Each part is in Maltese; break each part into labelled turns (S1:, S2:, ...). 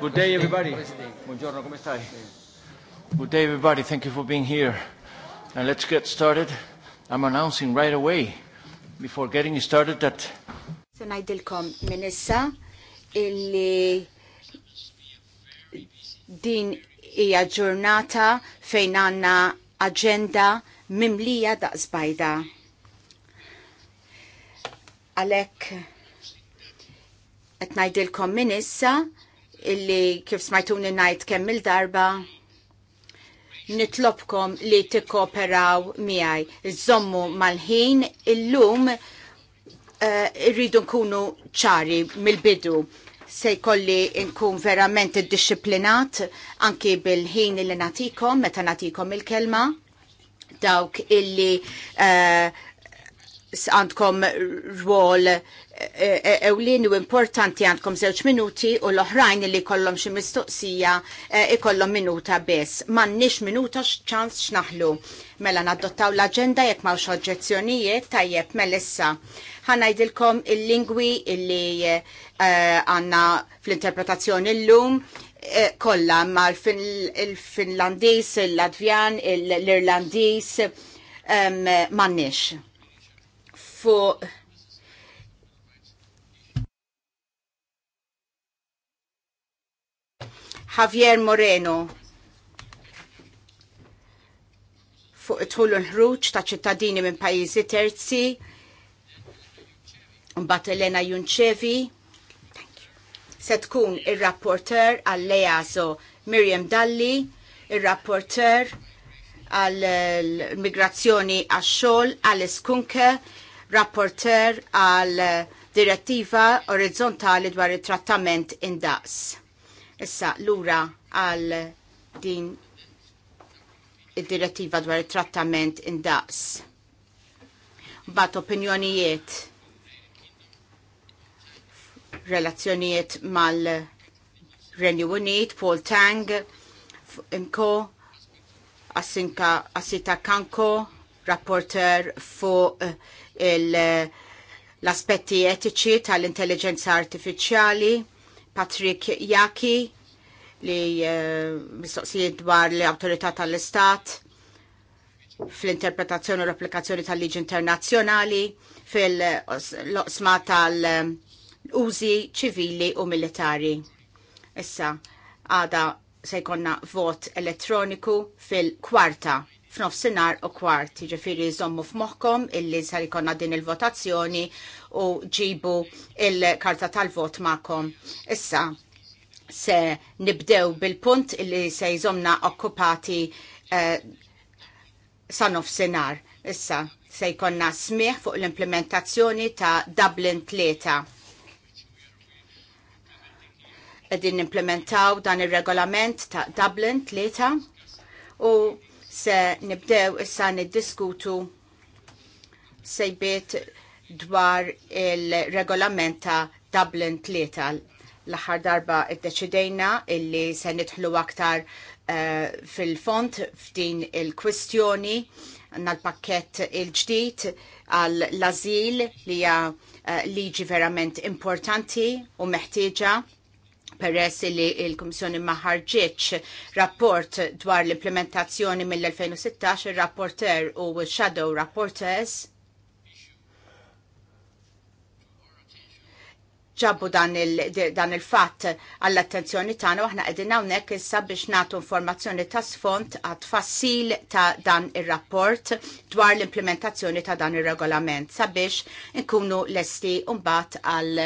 S1: Good day, everybody. Buongiorno, come stai? Good day, everybody. Thank you for being here. And let's get started. I'm announcing right away, before getting started, that...
S2: Sanajdilkom minissa illi din hija ġurnata fejn għanna agenda mimlija daqsbajda. Għalek, etnajdilkom minissa, issa illi kif smajtuni najt kemm il-darba nitlobkom li tikkooperaw miegħi. Iżommu mal-ħin illum eh, irridu nkunu ċari mill-bidu se jkolli nkun verament iddixxiplinat anki bil-ħin illi natikom meta natikom il-kelma dawk illi uh, għandkom rwol eh, eh, ewlin u importanti għandkom żewġ minuti u l-oħrajn li kollom xi mistoqsija eh, ikollhom minuta biss. M'għandniex minuta x'ċans x'naħlu. Mela naddottaw l-aġenda jekk m'hawnx oġġezzjonijiet tajjeb melissa. Ħanajdilkom il-lingwi illi għandna fl-interpretazzjoni llum kollha ma l-Finlandiż, il-Latvjan, l-Irlandiż ehm, m'għandniex fuq Javier Moreno fuq idħul l-ħruġ ta' ċittadini minn pajjiżi terzi, mbagħad Elena Junċevi, se tkun ir-rapporter għal leaso Miriam Dalli, ir-rapporter għall migrazzjoni għax-xogħol Alice Kunke, rapporter għal direttiva orizzontali dwar it-trattament indaqs. Issa lura għal din id-direttiva dwar it-trattament indaqs. Bat opinjonijiet relazzjonijiet mal-Renju Unit, Paul Tang, Imko, Asinka, Asita Kanko, rapporter fuq uh, eh, l-aspetti etiċi tal-intelligenza artifiċjali, Patrick Jaki li uh, mistoqsijiet dwar l-autorità tal-istat fl-interpretazzjoni u l-applikazzjoni tal-liġi internazzjonali fil-loqsma tal-użi eh, ċivili u militari. Issa, għada se jkonna vot elettroniku fil-kwarta f'nofsinhar u kwart. ġifiri zommu f'moħħkom illi sar ikonna din il-votazzjoni u ġibu il-karta tal-vot ma'kom. Issa se nibdew bil-punt illi se jżomna okkupati eh, sa nofsinhar. Issa se jkonna smieħ fuq l-implementazzjoni ta' Dublin 3 din implementaw dan il-regolament ta' Dublin 3 u se nibdew issa niddiskutu sejbiet dwar il-regolament ta' Dublin 3 l-aħħar darba id-deċidejna illi se nidħlu aktar uh, fil-font f'din il-kwistjoni għanna l-pakket il-ġdid għall-azil li hija uh, liġi verament importanti u meħtieġa peress li il-Komissjoni maħarġieċ rapport dwar l-implementazzjoni mill-2016, il-rapporter u shadow rapporters ġabbu dan il-fatt il fatt għall attenzjoni tagħna u aħna qegħdin hawnhekk issa biex nagħtu informazzjoni ta' sfond għat fassil ta' dan ir-rapport dwar l-implementazzjoni ta' dan ir-regolament sabiex inkunu lesti mbagħad għal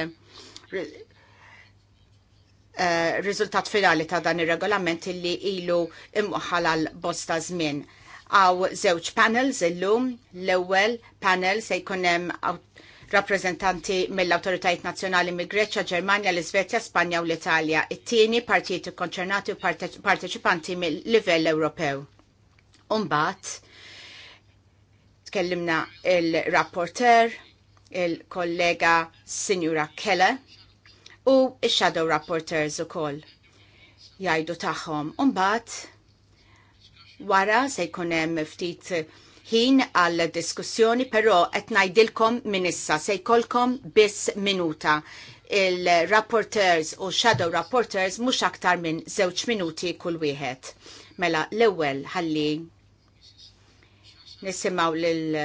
S2: rizultat eh, riżultat finali ta' dan ir-regolament illi ilu imħal għal bosta żmien. Għaw żewġ panels illum, l-ewwel panel se jkun hemm rappresentanti mill-autoritajiet nazzjonali mill greċja Ġermanja, l-Iżvezja, Spanja u l-Italja. It-tieni partijiet ikkonċernati u parteċipanti mill-livell Ewropew. Umbat, tkellimna il-rapporter, il-kollega Sinjura Kelle, u il-shadow rapporteurs u koll. Jajdu taħħom. Umbat, wara se jkunem ftit ħin għal diskussjoni, pero qed ngħidilkom minn issa se jkollkom biss minuta. Il-rapporteurs u shadow rapporteurs mhux aktar minn żewġ minuti kull wieħed. Mela l-ewwel ħalli nisimgħu lil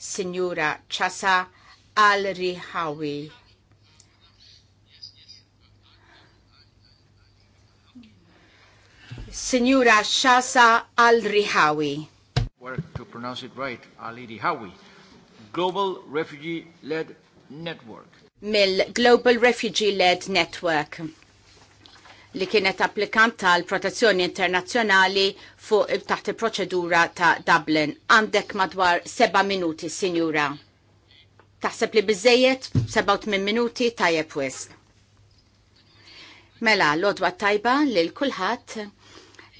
S2: Sinjura Ċasa għal Rihawi. Signora Shasa Al-Rihawi.
S1: Work to pronounce it right, Ali rihawi Global Refugee Led Network.
S2: Mill-Global Refugee Led Network li kienet applikant tal-protezzjoni internazzjonali fuq taħt il-proċedura ta' Dublin. Għandek madwar seba' minuti, sinjura. Taħseb li bizzejiet 87 minuti tajjeb wisq. Mela, l-odwa tajba li l-kulħat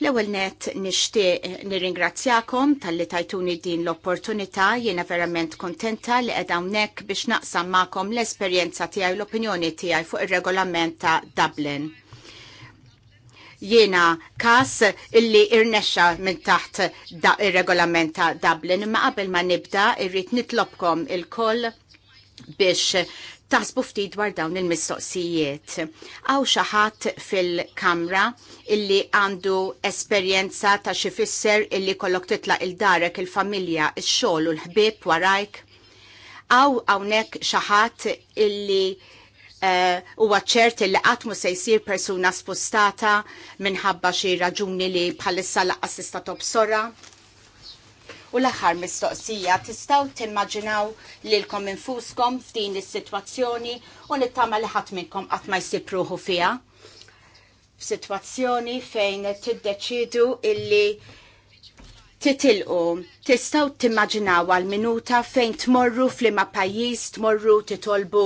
S2: L-ewwel net nixtieq eh, nirringrazzjakom talli tajtuni din l-opportunità jiena verament kontenta li qed hawnhekk biex naqsam magħkom l-esperjenza tiegħi l-opinjoni tiegħi fuq ir-regolament ta' Dublin. Jiena kas illi rnexxa minn taħt ir-regolament ta' Dublin, imma qabel ma nibda rrid nitlobkom il-koll biex taħsbu ftit dwar dawn il-mistoqsijiet. Għaw xaħat fil-kamra illi għandu esperjenza ta' xifisser illi kollok titla il-darek, il-familja, il-xol u l-ħbib warajk. Għaw għawnek xaħat illi u uh, eh, illi għatmu se jisir persuna spostata minħabba xi raġuni li bħalissa laqqas tista' sora. U l-aħħar mistoqsija, tistgħu timmaġinaw lilkom infuskom f'din is-sitwazzjoni u nittama li ħadd minnkom qatt ma jsibruħu fiha. F'sitwazzjoni fejn tiddeċidu illi titilqu, tistaw timmaġinaw għal-minuta fejn tmorru flima pajis, tmorru titolbu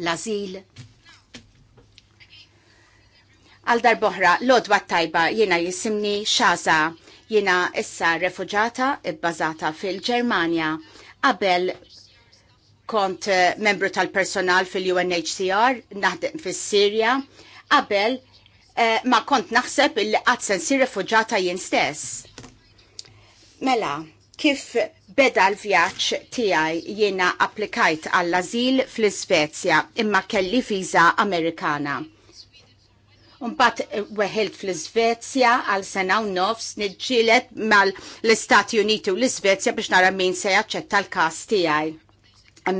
S2: l-azil. Għal darboħra, lodwa tajba jena jisimni xaza Jina issa refuġata bbażata fil-Ġermanja qabel kont eh, membru tal-personal fil-UNHCR naħdem fis-Sirja qabel eh, ma kont naħseb il qatt se nsir refuġata jien stess. Mela, kif beda l-vjaċ tiegħi jiena applikajt għall-azil fl-Svezja imma kelli viża Amerikana Unbat eh, weħelt fl-Svezja għal sena u nofs nidġilet mal-Istati Uniti u l-Svezja biex nara min se jaċċetta l-kas tiegħi.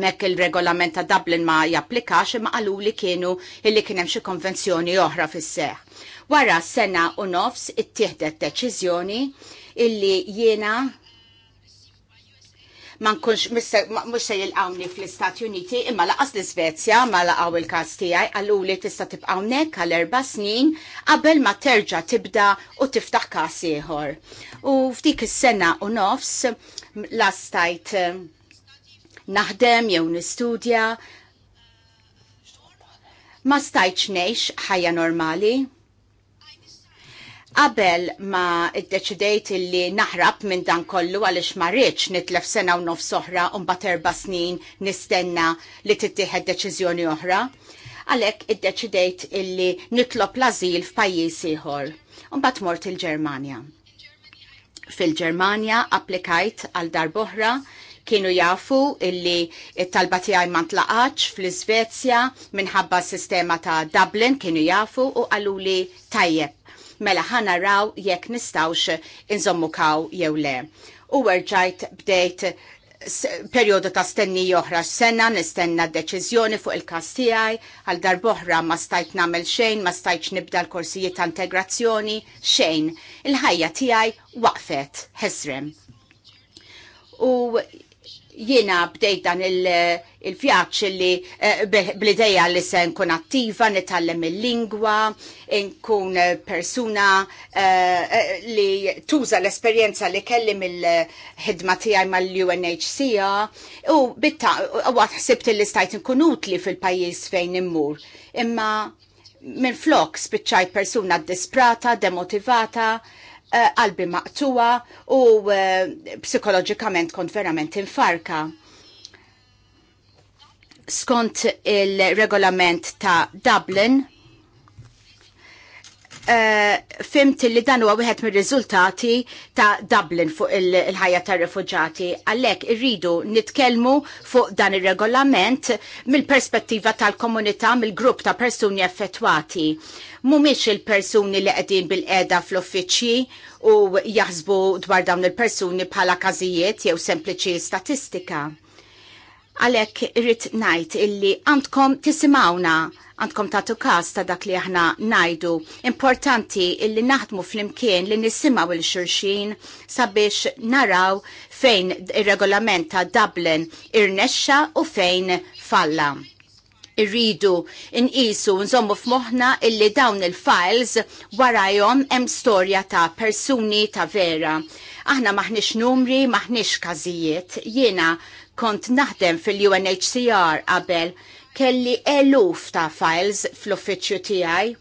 S2: Mek il-regolament ta' Dublin ma japplikax imma qalu li kienu illi kien hemm xi konvenzjoni oħra fis-seħ. Wara sena u nofs ittieħdet deċiżjoni illi jiena ma nkunx mhux se jilqawni fl-Istati Uniti imma laqas l-Svezja ma laqgħu il-każ tiegħi qalu li tista' tibqa' hawnhekk għal erba' snin qabel ma terġa' tibda u tiftaħ każ ieħor. U f'dik is-sena u nofs lastajt eh, naħdem jew nistudja ma stajtx ngħix ħajja normali Qabel ma iddeċidejt illi naħrab minn dan kollu għalix ma rridx nitlef sena u nofs oħra u mbagħad erba' snin nistenna li tittieħed deċiżjoni oħra. Għalhekk iddeċidejt illi nitlob l-azil f'pajjiż ieħor. Mbagħad mort il-Ġermanja. Fil-Ġermanja applikajt għal darboħra kienu jafu illi it-talba tiegħi ma ntlaqax fl-Iżvezja minħabba s sistema ta' Dublin kienu jafu u li tajjeb mela raw jekk nistawx inżommu kaw jew le. U rġajt bdejt periodu ta' stenni joħra sena nistenna deċiżjoni fuq il-kas tiegħi għal darboħra ma stajt nagħmel xejn, ma stajtx nibda l-korsijiet ta' integrazzjoni xejn. Il-ħajja tiegħi waqfet ħesrem. U Jiena bdejt dan il-vjaċ il li eh, blideja li se nkun attiva, nitallem il-lingwa, nkun persuna eh, eh, li tuża l-esperienza li kelli mill-ħidma tiegħi mal-UNHCR u bitta għat ħsibt li stajt nkun utli fil-pajjiż fejn immur. Imma minn flok spiċċajt persuna disprata, demotivata, Eh, qalbi maqtuwa u eh, psikoloġikament kont verament infarka skont il-regolament ta' Dublin, uh, fimt li dan huwa wieħed mir-riżultati ta' Dublin fuq il-ħajja il tar-refuġati. Għalhekk irridu nitkellmu fuq dan ir-regolament mill-perspettiva tal-komunità mill-grupp ta' persuni effettwati mumiex il-persuni li qegħdin bil-qeda fl-uffiċċji u jaħsbu dwar dawn il-persuni bħala każijiet jew sempliċi statistika. Għalhekk irrid ngħid illi għandkom tisimgħuna għandkom tagħtu każ ta' dak li aħna ngħidu. Importanti illi naħdmu flimkien li nisimgħu il xurxin sabiex naraw fejn ir-regolament ta' Dublin irnexxa u fejn falla irridu nqisu nżommu f'moħħna illi dawn il-files warajhom hemm storja ta' persuni ta' vera. Aħna maħniex numri, maħniex każijiet. Jiena kont naħdem fil-UNHCR qabel kelli eluf ta' files fl-uffiċċju tiegħi.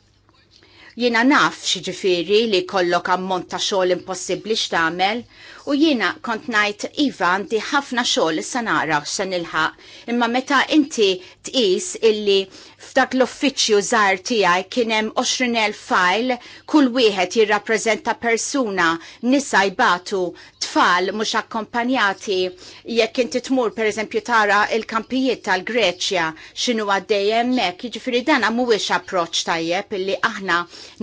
S2: Jiena naf xiġifieri li kollok ammont ta' xogħol impossibbli x'tagħmel U jiena kont najt Iva għandi ħafna xogħol issa nara x'se nilħaq. Imma meta inti tqis illi f'dak l-uffiċċju żgħar tiegħi kien hemm 20,000 file, kull wieħed jirrappreżenta persuna, nisa jbatu, tfal mhux akkompanjati, jekk inti tmur pereżempju tara il-kampijiet tal-Greċja x'inhu għaddej hemmhekk, jiġifieri dan mhuwiex approċċ tajjeb illi aħna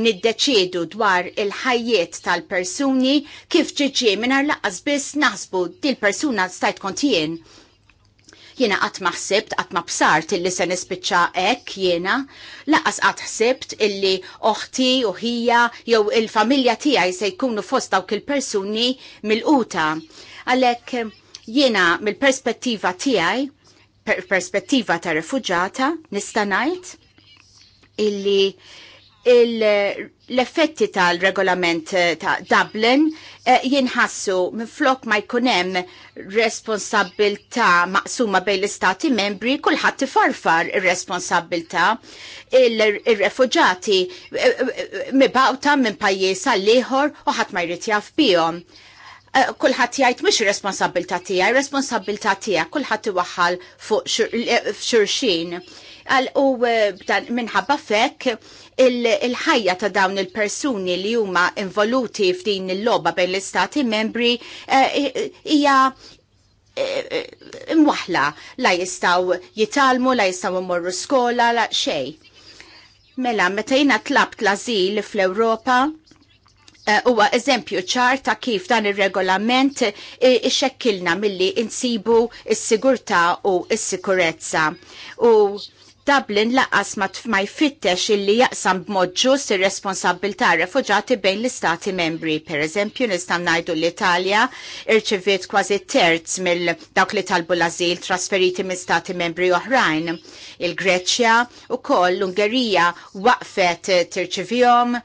S2: niddeċiedu dwar il-ħajjiet tal-persuni kif ġiġi mingħajr naqqas biss naħsbu dil persuna stajt kontijen. Jena qatt ma ħsibt, qatt ma bsart illi se nispiċċa hekk jiena, laqas qatt ħsibt illi oħti u ħija jew il-familja tiegħi se jkunu fost dawk il-persuni mil quta Għalhekk jiena mill-perspettiva tiegħi, per perspettiva ta' refuġata, nista' ngħid illi il- l-effetti tal-regolament eh, ta' Dublin eh, jinħassu minflok ma jkunem responsabilta maqsuma bejn l-istati membri kulħadd tifarfar ir-responsabilta ir-refuġati eh, eh, mibawta minn pajjiż għal ieħor u ħadd ma jrid jaf bihom. kullħat jgħid mhux responsabilta tiegħi, responsabilta tiegħek kulħadd iwaħħal fuq xurxin. Xur, u minħabba fekk il-ħajja ta' dawn il-persuni li huma involuti f'din il-logħba bejn l-istati membri eh, hija eh, imwaħla la jistaw jitalmu, la jistaw imorru skola, la xej. Mela, meta jina tlabt l-azil fl-Europa, eh, huwa uh, eżempju ċar ta' kif dan ir-regolament ixekkilna milli insibu s-sigurtà u s-sikurezza. U Dublin laqas ma jfittex illi jaqsam b'mod ġust ir-responsabilità refuġati bejn l-istati membri. Per eżempju, nistan najdu l-Italja irċivit kważi terz mill dawk li talbu l-azil trasferiti minn stati membri oħrajn. Il-Greċja u koll l-Ungerija waqfet tirċivjom.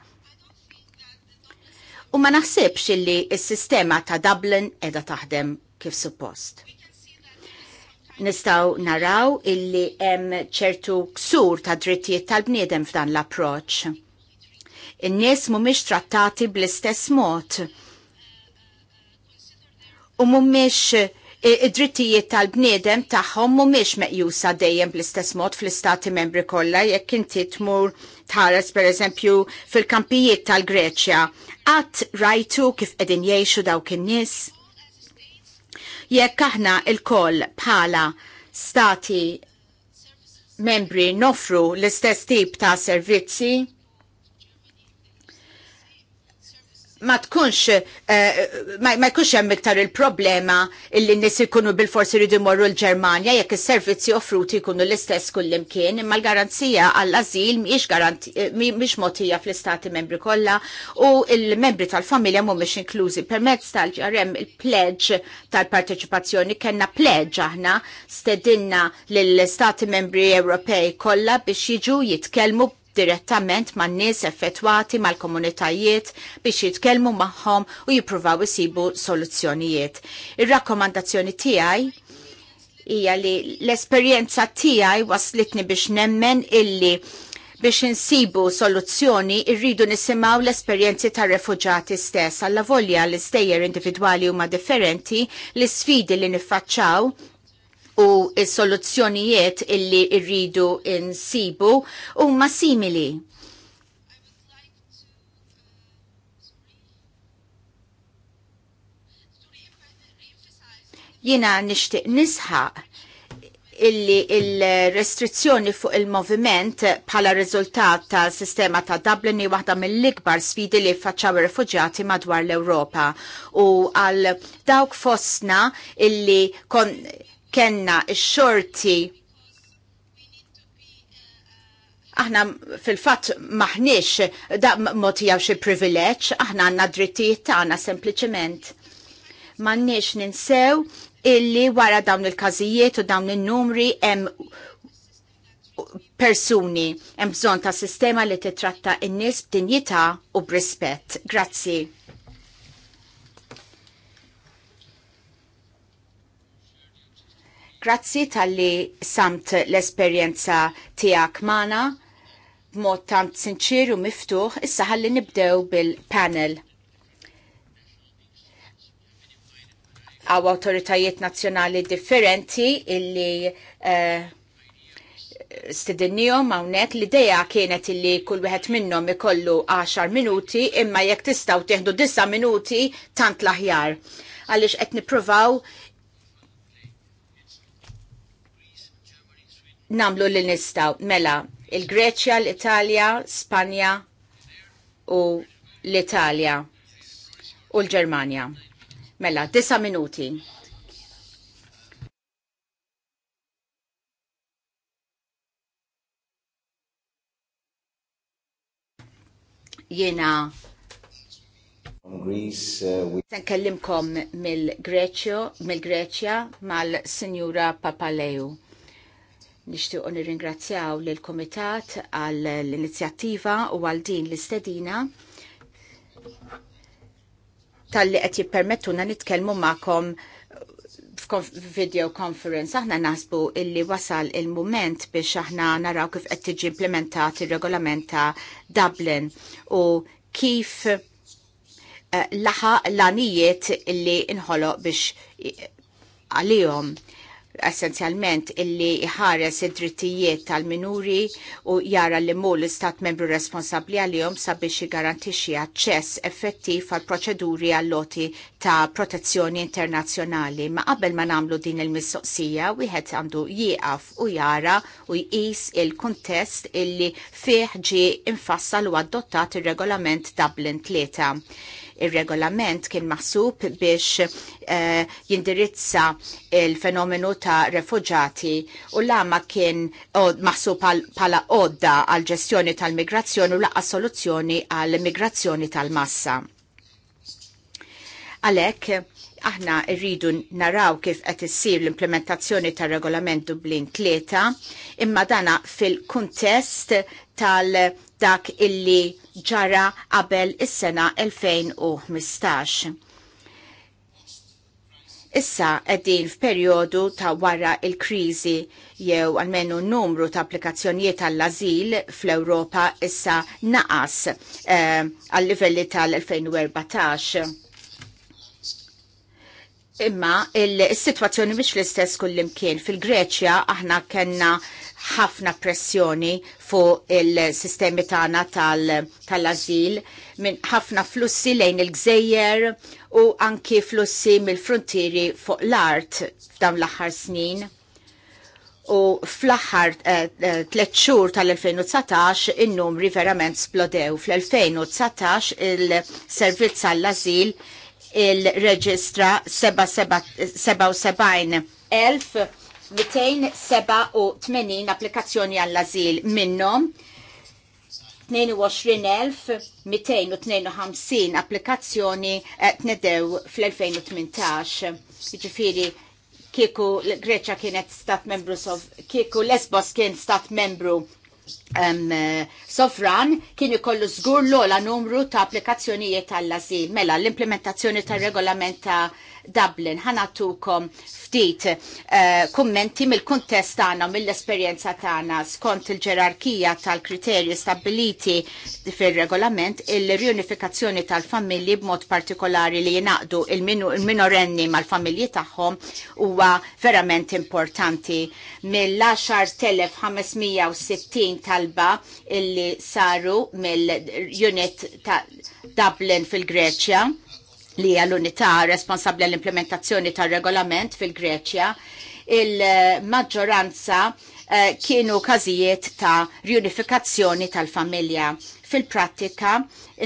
S2: U ma naħsibx illi s-sistema ta' Dublin edha taħdem kif suppost nistaw naraw illi hemm ċertu ksur ta' drittijiet tal-bniedem f'dan l-approċ. In-nies mhumiex trattati bl-istess mod. U mhumiex id-drittijiet tal-bniedem tagħhom mhumiex meqjusa dejjem bl-istess mod fl-istati membri kollha jekk inti tmur tħares pereżempju fil-kampijiet tal-Greċja. Qatt rajtu kif qegħdin jgħixu dawk in-nies jekk aħna il-koll bħala stati membri nofru l-istess tip ta' servizzi ma tkunx eh, ma jkunx hemm iktar il-problema illi nies ikunu bil forsi iridu jmorru l-Ġermanja jekk is-servizzi offruti jkunu l-istess kullimkien, imma l-garanzija għall-ażil mhijiex eh, mhix mogħtija fl-istati membri kollha u l-membri tal-familja mhumiex inklużi. Permezz tal-ġarem il-pledge tal-parteċipazzjoni kellna pledge aħna stedinna lill-stati membri Ewropej kollha biex jiġu jitkellmu direttament ma' nies effettwati mal-komunitajiet biex jitkellmu magħhom u jippruvaw isibu soluzzjonijiet. Ir-rakkomandazzjoni tiegħi hija li l-esperjenza tiegħi waslitni biex nemmen illi biex insibu soluzzjoni irridu nisimaw l-esperjenzi ta' refugjati stess għalla volja l-istejjer individwali huma differenti l sfidi li niffaċċaw u s-soluzzjonijiet illi rridu insibu huma simili. Jiena nixtieq nisħaq illi il-restrizzjoni fuq il-moviment bħala riżultat ta' sistema ta' Dublin waħda mill-ikbar sfidi li faċċaw ir-refuġjati madwar l-Ewropa. U għal dawk fosna illi kon kenna x-xorti aħna fil-fat maħniex da motijaw xie privileċ, aħna għanna drittijiet tagħna sempliċement. Maħniex ninsew illi wara dawn il-kazijiet u dawn il-numri hemm persuni, hemm bżonn ta' sistema li titratta in nies b'dinjità u b'rispett. Grazzi. Grazzi tal-li samt l-esperienza tijak mana b'mod tant sinċir u miftuħ, issa ħalli nibdew bil-panel. Għaw autoritajiet nazjonali differenti illi uh, eh, stidinjom għawnek l-ideja kienet illi kull wieħed minnom ikollu 10 minuti imma jekk tistaw tieħdu 9 minuti tant laħjar. Għalix qed nippruvaw namlu li nistaw mela il-Greċja, l-Italja, Spanja u l-Italja u l-Ġermanja. Mela, disa minuti. Jena
S3: uh,
S2: Nkellimkom mill-Greċja mill-Greċja mal-Sinjura Papaleu Nixtiequ nirringrazzjaw lill kumitat għall l-inizjattiva u għal din l-istedina tal-li qed jippermettuna nitkellmu ma'kom video conference aħna nasbu illi wasal il-moment biex aħna naraw kif qed tiġi implementat ir-regolament ta' Dublin u kif eh, laħa l-anijiet illi inħoloq biex għalihom essenzjalment illi ħares id-drittijiet tal-minuri u jara li mull l-istat membru responsabli għalihom sabiex jgarantixxi aċċess effettiv għal proċeduri għall-loti ta' protezzjoni internazzjonali. Ma qabel ma nagħmlu din il-mistoqsija, wieħed għandu jieqaf u jara u jqis il-kuntest illi fih ġie infassal u adottat ir-regolament Dublin 3 Ir-regolament kien maħsub biex uh, jindirizza il-fenomenu ta' refugjati u lama kien maħsub pala odda għal ġestjoni tal-migrazzjoni u laqqa soluzzjoni għal migrazzjoni tal-massa. Għalek, aħna rridu naraw kif qed issir l-implementazzjoni tar-regolament Dublin 3, imma dana fil-kuntest tal- dak illi ġara qabel is-sena 2015. Issa qegħdin f'perjodu ta' wara il-kriżi jew almenu numru ta' applikazzjonijiet għall-azil fl-Ewropa issa naqas għal-livelli eh, tal-2014. Imma il-situazzjoni mhix l-istess kullimkien. Fil-Greċja aħna kellna ħafna pressjoni fuq il-sistemi tagħna tal-ażil minn ħafna flussi lejn il-gżejjer u anki flussi mill-frontieri fuq l-art f'dawn l-aħħar snin. U fl-aħħar eh, eh, tliet xhur tal-2019 in-numri verament splodew. Fl-2019 il-servizz għall-ażil il-reġistra 77,000 287 applikazzjoni għall-azil minnom 22.252 applikazzjoni eh, t-nedew fl-2018. Ġifiri, kieku Greċa kienet stat membru, kieku Lesbos kien stat membru um, sovran kien ikollu żgur l-ola numru ta' applikazzjonijiet għall-azil. Mela, l-implementazzjoni tal regolamenta ta' Dublin. Ħanatukom ftit uh, kummenti mill-kuntest tagħna mill-esperjenza tagħna skont il-ġerarkija tal-kriterji stabiliti fir-regolament il-riunifikazzjoni tal-familji b'mod partikolari li jingħaqdu il-minorenni mal-familji tagħhom huwa verament importanti. Mill-10,560 talba illi saru mill-unit ta' Dublin fil-Greċja li għal l-unità responsabbli għall-implementazzjoni tar-regolament fil-Greċja, il-maġġoranza eh, kienu każijiet ta' riunifikazzjoni tal-familja. Fil-prattika,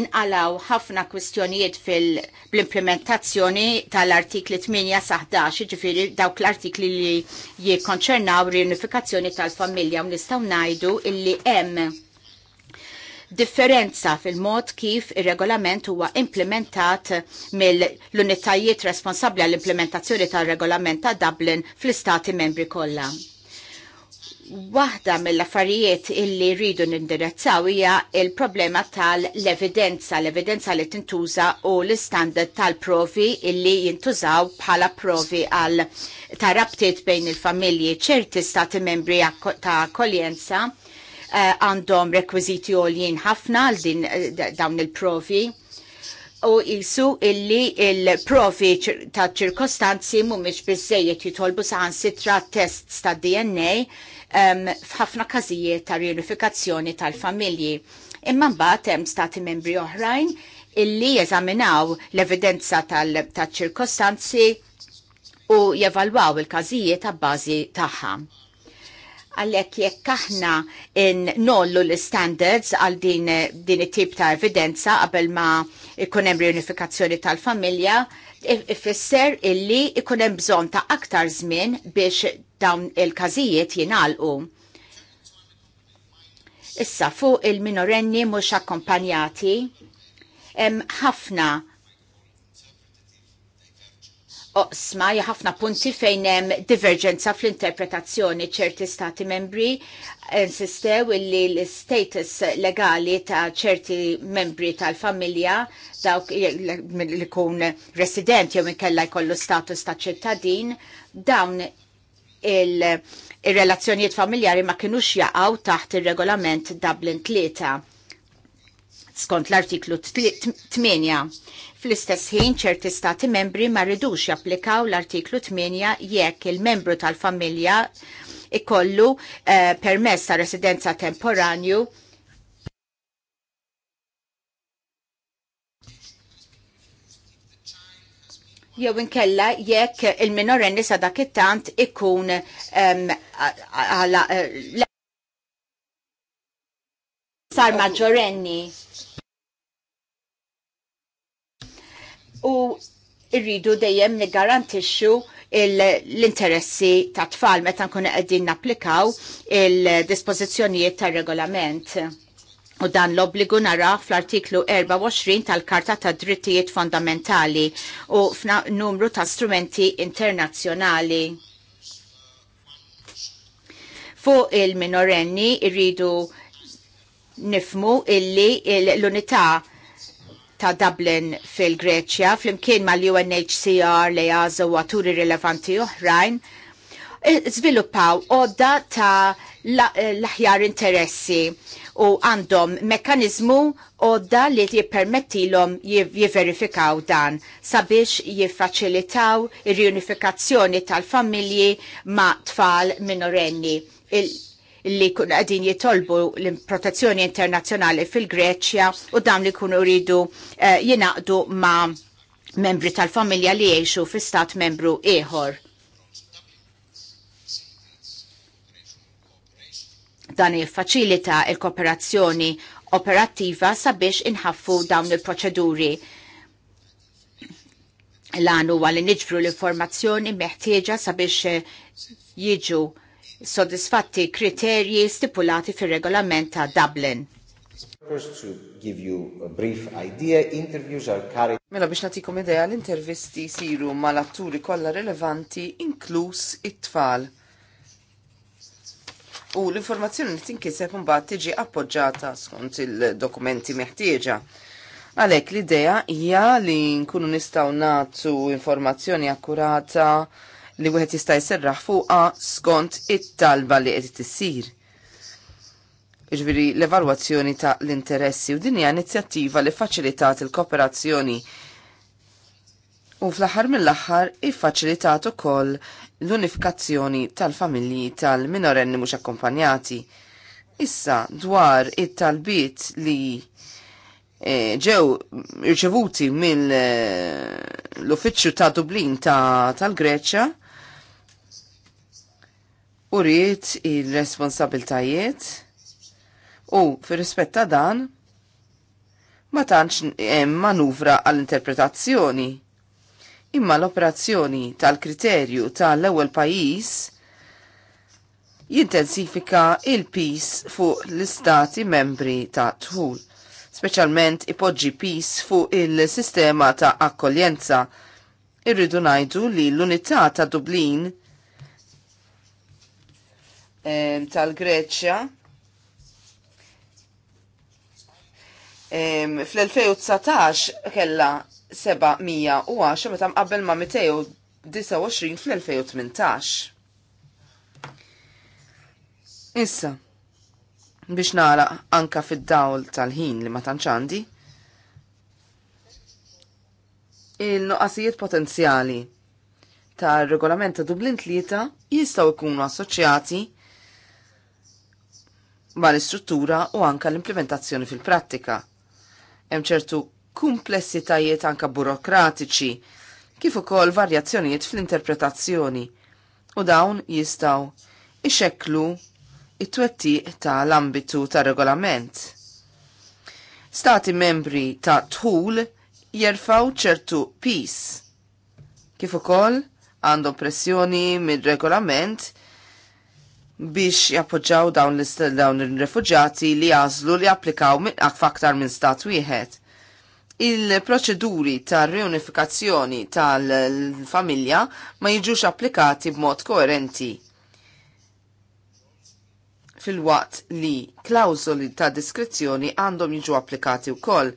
S2: inqalaw ħafna kwistjonijiet fil-implementazzjoni tal-artikli 8 sa 11, ġifiri dawk l-artikli li jikonċernaw riunifikazzjoni tal-familja, u nistaw najdu illi hemm differenza fil-mod kif ir-regolament huwa implementat mill-unitajiet responsabbli għall-implementazzjoni tal-regolament ta' Dublin fl-istati membri kollha. Waħda mill-affarijiet illi rridu nindirizzaw hija il-problema tal-evidenza, l-evidenza li tintuża u l-istandard tal-provi illi jintużaw bħala provi għal ta' rabtiet bejn il-familji ċerti stati membri ta' akkoljenza Eh, għandhom rekwiziti li ħafna għal din eh, dawn il-provi u jisu illi il-provi ta' ċirkostanzi mumiċ bizzejiet jitolbu saħan sitra test ta' DNA f'ħafna kazijiet ta' riunifikazzjoni tal-familji. Imma mbagħad hemm stati membri oħrajn illi jeżaminaw l-evidenza tal-ċirkostanzi u jevalwaw il-każijiet ta' bażi tagħha għalek jekk aħna nollu l-standards għal din, din it-tip ta' evidenza qabel ma ikun hemm riunifikazzjoni tal-familja, ifisser illi ikun hemm bżonn ta' aktar żmien biex dawn il-każijiet jingħalqu. Issa fuq il-minorenni mhux akkompanjati hemm ħafna oqsma ħafna punti fejn hemm diverġenza fl-interpretazzjoni ċerti stati membri insistew li l-status legali ta' ċerti membri tal-familja dawk li kun resident jew inkella jkollu status ta' ċittadin dawn il-relazzjonijiet familjari ma kinux jaqgħu taħt ir-regolament Dublin 3 skont l-artiklu 8 Fl-istess ħin ċerti stati membri ma rridux japplikaw l-artiklu 8 jekk il-membru tal-familja ikollu eh, permess ta' residenza temporanju jew inkella jekk il-minorenni sa dak it-tant ikun um, sar maġġorenni. u irridu dejjem niggarantixxu l-interessi ta' tfal meta nkunu qegħdin napplikaw il-dispożizzjonijiet tar-regolament. U dan l-obbligu nara fl-artiklu 24 tal-Karta ta' Drittijiet Fondamentali u f'numru ta' strumenti internazzjonali. Fuq il-minorenni irridu nifmu illi l-unità il ta' Dublin fil-Greċja, flimkien mal-UNHCR li għazu e għaturi rilevanti oħrajn, e, zviluppaw odda ta' e, l-aħjar interessi u għandhom mekanizmu odda li jippermettilhom jiverifikaw dan sabiex jiffaċilitaw ir-riunifikazzjoni tal-familji ma' tfal minorenni li kun għadin jitolbu l-protezzjoni internazzjonali fil-Greċja u dam li kun rridu uh, eh, jinaqdu ma membri tal-familja li jiexu fi stat membru ieħor. Dan jiffaċilita il-kooperazzjoni operattiva sabiex inħaffu dawn il-proċeduri l-għanu għal niġbru l-informazzjoni meħtieġa sabiex eh, jiġu sodisfatti kriterji stipulati fir-regolament ta' Dublin. Mela biex natikom
S4: idea l-intervisti siru mal-atturi kollha rilevanti inkluż it-tfal. U l-informazzjoni li tinkiseb mbagħad tiġi appoġġata skont il-dokumenti meħtieġa. Għalhekk l-idea hija li nkunu nistgħu nagħtu informazzjoni akkurata li wieħed jista' jserraħ fuqha skont it-talba li qed tissir. Iġviri l-evalwazzjoni ta' l-interessi u din hija inizjattiva li faċilitat il-kooperazzjoni u fl-aħħar mill-aħħar iffaċilitat ukoll l-unifikazzjoni tal-familji tal-minorenni mhux akkompanjati. Issa dwar it-talbiet li e, ġew irċevuti mill e, l-uffiċċju ta' Dublin ta' tal-Greċja, u rrit il-responsabiltajiet u fir-rispett ta' dan ma tantx hemm manuvra għall-interpretazzjoni. Imma l-operazzjoni tal-kriterju tal-ewwel pajjiż jintensifika il-pis fuq l-istati membri ta' tħul, speċjalment ipoġġi pis fuq il-sistema ta' akkoljenza. Irridu ngħidu li l-unità ta' Dublin tal-Greċja. Fl-2019 kella 710 meta mqabbel ma' 229 fl-2018. Issa, biex nara anka fid-dawl tal-ħin li ma tanċandi, il noqasijiet potenzjali tal regolament ta' Dublin tlieta jistgħu jkunu assoċjati mal-istruttura u anka l-implementazzjoni fil-prattika. Hemm ċertu kumplessitajiet anka burokratiċi, kif ukoll varjazzjonijiet fl-interpretazzjoni u dawn jistaw ixekklu it-twettiq tal-ambitu ta' regolament. Stati membri ta' tħul jerfaw ċertu pis. Kif ukoll għandhom pressjoni mid-regolament biex jappoġġaw dawn il refugġati li jażlu li applikaw minn aktar minn stat wieħed. Il-proċeduri ta' riunifikazzjoni tal-familja ma jiġux applikati b'mod koerenti fil-waqt li klawzoli ta' diskrezzjoni għandhom jiġu applikati wkoll.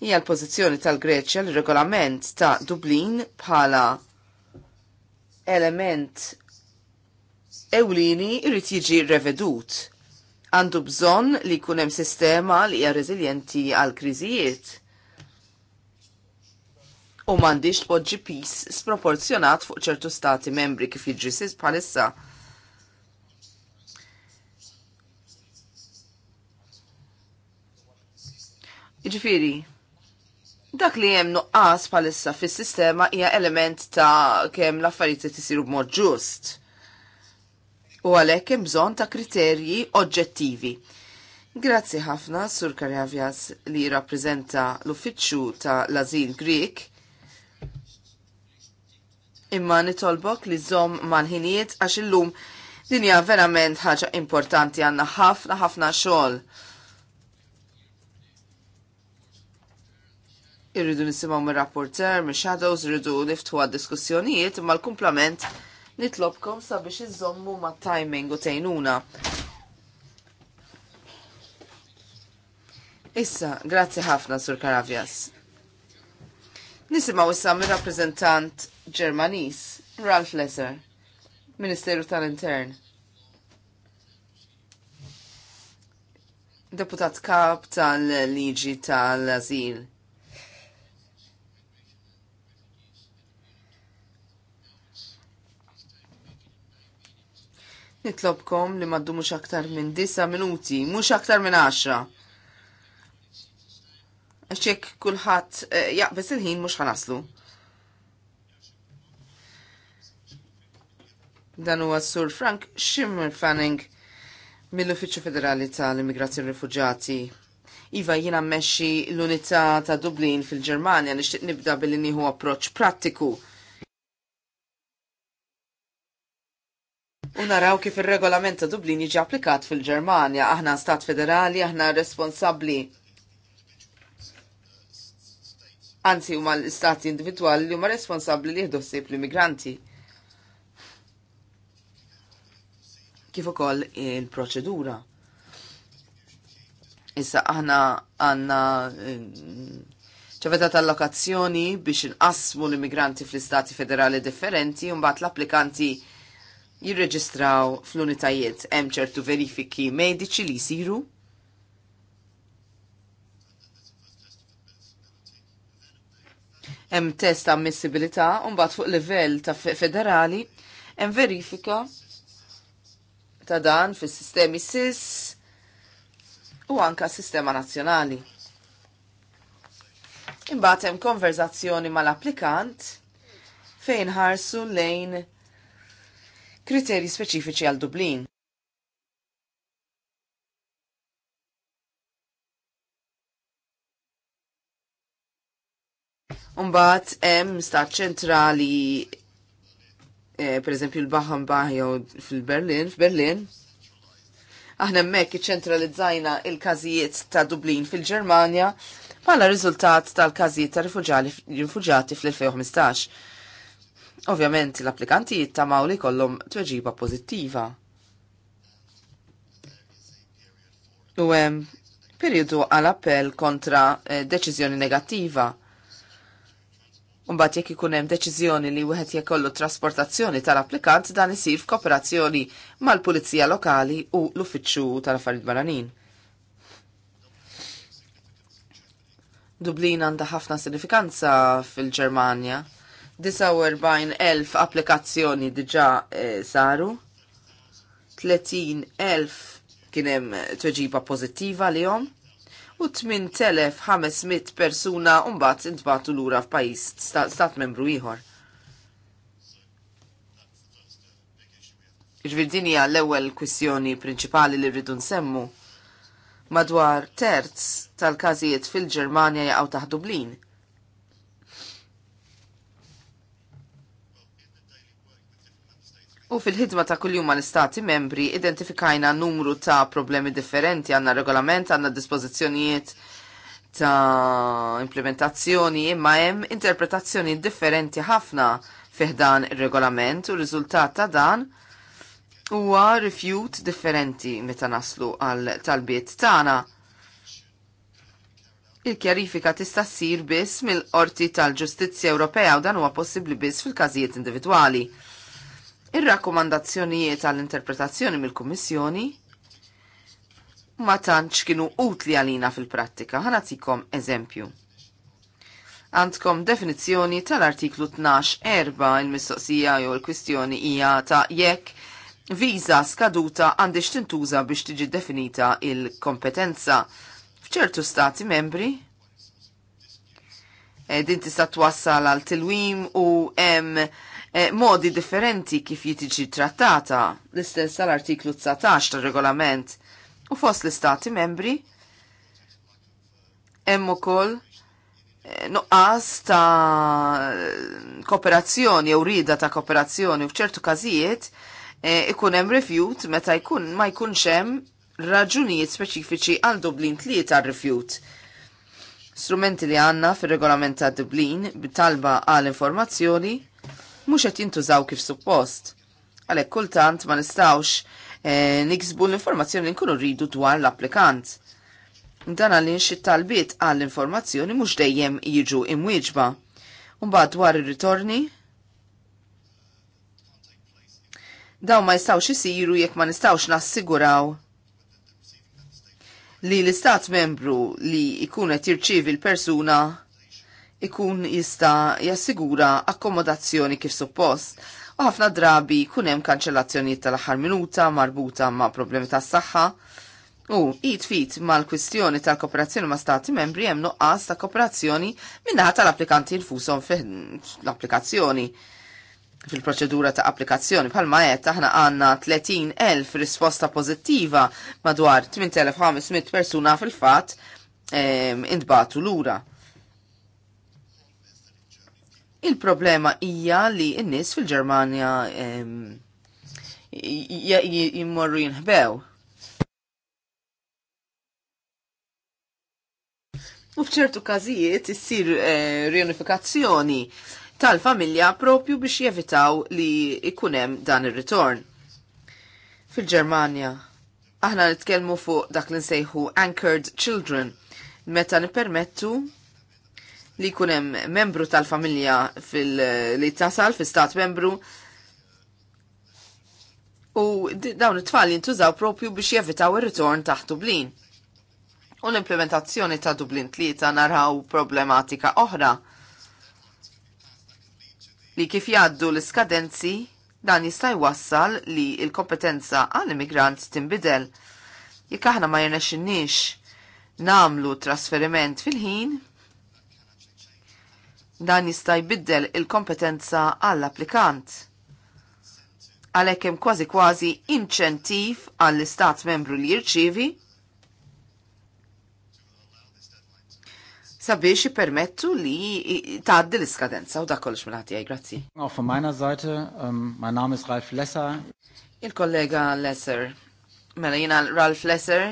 S4: Hija l-pożizzjoni tal-Greċja l-regolament ta' Dublin bħala element ewlini irrit jiġi revedut. Għandu bżonn li jkun hemm sistema li hija reżiljenti għal kriżijiet. U m'għandix tpoġġi pis sproporzjonat fuq ċertu stati membri kif jiġri bħalissa. Ġifiri, dak li hemm nuqqas bħalissa fis-sistema hija element ta' kemm l-affarijiet isiru b'mod ġust u għalhekk hemm bżonn ta' kriterji oġġettivi. Grazzi ħafna Sur Karjavjas li rappreżenta l-Uffiċċju ta' l-Azil Grek. Imma nitolbok li żomm mal-ħinijiet għax illum dinja verament ħaġa importanti għanna ħafna ħafna xogħol. Irridu nisimgħu mir-rapporter, mir-shadows, irridu niftħu għad-diskussjonijiet imma l-kumplament nitlobkom sabiex iżommu ma' timing u tejnuna. Issa, grazzi ħafna, Sur Karavjas. Nisimaw issa minn rappresentant Ġermanis, Ralph Lesser, Ministeru tal-Intern. Deputat kap tal-liġi tal-azil. Nitlobkom li maddu mux aktar minn 10 minuti, mux aktar minn 10. Għaxek kullħat, eh, bess il-ħin mux ħanaslu. Dan huwa Sur Frank Schimmer Fanning mill-Uffiċċju Federali tal-Immigrazzjoni Rifuġati. Iva jiena mmexxi l-Unità ta' Dublin fil-Ġermanja nixtieq nibda billi nieħu approċċ prattiku U naraw kif ir-regolament ta' Dublin jiġi applikat fil-Ġermanja. Aħna stat federali, aħna responsabbli anzi huma l-istati individwali li huma responsabbli li jieħdu ssib l-immigranti. Kif ukoll il-proċedura. Issa aħna għandna eh, ċaveta tal-lokazzjoni biex inqasmu l-immigranti fl-istati federali differenti u mbagħad l-applikanti jirreġistraw fl-unitajiet hemm ċertu verifiki mediċi li jsiru. Hemm test ta' ammissibilità u mbagħad fuq livell ta' federali hemm verifika ta' dan fis-sistemi SIS u anka sistema nazzjonali. Imbagħad hemm konverzazzjoni mal-applikant fejn ħarsu lejn kriterji speċifiċi għal Dublin. Umbat, hemm stat ċentrali, eh, per eżempju, l-Baham Bahjo fil-Berlin, f'Berlin. Aħna hemmhekk iċċentralizzajna il-każijiet ta' Dublin fil-Ġermanja bħala riżultat tal-każijiet ta' rifuġati fl-2015. Ovvjament l-applikanti jittamaw li kollhom tweġiba pożittiva. U hemm periodu għal appell kontra eh, deċiżjoni negattiva. Mbagħad jekk ikun hemm deċiżjoni li wieħed jekollu trasportazzjoni tal-applikant dan isir f'kooperazzjoni mal-Pulizija Lokali u l-Uffiċċju tal-Affarijiet Barranin. Dublin għandha ħafna sinifikanza fil-Ġermanja 49.000 applikazzjoni diġa eh, saru, 30.000 kienem tweġiba pozittiva li jom, u 8.500 persuna umbat intbatu l-ura f'pajis stat, stat membru ieħor. Ġvirdini l ewwel kwissjoni prinċipali li rridu nsemmu. Madwar terz tal-każijiet fil-Ġermanja jaqgħu taħt Dublin U fil-ħidma ta' kuljum l istati membri identifikajna numru ta' problemi differenti għanna regolament, għanna dispozizjonijiet ta' implementazzjoni imma hemm interpretazzjoni differenti ħafna dan il-regolament u riżultat ta' dan huwa rifjut differenti meta naslu għal talbiet tagħna. Il-kjarifika tista' ssir biss mill-Qorti tal-Ġustizzja Ewropea u dan huwa possibbli biss fil-każijiet individwali. Ir-rakkomandazzjonijiet għall-interpretazzjoni mill-Kummissjoni ma tantx kienu utli għalina fil-prattika. tikom eżempju. Għandkom definizzjoni tal-artiklu 12-4 il-mistoqsija jew il-kwistjoni hija ta' jekk viża skaduta għandix tintuża biex tiġi definita il-kompetenza. F'ċertu stati membri eh, din tista' twassal għal tilwim u hemm Eh, modi differenti kif jitiġi trattata l-istess tal-artiklu 19 tal-regolament u fost l-istati membri hemm ukoll eh, nuqqas ta' kooperazzjoni jew rida ta' kooperazzjoni u f'ċertu każijiet eh, ikun hemm rifjut meta jkun ma jkunx hemm raġunijiet speċifiċi għal Dublin tliet għal rifjut. Strumenti li għanna fil regolament ta' Dublin bit-talba għal informazzjoni mhux qed jintużaw kif suppost. Għalhekk kultant ma nistgħux e, niksbu l-informazzjoni li nkunu rridu dwar l-applikant. Dan għaliex it-talbiet għall-informazzjoni mhux dejjem jiġu imwieġba. Mbagħad dwar ir-ritorni, daw ma jistawx isiru jekk ma nistawx nassiguraw li l-istat membru li ikunet qed jirċievi l-persuna ikun jista jassigura akkomodazzjoni kif suppost. U ħafna drabi kun hemm kanċellazzjonijiet tal-aħħar minuta marbuta ma' problemi tas-saħħa. U id fit mal-kwistjoni tal-kooperazzjoni ma' stati membri hemm nuqqas ta' kooperazzjoni minnaħa tal-applikanti infushom l-applikazzjoni fil-proċedura ta' applikazzjoni bħalma qed aħna għandna 30,000 risposta pożittiva madwar 8,500 persuna fil-fatt e, lura. Il-problema hija li n-nies fil-Ġermanja jimmorru jinħbew. U fċertu każijiet issir eh, riunifikazzjoni tal-familja propju biex jevitaw li ikunem dan ir-ritorn. Fil-Ġermanja, aħna nitkellmu fuq dak li nsejħu Anchored Children, meta nipermettu li kunem membru tal-familja li tasal fil-stat membru u dawn it-tfal jintużaw propju biex jevitaw ir-ritorn taħt Dublin. U l-implementazzjoni ta' Dublin tlieta naraw problematika oħra li kif jaddu l-iskadenzi dan jista' jwassal li l-kompetenza għall-immigrant tinbidel. Jekk aħna ma jenexinniex namlu trasferiment fil-ħin, Dan jista' jbiddel il-kompetenza għall-applikant. Għalhekk hemm kważi kważi inċentiv għall-istat membru li jirċievi sabiex permettu li tgħaddi l-iskadenza u dak kollox mill-ħati għaj, grazzi.
S1: Auch von meiner Seite, um, mein Name ist Ralf Lesser.
S4: Il-kollega Lesser. Mela jina Ralf Lesser,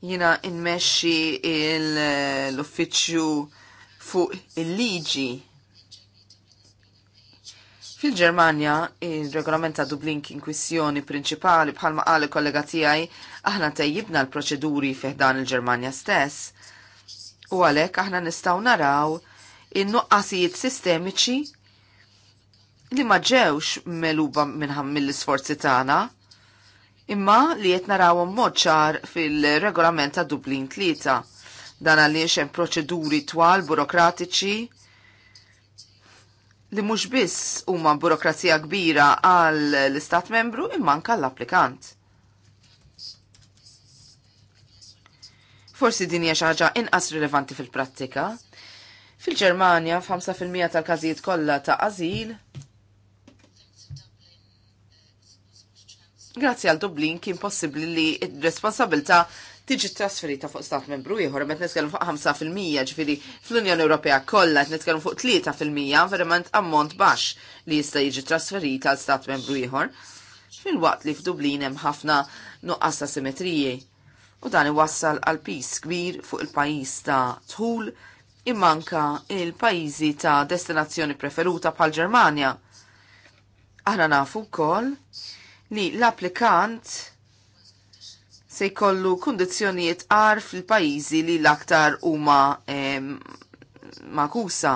S4: Jina inmexxi l-uffiċċju fuq il-liġi Fil-Ġermanja, il-regolament ta' Dublin kien kwissjoni prinċipali bħalma qal kollega tiegħi aħna tejjibna l-proċeduri fiħdan il-Ġermanja stess. U għalhekk aħna nistgħu naraw in-nuqqasijiet sistemiċi li ma ġewx meluba minnħam mill-isforzi tagħna imma li qed narawhom mod ċar fil-regolament ta' Dublin tlieta. Dan għaliex hemm proċeduri twal burokratiċi li mhux biss huma burokrazija kbira għal l-Istat membru imma anke l-applikant. Forsi din hija xi ħaġa inqas rilevanti fil-prattika. Fil-Ġermanja f'5% tal-każijiet kollha ta' ażil Grazzi għal Dublin kien possibbli li r-responsabilta tiġi trasferita fuq stat membru ieħor, met nitkellmu fuq 5% ġifieri fl-Unjoni Ewropea kollha qed nitkellmu fuq 3% verament ammont baxx li jista' jiġi trasferita għal stat membru ieħor. Fil-waqt li f'Dublin hemm ħafna nuqqas ta' simetriji. U dan iwassal għal pis kbir fuq il-pajjiż ta' tħul imanka il-pajjiżi ta' destinazzjoni preferuta bħal Ġermanja. Aħna nafu wkoll li l-applikant se jkollu kondizjonijiet għar fil-pajizi li l-aktar huma makusa.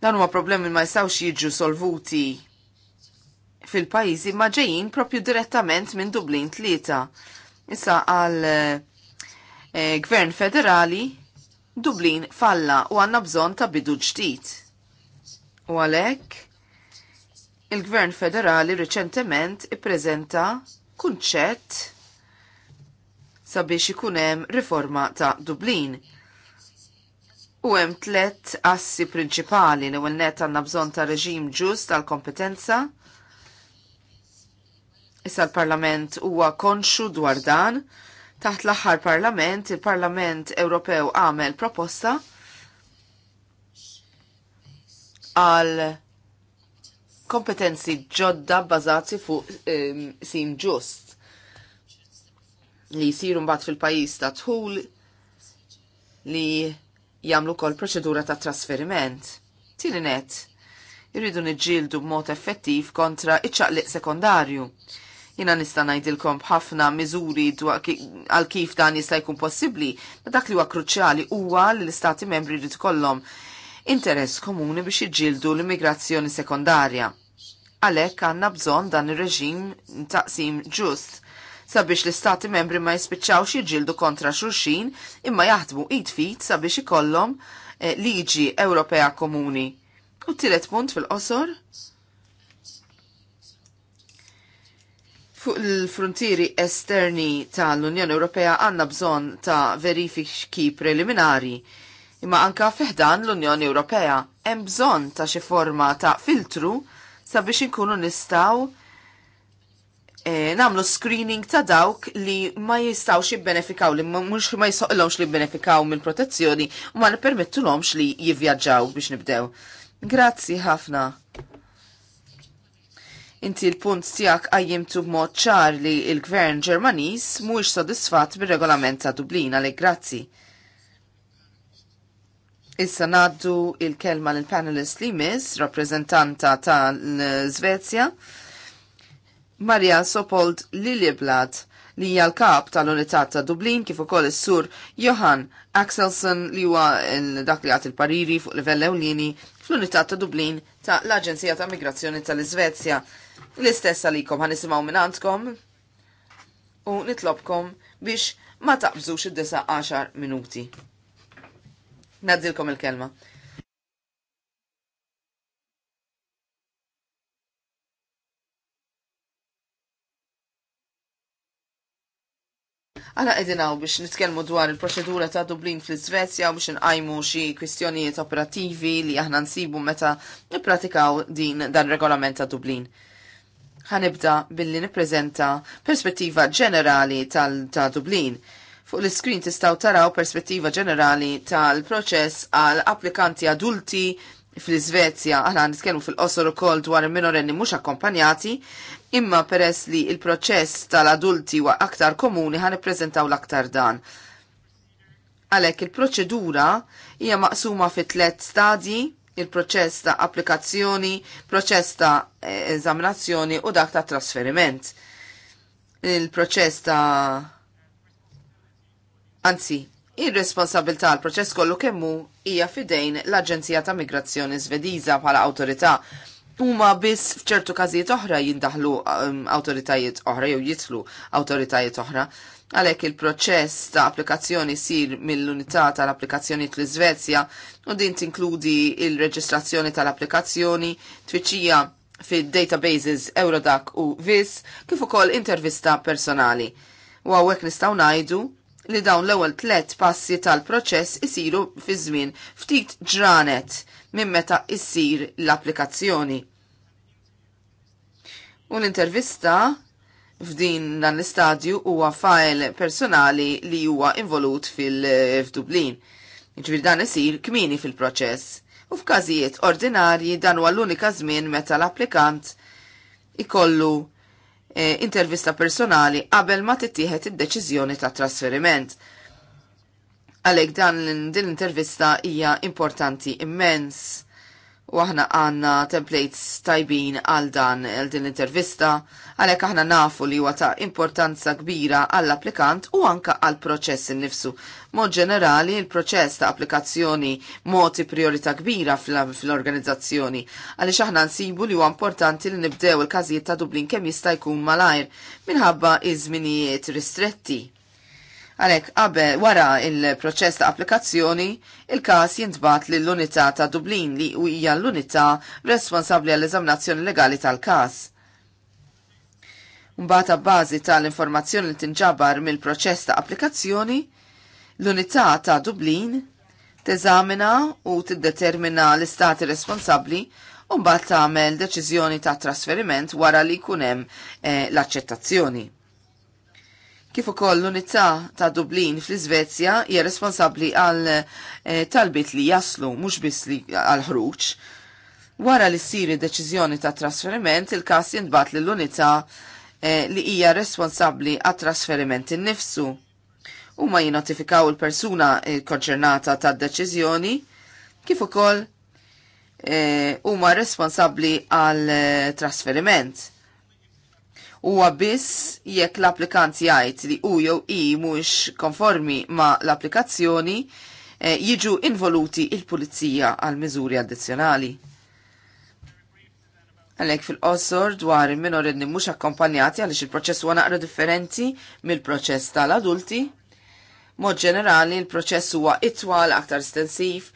S4: Dan huma problemi ma jistgħux jiġu solvuti fil-pajizi ma ġejjin propju direttament minn Dublin tlieta. Issa għal eh, gvern federali Dublin falla u għanna bżon ta' bidu ġdid. U għalhekk il-Gvern Federali riċentement ippreżenta kunċett sabiex ikun hemm riforma ta' Dublin. U hemm tliet assi prinċipali li net għandna bżonn ta' reġim ġust tal-kompetenza. Issa l-Parlament huwa konxu dwar dan. Taħt l-aħħar Parlament, il-Parlament Ewropew għamel proposta għal kompetenzi ġodda bazati fuq um, sim ġust li jisiru mbagħad fil-pajjiż ta' tħul li jagħmlu kol proċedura ta' trasferiment. Tieni net, irridu niġġieldu b'mod effettiv kontra iċċaqliq sekondarju. Jina nista' ngħidilkom b'ħafna miżuri għal kif dan jista' jkun possibbli, ma dak li huwa kruċjali huwa li l-istati membri jrid ikollhom interess komuni biex jiġġieldu l-immigrazzjoni sekondarja għalhekk għandna bżonn dan ir-reġim taqsim ġust sabiex l-istati membri ma jispiċċawx jiġildu kontra xulxin imma jaħdmu id-fit sabiex ikollhom eh, liġi Ewropea komuni. U t-tielet punt fil-qosor? Fuq il-frontieri esterni tal-Unjoni Ewropea għanna bżon ta' verifiki preliminari, imma anka fiħdan l-Unjoni Ewropea hemm bżon ta' xi forma ta' filtru sabiex inkunu nistaw E, namlu screening ta' dawk li ma jistawx jibbenefikaw, li mux ma jisoqlomx li jibbenefikaw mill protezzjoni u ma nipermettu lomx li jivjaġġaw biex nibdew. Grazzi ħafna. Inti l-punt tijak għajjimtu b'mod ċar li il-gvern ġermanis mux sodisfat bil-regolament ta' Dublina li grazzi. Issa naddu il-kelma l-panelist li mis, rappresentanta tal-Svezja, Marja Sopold Liljeblad, li hija l-kap tal-Unità ta' Dublin kif ukoll is-sur Johan Axelson li huwa dak li għat il-pariri fuq livell ewlieni fl-Unità ta' Dublin ta' l-Aġenzija ta' Migrazzjoni tal-Iżvezja. L-istess għalikom ħanisimgħu minn għandkom u nitlobkom biex ma taqbżux id-disa' 10 minuti. Nadzilkom il-kelma. Għala edinaw biex nitkelmu dwar il-proċedura ta' Dublin fl-Svezja u biex nqajmu xi kwistjonijiet operativi li aħna nsibu meta nippratikaw din dan regolament ta' Dublin. Ħanibda billi nippreżenta perspettiva ġenerali tal-Dublin. Ta Fuq l-iskrin tistaw taraw perspettiva ġenerali tal-proċess għal applikanti adulti fl-Svezja, aħna nitkellmu fil-qosor ukoll dwar minorenni mhux akkompanjati, imma peress li il-proċess tal-adulti wa aktar komuni ħan ippreżentaw l-aktar dan. Għalhekk il-proċedura hija maqsuma fi tliet stadji, il-proċess ta' applikazzjoni, proċess ta' eżaminazzjoni u dak ta' trasferiment. Il-proċess ta' Anzi, Ir-responsabilità għal proċess kollu kemmu hija fidejn l-Aġenzija ta' Migrazzjoni Svediża bħala awtorità. Huma biss f'ċertu każijiet oħra jindaħlu um, awtoritajiet oħra jew jitlu awtoritajiet oħra. Għalhekk il-proċess ta' applikazzjoni sir mill-unità tal-applikazzjoni fl-Iżvezja u din tinkludi il-reġistrazzjoni tal-applikazzjoni, tfittxija fid-databases Eurodac u VIS, kif ukoll intervista personali. U għawek nistgħu ngħidu li dawn l-ewwel tlet passi tal-proċess isiru fi żmien ftit ġranet minn meta issir l-applikazzjoni. U l-intervista f'din dan l-istadju huwa fajl personali li huwa involut fil-Dublin. Eh, Ġbir dan isir kmini fil-proċess. U f'każijiet ordinarji dan huwa l-unika żmien meta l-applikant ikollu Eh, intervista personali qabel ma tittieħed id-deċiżjoni ta' trasferiment. Għalhekk dan din l-intervista hija importanti immens u aħna għanna templates tajbin għal dan għal din l-intervista, għalek aħna nafu li huwa ta' importanza kbira għall applikant u anka għal proċess innifsu. Mod ġenerali, il-proċess ta' applikazzjoni moti priorita kbira fl-organizzazzjoni, Għalli aħna nsibu li huwa importanti li nibdew il-każijiet ta' Dublin kemm jista' jkun malajr minħabba iż-żminijiet ristretti Għalek, għabe, wara il-proċess ta' applikazzjoni, il-kas jintbat l-unità ta' Dublin li u hija l-unità responsabli għall-eżaminazzjoni legali tal-kas. Mbata bazi tal-informazzjoni li tinġabar mill-proċess ta' applikazzjoni, l-unità ta' Dublin teżamina u tiddetermina l-istati responsabli u mbagħad tagħmel deċiżjoni ta' trasferiment wara li jkun hemm eh, l-aċċettazzjoni. Kif ukoll l-unità ta' Dublin fl-Iżvezja hija responsabbli għal eh, talbit li jaslu mhux biss li għal ħruġ. Wara li ssir deċiżjoni ta' trasferiment, il-każ jintbat l unità eh, li hija responsabbli għat trasferiment innifsu. Huma jinotifikaw il-persuna eh, konċernata tad deċiżjoni kif ukoll huma responsabbli għal trasferiment huwa biss jekk l-applikant jgħid li u jew i mhux konformi ma' l-applikazzjoni eh, jiġu involuti il-pulizija għal miżuri addizzjonali. Għalek fil-qosor dwar il-minorenni minor mhux akkompanjati għaliex il-proċess huwa naqra differenti mill-proċess tal-adulti. Mod ġenerali il-proċess huwa itwal aktar stensiv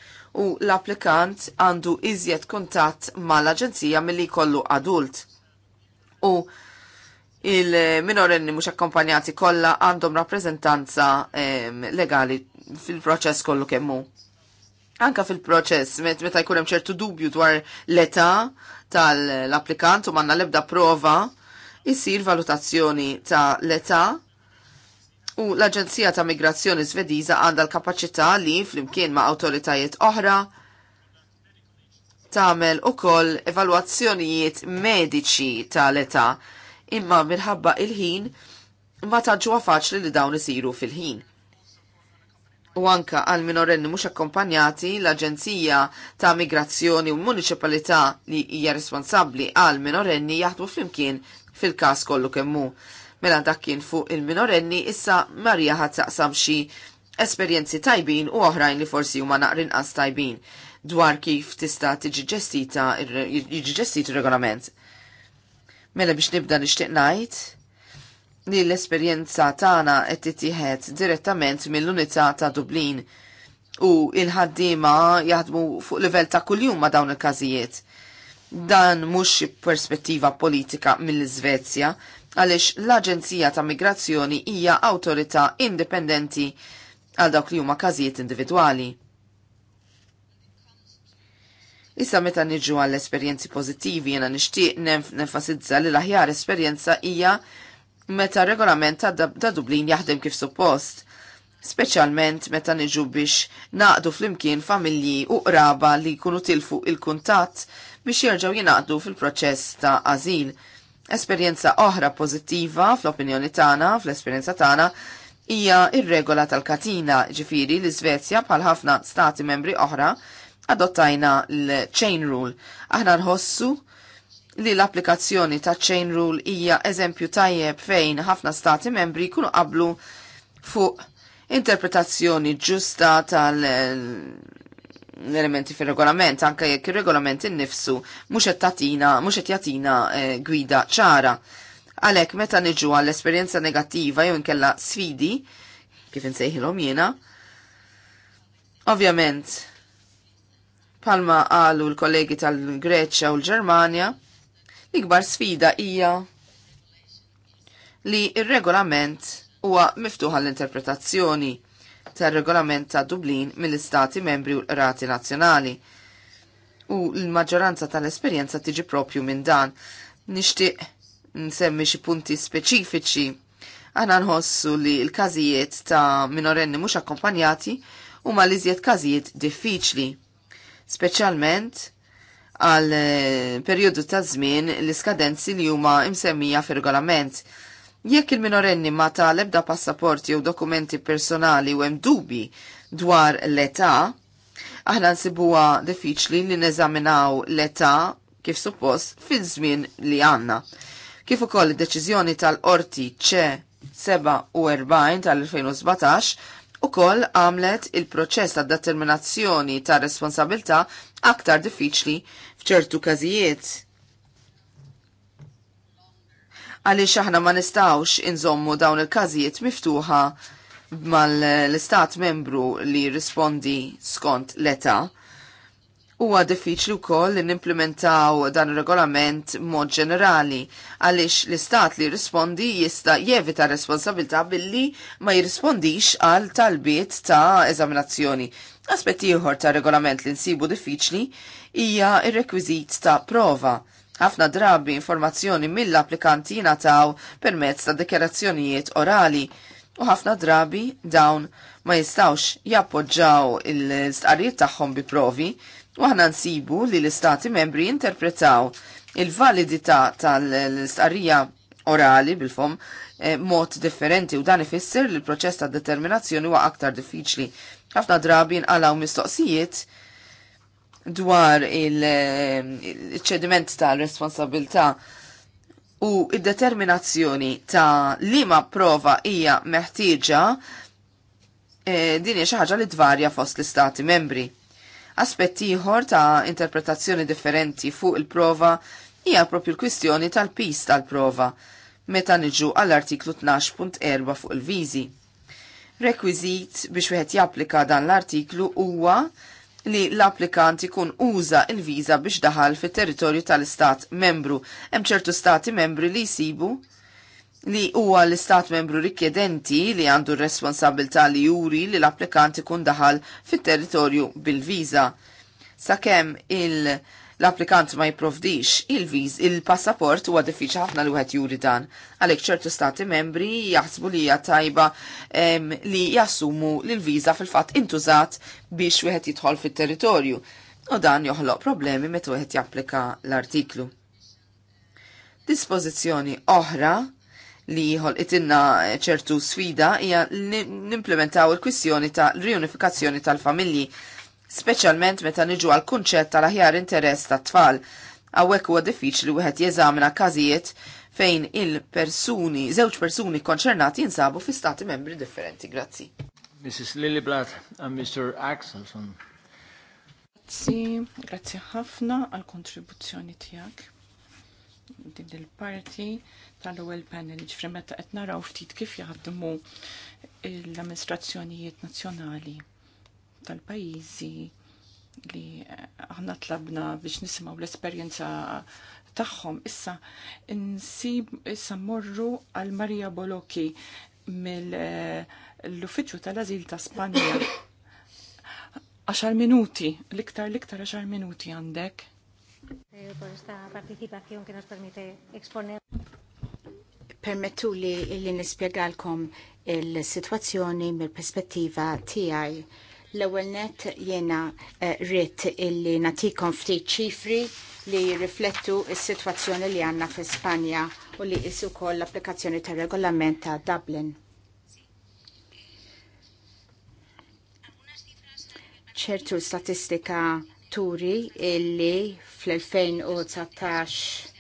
S4: u l-applikant għandu iżjed kuntatt mal-aġenzija mill-li kollu adult. U il-minorenni mhux akkompanjati kollha għandhom rappreżentanza legali fil-proċess kollu kemm hu. Anka fil-proċess, meta met jkun hemm ċertu dubju dwar l-età tal-applikant u manna lebda prova, jisir valutazzjoni ta' l-età u l-Aġenzija ta' Migrazzjoni Svediża għandha l-kapaċità li flimkien ma' awtoritajiet oħra tagħmel ukoll evalwazzjonijiet mediċi tal-età imma minħabba il-ħin ma taġġuha faċli li dawn isiru fil-ħin. U anka għal minorenni mhux akkompanjati l-Aġenzija ta' Migrazzjoni u Municipalità li hija responsabbli għal minorenni jaħdmu flimkien fil-każ kollu kemmu. Mela dak kien fuq il-minorenni issa Marja ħad taqsam xi esperjenzi tajbin u oħrajn li forsi huma naqrin qas tajbin dwar kif tista' tiġi ġestita jiġi ir-regolament. Mela biex nibda nixtieq ngħid li l-esperjenza tagħna qed titieħed direttament mill-Unità ta' Dublin u il-ħaddiema jaħdmu fuq livell ta' kuljum ma' dawn il-każijiet. Dan mhux perspettiva politika mill-Iżvezja għaliex l-Aġenzija ta' Migrazzjoni hija awtorità indipendenti għal dawk li huma każijiet individwali. Issa meta niġu għall esperjenzi pozittivi jena nixtieq nenfasizza li l-aħjar esperjenza hija meta regolament ta' Dublin jaħdem kif suppost, speċjalment meta niġu biex naqdu flimkien familji u qraba li jkunu tilfu il-kuntatt biex jerġgħu jingħaqdu fil-proċess ta' ażil. Esperjenza oħra pożittiva fl-opinjoni tagħna, fl-esperjenza tagħna, hija ir-regola tal-katina, ġifiri l-Iżvezja bħal ħafna stati membri oħra adottajna l-chain rule. Aħna nħossu li l-applikazzjoni ta' chain rule hija eżempju tajjeb fejn ħafna stati membri jkunu qablu fuq interpretazzjoni ġusta tal l-elementi fil-regolament, anke jekk il-regolament innifsu mhux qed tagħtina mhux qed jagħtina eh, gwida ċara. Għalhekk meta niġu għall-esperjenza negattiva jew inkella sfidi, kif insejħilhom jiena, ovvjament palma għalu l-kollegi tal-Greċja u l-Ġermanja, l-ikbar sfida hija li il-regolament huwa miftuħ għall-interpretazzjoni tar-regolament ta' Dublin mill-istati membri u l-rati nazzjonali. U l-maġġoranza tal-esperjenza tiġi propju minn dan. Nixtieq nsemmi xi punti speċifiċi. Aħna nħossu li l-każijiet ta' minorenni mhux akkompanjati huma liżjed każijiet diffiċli speċjalment għal eh, periodu ta' żmien l-iskadenzi li huma imsemmija fir-regolament. Jekk il-minorenni ma talab da passaporti jew dokumenti personali u hemm dubi dwar l-età, aħna nsibuha diffiċli li neżaminaw l-età kif suppost fil-żmien li għanna. Kif ukoll id-deċiżjoni tal-qorti ċe 47 tal-2017 u koll għamlet il-proċess ta' determinazzjoni ta' responsabilta aktar diffiċli fċertu kazijiet. Għaliex aħna ma nistawx inżommu dawn il-kazijiet miftuħa mal-istat membru li rispondi skont l-età Huwa diffiċli wkoll li nimplementaw dan ir-regolament mod ġenerali għaliex l-istat li jirrispondi jista' jevita responsabilità billi ma jirrispondix għal talbiet ta' eżaminazzjoni. Aspetti ieħor ta' regolament li nsibu diffiċli hija ir-rekwiżit ta' prova. Ħafna drabi informazzjoni mill-applikanti jingħataw permezz ta' dikjarazzjonijiet orali u ħafna drabi dawn ma jistawx jappoġġaw il-stqarrijiet tagħhom bi provi U aħna nsibu li l-istati membri interpretaw il-validità tal-istqarrija orali bil-fom eh, mod differenti u dan ifisser li l-proċess ta' determinazzjoni huwa aktar diffiċli. Ħafna drabi nqalaw mistoqsijiet dwar eh, il-ċediment tal-responsabilità u id-determinazzjoni ta' lima prova hija meħtieġa eh, din hija xi ħaġa li tvarja fost l-istati membri. Aspetti ieħor ta' interpretazzjoni differenti fuq il-prova hija propju l-kwistjoni tal-pis tal-prova meta niġu għall-artiklu 12.4 fuq il-viżi. Rekwizit biex wieħed japplika dan l-artiklu huwa li l-applikant ikun uża il-viża biex daħal fit-territorju tal-istat membru. Hemm ċertu stati membri li jsibu li huwa l-istat membru rikjedenti li għandu r li juri li l-applikant ikun daħal fit-territorju bil-viża. Sakemm il- l-applikant ma jiprovdix il-viz, il-passaport huwa diffiċ ħafna li wieħed juri dan. Għalhekk ċertu stati membri jaħsbu li hija tajba li jassumu li l-viża fil-fatt intużat biex wieħed jidħol fit-territorju. U dan joħloq problemi meta wieħed japplika l-artiklu. Dispożizzjoni oħra li jħol itinna ċertu sfida hija nimplementaw il-kwissjoni ta' riunifikazzjoni tal-familji, speċjalment meta niġu għal kunċett tal-aħjar interess tat tfal. Għawek huwa diffiċli wieħed jeżamina każijiet fejn il-persuni, żewġ persuni konċernati jinsabu fi stati membri differenti. Grazzi.
S1: Mrs. Lilliblatt and Mr. Axelson.
S3: Grazzi, grazzi ħafna għal kontribuzzjoni tijak din il-parti tal-ewwel panel, ġifri meta qed naraw ftit kif jaħdmu l-amministrazzjonijiet nazzjonali tal-pajjiżi li aħna tlabna biex nisimgħu l-esperjenza tagħhom. Issa insib issa morru għal Marija Bolocchi mill-Uffiċċju tal-Azil ta' Spanja. 10 minuti, l-iktar l-iktar 10 minuti għandek.
S1: Por esta participación que nos permite exponer.
S2: Permettu li li nispiegalkom il-situazzjoni mill-perspettiva tiegħi. L-ewwel net jiena eh, rrid illi natikom ftit ċifri li jirriflettu s-sitwazzjoni li għandna fi Spanja u li jqisu ukoll l-applikazzjoni tar-regolament ta' Dublin. ċertu statistika turi illi fl-2019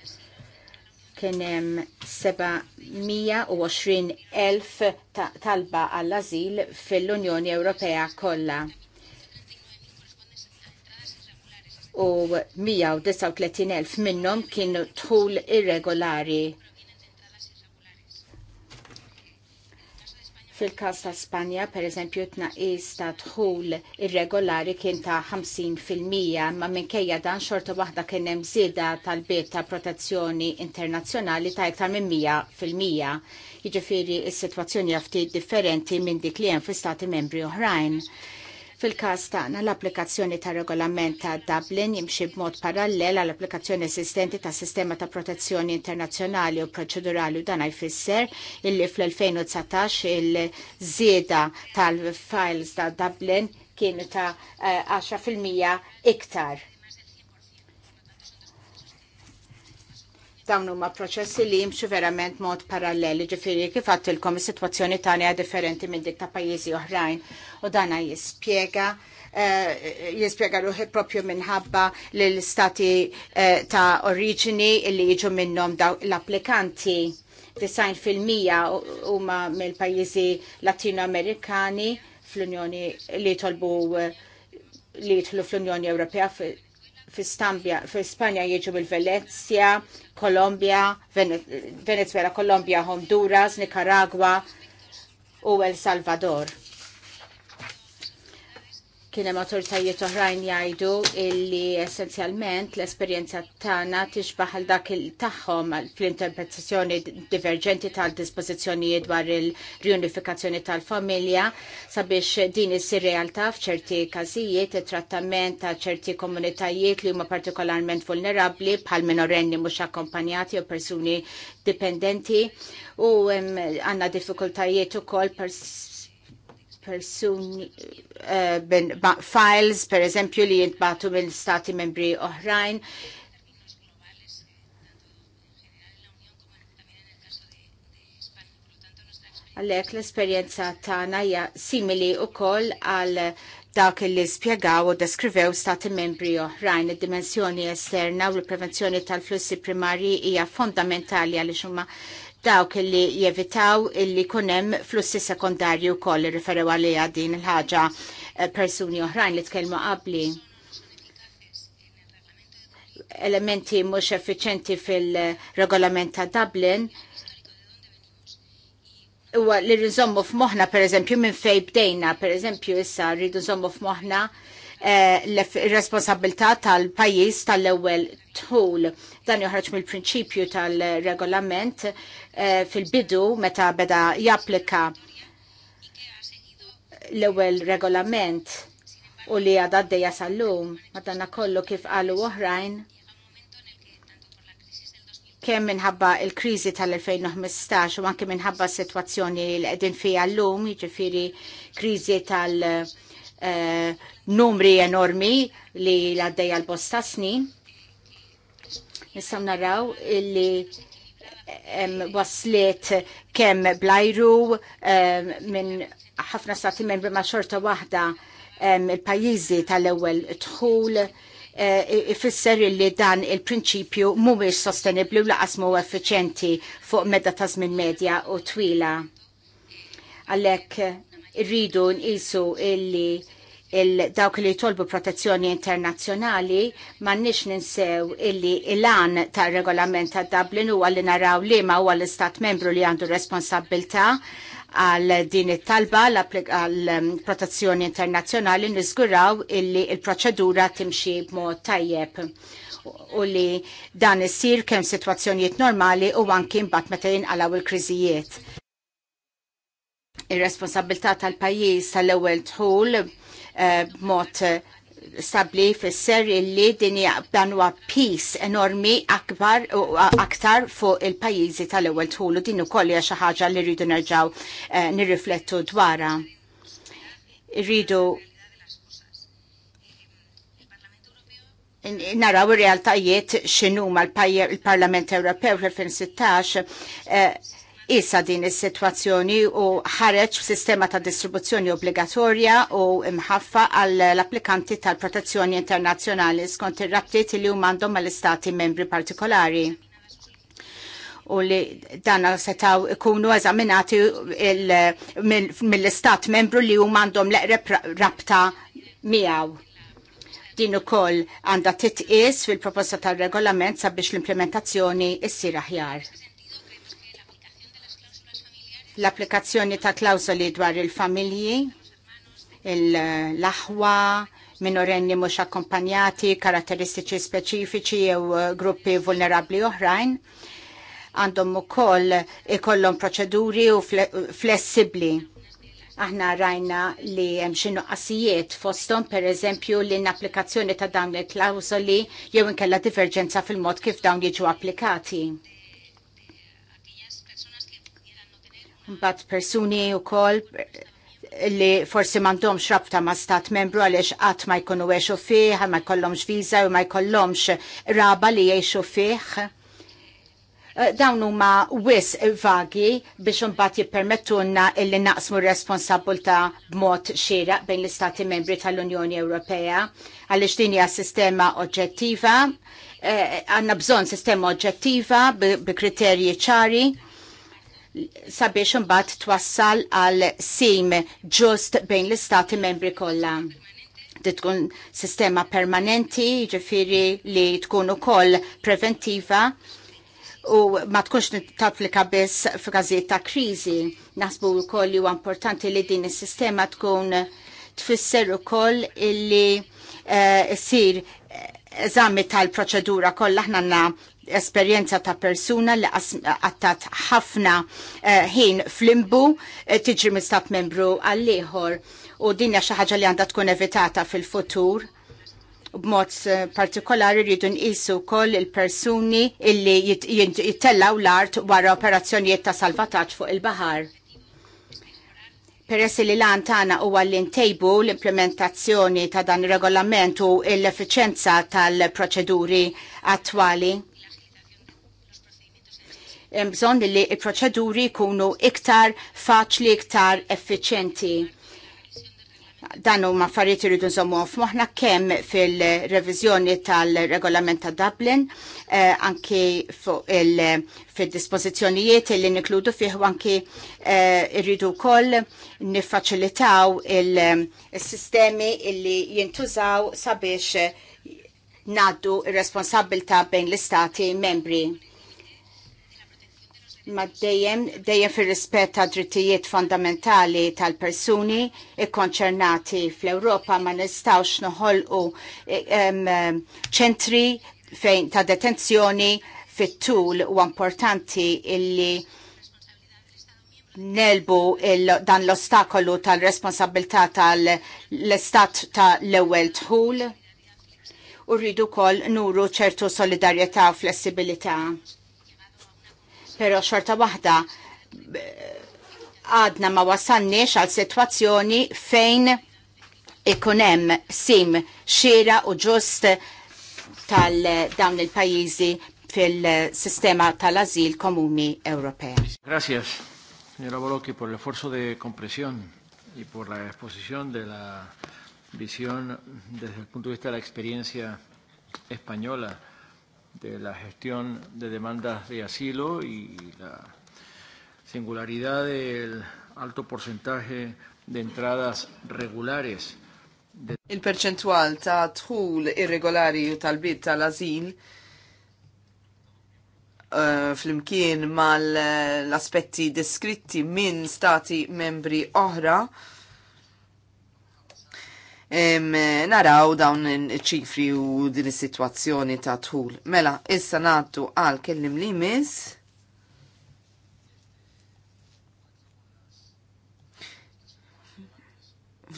S2: Kien hemm 720.000 ta talba għall-azil fil-Unjoni Ewropea kollha. U 139.000 minnhom kienu tħul irregolari Fil-każ ta' Spanja, per eżempju, tnaqis ta' dħul irregolari kien ta' 50% ma minkejja dan xorta waħda kien hemm żieda tal-bit ta' protezzjoni internazzjonali ta' iktar minn 100%. Jiġifieri s-sitwazzjoni ftit differenti minn dik li hemm fl-istati membri oħrajn. Fil-każ tagħna l-applikazzjoni ta' regolament ta' Dublin jimxi b'mod parallel għall applikazzjoni esistenti ta' sistema ta' protezzjoni internazzjonali u proċedurali u dan jfisser illi fl-2019 il-żieda tal-files ta' Dublin kienu ta' 10% eh, iktar dawn huma proċessi li jimxu verament mod paralleli, ġifiri kif għattilkom is-sitwazzjoni tagħna differenti minn dik ta' pajjiżi oħrajn u dana jispjega eh, jispjega ruħi propju minħabba li l-istati eh, ta' oriġini li jiġu minnhom daw l-applikanti. 90% huma mill-pajjiżi latinoamerikani fl-Unjoni li jitolbu eh, li jitħlu fl-Unjoni Ewropea fi Spanja jiġu mill-Venezia, Kolombia, Venezuela, Kolombia, Honduras, Nicaragua u El Salvador kienem autoritajiet oħrajn jgħidu illi essenzjalment l-esperienza tagħna tixbaħ għal dak tagħhom fl-interpretazzjoni diverġenti tal-dispożizzjonijiet dwar il-riunifikazzjoni tal-familja sabiex din issir realtà f'ċerti każijiet it-trattament ta' ċerti komunitajiet li huma partikolarment vulnerabbli bħal minorenni mhux akkompanjati u persuni dipendenti u għandna diffikultajiet ukoll pers persuni eh, files per eżempju li jintbatu minn stati membri oħrajn. Għalek l-esperienza tagħna hija simili u koll għal dawk li spiegaw u deskrivew stati membri oħrajn id-dimensjoni esterna u l-prevenzjoni tal-flussi primarji hija fondamentali għal huma dawk li jevitaw illi kunem flussi sekundarju koll riferew għalija din il-ħaġa eh, persuni oħrajn li tkellmu qabli elementi mhux effiċenti fil-regolament ta' Dublin U li rinżommu per pereżempju minn fejn bdejna, pereżempju issa rridu zommu f'moħħna E, eh, l-responsabilità tal-pajis tal-ewel tħul Dan joħroġ mill-prinċipju tal-regolament eh, fil-bidu meta beda japplika l-ewwel regolament u li għadha sal-lum, madanna kollu kif qalu oħrajn, kemm minħabba il-kriżi tal-2015 u anke minħabba s-sitwazzjoni li qegħdin fiha llum, jiġifieri kriżi tal- eh, numri enormi li l-għaddeja l-bosta snin. Nistaw naraw illi waslet kemm blajru minn ħafna stati membri ma' xorta waħda il-pajjiżi tal-ewwel dħul e, ifisser illi dan il-prinċipju mumiex sostenibbli u laqas mu effiċjenti fuq medda ta' żmien medja u twila. Għalhekk irridu nqisu illi il-dawk li jtolbu protezzjoni internazzjonali mannix ninsew illi il-an ta' regolament ta' Dublin huwa li naraw li ma huwa l-istat membru li għandu responsabilta għal din it-talba għal um, protezzjoni internazzjonali niżguraw illi il-proċedura timxi b'mod tajjeb u li dan issir kemm situazzjonijiet normali u anki mbagħad meta jinqalgħu il-kriżijiet. Ir-responsabilità tal-pajjiż tal-ewwel tħul Eh, b'mod eh, stabli fisser illi din dan huwa peace enormi akbar u aktar fuq il-pajjiżi tal-ewwel tħulu din ukoll hija xi ħaġa li rridu nerġaw eh, nirriflettu dwarha. Rridu naraw ir-realtajiet x'inhuma l-Parlament Ewropew fl-2016 Issa din is-sitwazzjoni u ħareġ sistema ta' distribuzzjoni obbligatorja u imħaffa għall applikanti tal-protezzjoni internazzjonali skont ir-rabtiet li huma għandhom mal-istati membri partikolari u li dan setaw ikunu eżaminati mill-istat membru li huma għandhom leqreb rabta miegħu. Din ukoll għandha titqies fil-proposta tal-regolament sabiex l-implementazzjoni issir aħjar l-applikazzjoni ta' klawsoli dwar il-familji, l-aħwa, minorenni mhux akkompanjati, karatteristiċi speċifiċi jew eh, gruppi vulnerabbli oħrajn għandhom ukoll ikollhom proċeduri u flessibbli. Aħna rajna li hemm xi nuqqasijiet fosthom pereżempju li n applikazzjoni ta' dawn il klawsoli jew inkella diverġenza fil-mod kif dawn jiġu applikati Mbagħad persuni wkoll li forsi mandom rabta ma' stat membru għalix għat ma' jkunu għexu fiħ, ma' jkollomx viza u ma' jkollomx raba li jiexu fiħ. Eh, dawn huma wis vagi biex imbagħad jippermettunna illi naqsmu r-responsabbilta b'mod xira bejn l-Istati Membri tal-Unjoni Ewropea għaliex din hija sistema oġġettiva, eh, għandna bżonn sistema oġġettiva bi kriterji ċari sabiex imbagħad twassal għal sim ġust bejn l-istati membri kollha. Di tkun sistema permanenti, ġifiri li tkun ukoll preventiva u ma tkunx tapplika biss f'każijiet ta' kriżi. Nasbu wkoll li huwa importanti li din is-sistema tkun tfisser ukoll illi eh, issir uh, eżami tal-proċedura kollha ħna esperjenza ta' persuna li għattat ħafna eh, ħin uh, flimbu eh, tiġri mistat membru għalliħor ieħor u dinja xi ħaġa li għandha tkun evitata fil-futur b'mod eh, partikolari rridu nqisu wkoll il-persuni illi jittellaw l-art wara operazzjonijiet ta' salvataġġ fuq il-baħar. Peress li lan tagħna huwa li ntejbu l-implementazzjoni ta' dan ir-regolament u l efficienza tal-proċeduri attwali bżonn li l-proċeduri jkunu iktar faċli, iktar effiċenti. Dan huma affarijiet iridu nżommu f'moħħna kemm fil-reviżjoni tal-regolament ta' Dublin, eh, anki fil-dispożizzjonijiet li nikludu fih anki eh, wkoll niffaċilitaw il-sistemi eh, illi jintużaw sabiex naddu ir-responsabilta bejn l-istati membri ma dejjem dejjem fir-rispett ta' drittijiet fondamentali tal-persuni ikkonċernati fl-Ewropa ma nistgħux noħolqu ċentri fejn ta' detenzjoni fit-tul u importanti illi nelbu il, dan l-ostakolu tal-responsabilità tal-estat tal-ewel tħul u rridu kol nuru ċertu solidarjetà u flessibilità pero xorta wahda, għadna ma wasannix għal situazzjoni fejn ikunem sim xira u ġust tal-dawn il-pajizi fil-sistema tal-azil komuni Ewropea.
S1: Gracias, señora Bolocchi, por el esfuerzo de compresión y por la exposición de la visión desde el punto de vista de la experiencia española de la gestión de demandas de asilo y la singularidad del alto porcentaje de entradas regulares.
S4: De... El percentual ta' tħul irregolari u tal-bid tal-azil uh, fl-imkien mal-aspetti deskritti minn stati membri oħra naraw dawn iċ-ċifri u din is-sitwazzjoni ta' tħul. Mela, issa ngħaddu għal kellim li miss.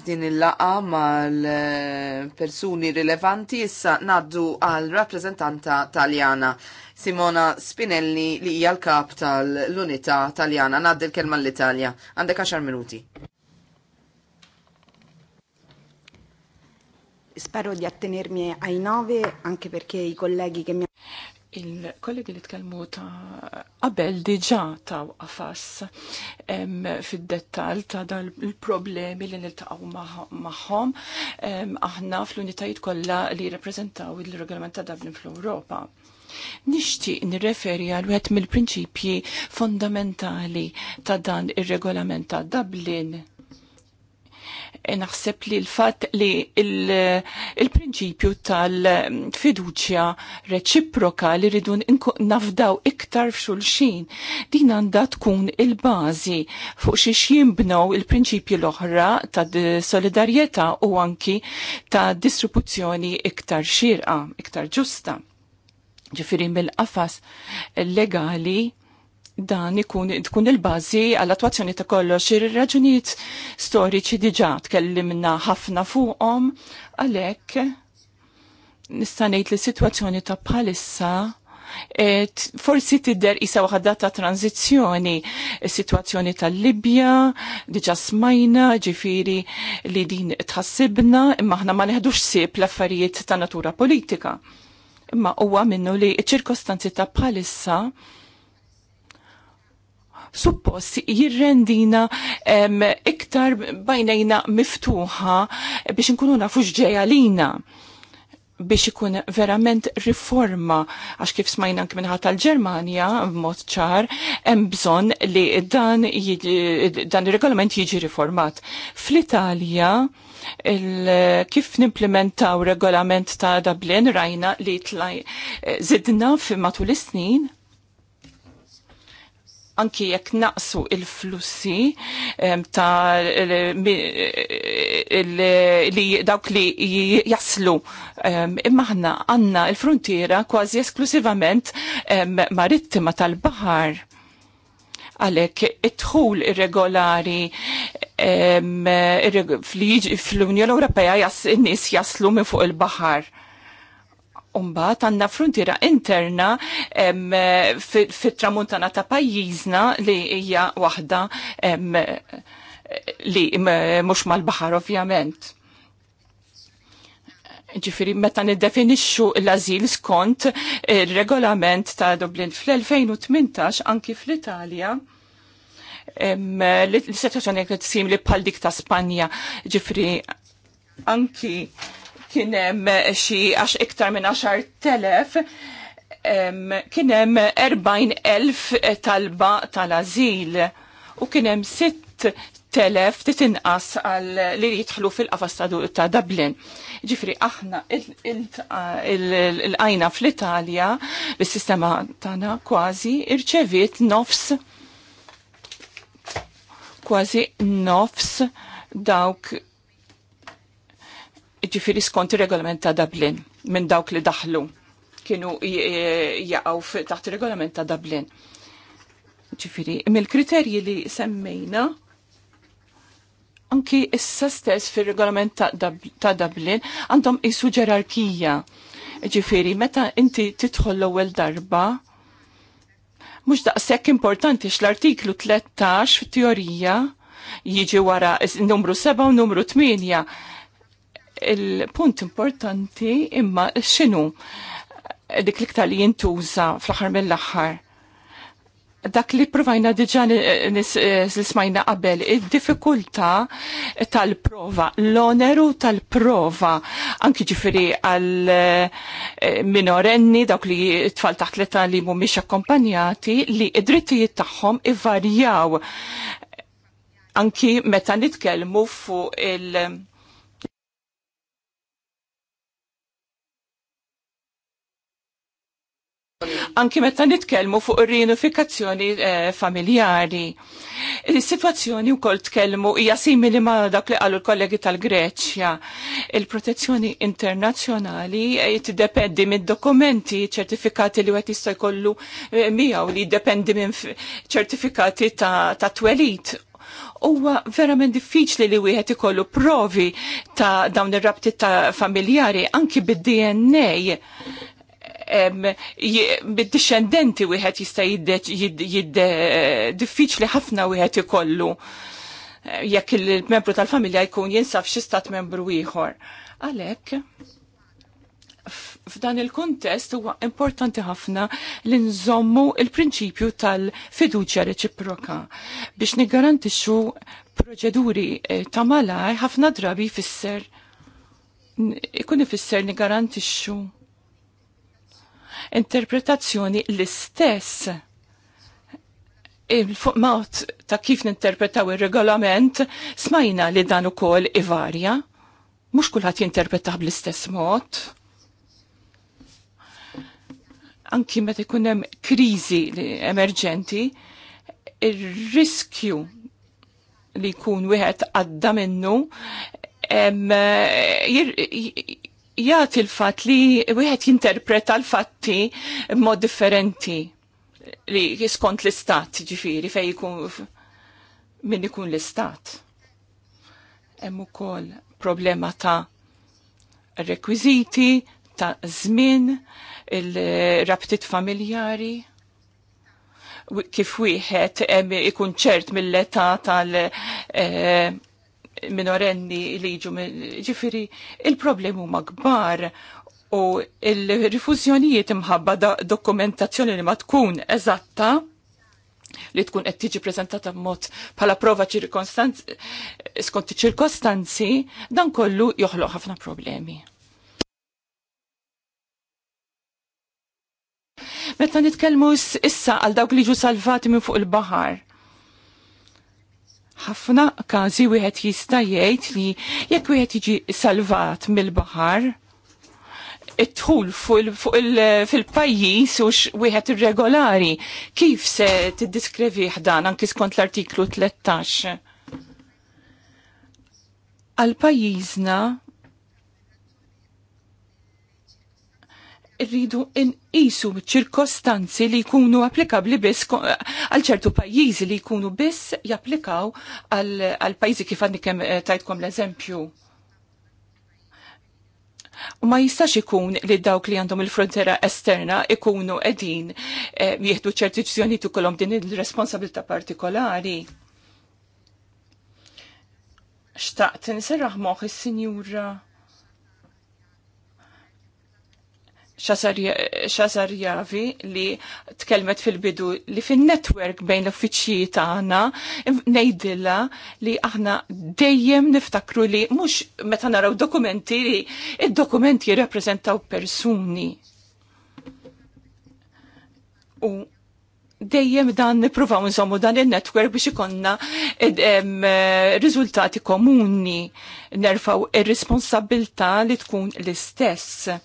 S4: f'din il-laqa mal-persuni rilevanti issa naddu għal rappresentanta taljana Simona Spinelli li hija l-kap tal-Unità Taljana. Naddi l-kelma l-Italja. Għandek 10 minuti.
S2: Spero di attenermi ai
S3: nove, anche perché i colleghi che mi il-kollegi li tkellmu ta' qabel diġa ta' għafas fid-dettal ta' dan il-problemi li niltaqgħu magħhom aħna fl-unitajiet kollha li jirrappreżentaw il-regolament ta' Dublin fl-Ewropa. Nixtieq nirreferi għal wieħed mill-prinċipji fondamentali ta' dan ir-regolament ta' Dublin E naħseb li l-fat li il-prinċipju tal-fiduċja reċiproka li ridu nafdaw iktar f'xulxin, din għandha tkun il-bażi fuq xiex jimbnew il-prinċipju l-oħra ta' solidarjetà u anki ta' distribuzzjoni iktar xirqa, iktar ġusta. Ġifiri mill-qafas legali dan ikun tkun il-bażi għall attwazzjoni ta' kollox ir-raġunijiet storiċi diġà tkellimna ħafna fuqhom għalhekk nista' ngħid li s-sitwazzjoni ta' bħalissa forsi tidder isa waħda ta' tranzizzjoni s sitwazzjoni tal-Libja diġà smajna ġifiri li din tħassibna imma aħna ma neħdux sib l-affarijiet ta' natura politika. Imma huwa minnu li ċ-ċirkostanzi ta' bħalissa suppost jirrendina iktar bajnejna miftuħa biex nkunu nafu x'ġejalina biex ikun verament riforma għax kif smajna anke minħat tal-Ġermanja b'mod ċar hemm bżonn li dan dan ir-regolament jiġi riformat. Fl-Italja kif nimplementaw regolament ta' Dublin rajna li tlaj eh, zidna fi matul is-snin anki jekk naqsu il-flussi ta' li dawk li jaslu. Imma ħna għanna il-frontiera kważi esklusivament marittima tal-bahar għalek it-tħul irregolari fl-Unjoni Ewropea jas, nies nis jaslu minn fuq il-bahar Umbat għanna frontiera interna fit-tramuntana ta' pajjiżna li hija waħda li mhux mal-baħar ovvjament. Ġifiri, meta niddefinixxu l-azil skont il-regolament ta' Dublin fl-2018 anki fl-Italja l-situazzjoni qed tsim li bħal dik ta' Spanja ġifri anki kien hemm xi għax iktar minn 10,000 kien hemm 40,000 talba tal-azil u kien hemm 6,000 titinqas għal li jidħlu fil-qafas ta' Dublin. Ġifri aħna il għajna fl-Italja bis-sistema tagħna kważi irċeviet nofs kważi nofs dawk ġifiri skont regolament ta' Dublin minn dawk li daħlu kienu jaqaw taħt regolament ta' Dublin. Ġifiri, mill-kriterji li semmejna anki issa stess fir regolament ta, Dublin għandhom isu ġerarkija. Ġifiri, meta inti titħol l-ewwel darba, mhux daqshekk importanti x-l-artiklu 13 fit-teorija jiġi wara numru 7 u numru 8 il-punt importanti imma xinu dik ktar li jintuża fl-aħħar mill-aħħar. Dak li provajna diġa nismajna qabel, il-difikulta tal-prova, l-oneru tal-prova, anki ġifiri għal eh, minorenni, dawk li tfal taħt l li mumiex akkompanjati, li id-drittijiet tagħhom ivarjaw anki meta nitkellmu fuq il- Anki meta nitkellmu fuq ir-rinifikazzjoni eh, familjari. Is-sitwazzjoni wkoll tkellmu hija simili ma' dak li qalu l-kollegi tal-Greċja. Il-protezzjoni internazzjonali eh, tiddependi mid-dokumenti, ċertifikati li wieħed jista' jkollu eh, miegħu li jiddependi minn ċertifikati ta', ta twelit huwa verament diffiċli li wieħed ikollu provi ta' dawn ir-rabti ta' familjari anki bid-DNA bid-discendenti wieħed jista' diffiċli ħafna wieħed ikollu eh, jekk il-membru tal-familja jkun jinsaf xi stat membru ieħor. Għalhekk f'dan il kuntest huwa importanti ħafna li nżommu il-prinċipju tal-fiduċja reċiproka biex niggarantixxu proċeduri eh, ta' malaj ħafna drabi fisser ikun ifisser niggarantixxu interpretazzjoni l-istess fuq mawt ta' kif ninterpretaw il-regolament smajna li dan ukoll ivarja. Mhux kulħadd jinterpretaw bl-istess mod. Anki meta jkun hemm kriżi emerġenti, ir-riskju li jkun wieħed għadda minnu jgħat il fatt li wieħed jinterpreta l-fatti b'mod differenti li skont l-istat ġifiri fej jkun min ikun l-istat. Hemm ukoll problema ta' rekwiziti, ta' żmien, il-rabtit familjari kif wieħed ikun ċert mill-età tal- eh, minorenni li jiġu ġifiri il-problemi huma kbar u il-rifużjonijiet imħabba dokumentazzjoni li ma tkun eżatta li tkun qed tiġi preżentata b'mod bħala prova skont ċirkostanzi dan kollu joħloq ħafna problemi. Meta nitkellmu issa għal dawk li ġu salvati minn fuq il-baħar, ħafna każi wieħed jista' jgħid li jekk wieħed jiġi salvat mill-baħar, it-tħul fil-pajjiż u wieħed irregolari, kif se tiddiskrevi ħdan anki skont l-artiklu 13? Għal pajjiżna Irridu nqisu ċirkostanzi li jkunu applikabli biss għal ċertu pajjiżi li jkunu biss japplikaw għal pajjiżi kif għandi kemm eh, tajtkom l-eżempju. U ma jistax ikun li dawk li għandhom il-frontera esterna ikunu edin eh, jieħdu ċerti ċizjoni tukolom din il-responsabilità partikolari. Xtaqt nisirraħ moħ il-sinjura Xasarjavi li tkelmet fil-bidu li fin-netwerk bejn l-uffiċċji tagħna ngħidilha li aħna dejjem niftakru li mhux meta naraw dokumenti li id-dokumenti jirrappreżentaw persuni. U dejjem dan nipruvaw nżommu dan il-netwerk biex ikonna riżultati komuni nerfaw ir-responsabilta li tkun l-istess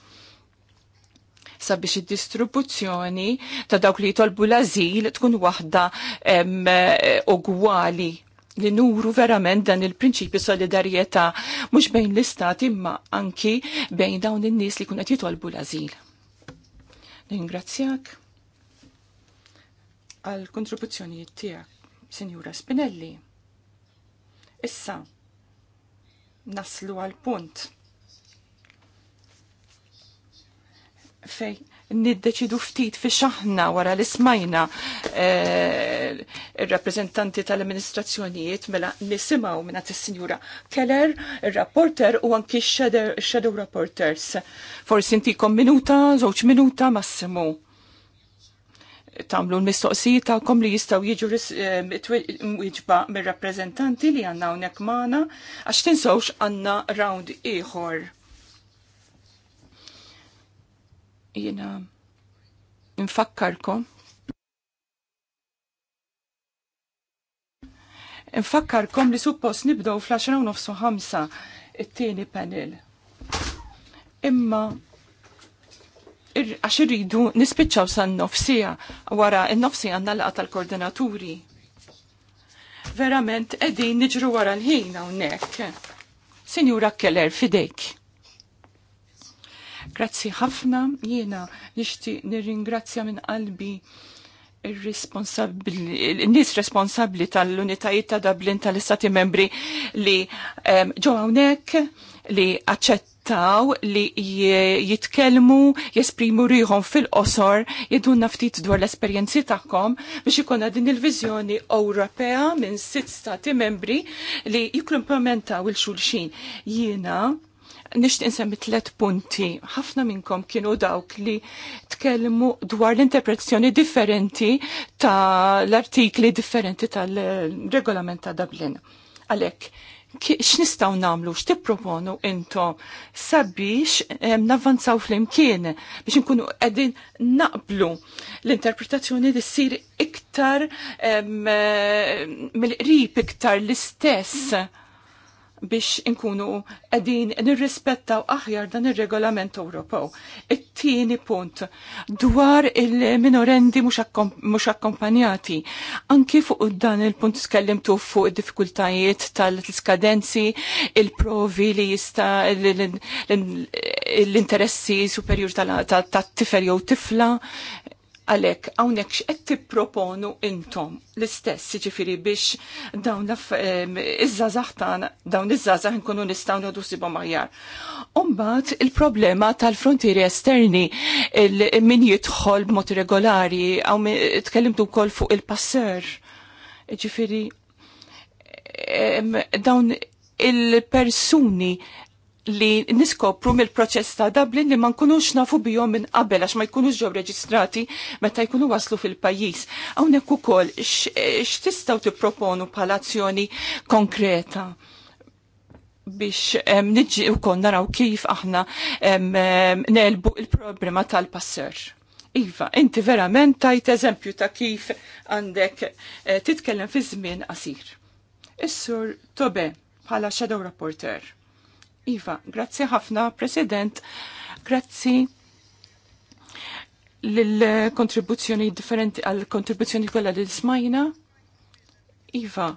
S3: sabiex id-distribuzzjoni ta' dawk li jitolbu l-azil tkun waħda ugwali li nuru verament dan il-prinċipju solidarjetà mhux bejn l-istat imma anki bejn dawn in-nies li kun qed jitolbu l-azil. Ningrazzjak għal kontribuzzjoni tiegħek, Sinjura Spinelli. Issa, naslu għal punt fej niddeċidu ftit fi xaħna wara li smajna eh, il-rappresentanti tal-amministrazzjonijiet mela nisimaw minna t-sinjura Keller, il-rapporter u anki shadow rapporters. Forsi intikom minuta, zoċ minuta massimu. Tamlu l-mistoqsijiet kom li jistaw jiġu eh, wieġba mir rappreżentanti li għanna unek maħna, għax tinsawx għanna round iħor. jina nfakkarkom Nfakkarkom li suppost nibdow fl-10 nofsu ħamsa it-tieni panel. Imma għax irridu nispiċċaw san nofsija wara n-nofsija nalqa tal-koordinaturi. Verament, edin niġru wara l-ħin hawnhekk. Sinjura Keller, fidejk. Grazzi ħafna jiena nixtieq nirringrazzja minn qalbi il-nis responsabli tal-unitajiet ta' Dublin tal-Istati membri li ġo hawnhekk li aċċettaw li jitkellmu, jesprimu riħom fil-qosor, jedunna ftit dwar l-esperjenzi tagħhom biex ikonna din il-viżjoni Ewropea minn sitt stati membri li jiklumplementaw il-xulxin. Jiena nixtieq insemmi tlet punti. Ħafna minnkom kienu dawk li tkellmu dwar l-interpretazzjoni differenti ta' l-artikli differenti tal-regolament ta' Dublin. Għalhekk, x'nistgħu nagħmlu, x'tipproponu intom sabiex navvanzaw flimkien biex inkunu qegħdin naqblu l-interpretazzjoni li ssir iktar mill-qrib iktar l-istess biex inkunu edin nirrispettaw aħjar dan ir-regolament Ewropew. It-tieni punt dwar il-minorendi mhux akkompanjati. Anki fuq dan il-punt tkellimtu fuq id-diffikultajiet tal-skadenzi, il-provi li jista' l-interessi superjur tat-tifel jew tifla, għalek għawnek xqed tipproponu intom l-istess ġifiri biex dawn iż-żazax tagħna dawn iż-żazax nkunu nistgħu nodu sibhom aħjar. Umbagħad il-problema tal-frontieri esterni min jidħol b'mod regolari għaw tkellimtu wkoll fuq il-passer. Ġifiri dawn il-persuni li niskopru mill-proċess ta' Dublin li ma nkunux nafu bihom minn qabel għax ma jkunux ġew reġistrati meta jkunu waslu fil-pajjiż. Hawnhekk ukoll x'tistgħu tipproponu bħala azzjoni konkreta biex niġi u kon naraw kif aħna nelbu il-problema tal-passer. Iva, inti verament tajt eżempju ta' kif għandek eh, titkellem fi żmien qasir. Is-sur Tobe bħala shadow rapporter. Iva, grazzi ħafna, President, grazzi l-kontribuzzjoni differenti għal-kontribuzzjoni kolla li smajna. Iva,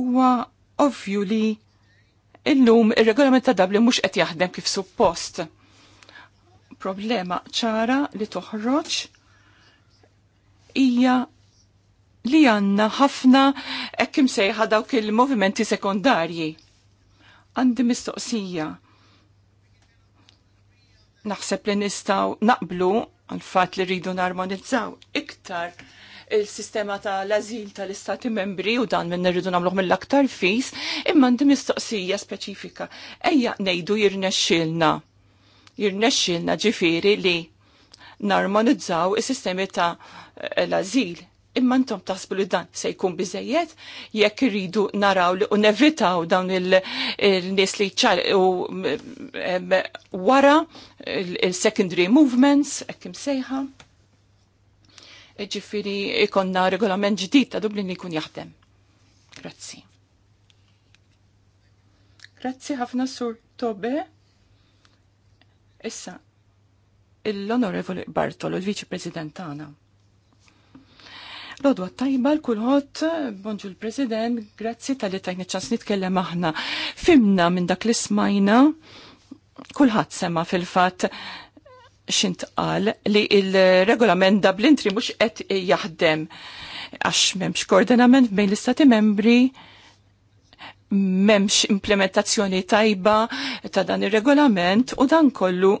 S3: huwa ovvju li illum il-regolament ta' Dublin mhux qed jaħdem kif suppost. Problema ċara li toħroġ hija li għanna ħafna ekkim sejħa dawk il-movimenti sekundarji Għandi mistoqsija. Naħseb li nistaw naqblu għal-fat li rridu narmonizzaw iktar il-sistema tal-azil tal-istati membri u dan minn rridu namluħ mill-aktar fis, imma għandi mistoqsija speċifika. Ejja nejdu jirnexxilna. Jirnexxilna ġifiri li narmonizzaw is-sistemi ta' l-azil imma ntom taħsbu li dan se jkun biżejjed jekk iridu naraw li unevitaw dawn il-nies li ċar u wara il-secondary movements, hekk imsejħa. Ġifiri ikonna regolament ġdid ta' Dublin li jkun jaħdem. Grazzi. Grazzi ħafna sur Tobe. Issa, l-Onorevoli Bartolo, il-Viċi President tagħna. Lodwa tajba l-kulħot, bonġu l-President, grazzi tal-li tajni ċans nitkellem aħna. Fimna minn dak li smajna, kulħat sema fil-fat xintqal li il-regolament Dublin tri mux qed jaħdem għax memx koordinament bejn l-istati membri memx implementazzjoni tajba ta' dan il-regolament u dan kollu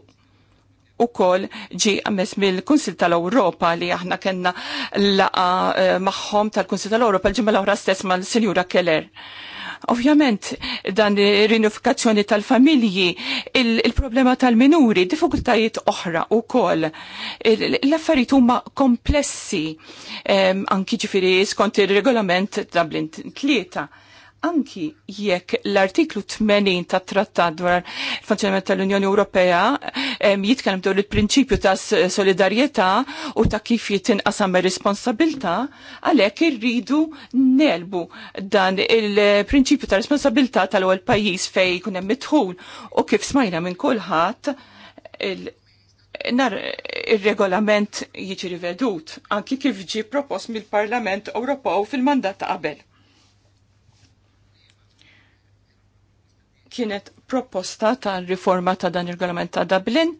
S3: u kol ġi għammes mill-Kunsil tal-Europa li aħna kenna laqa eh, maħħom tal-Kunsil tal-Europa l-ġimma l-ohra stess ma l-Senjura Keller. Ovvjament, dan rinifikazzjoni tal-familji, il-problema il problema tal minuri diffikultajiet oħra u kol. L-affarijiet huma komplessi, eh, anki ġifiri skont il-regolament Dublin 3 anki jekk l-artiklu 80 ta' trattat dwar il-funzjonament tal-Unjoni Ewropea jitkellem dwar il-prinċipju ta' solidarjetà u ta' kif jitinqasam ir-responsabilità, għalhekk irridu nelbu dan il-prinċipju ta' responsabilità tal-ewwel pajjiż fejn jkun hemm midħul u kif smajna minn kulħadd nar il-regolament jiġi rivedut, anki kif ġi propost mill-Parlament Ewropew fil-mandat ta' qabel kienet proposta ta' riforma ta' dan il-regolament ta' Dublin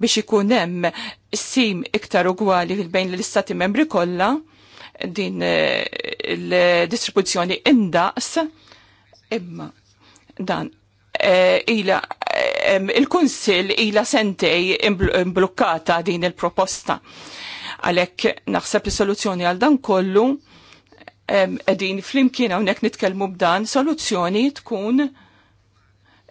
S3: biex ikun hemm sim iktar ugwali bejn l-istati membri kollha din il-distribuzzjoni eh, indaqs imma dan eh, ila il-Kunsil ila sentej imblukkata din il-proposta. Għalek naħseb li soluzzjoni għal dan kollu edin flimkien hawnhekk nitkellmu b'dan soluzzjoni tkun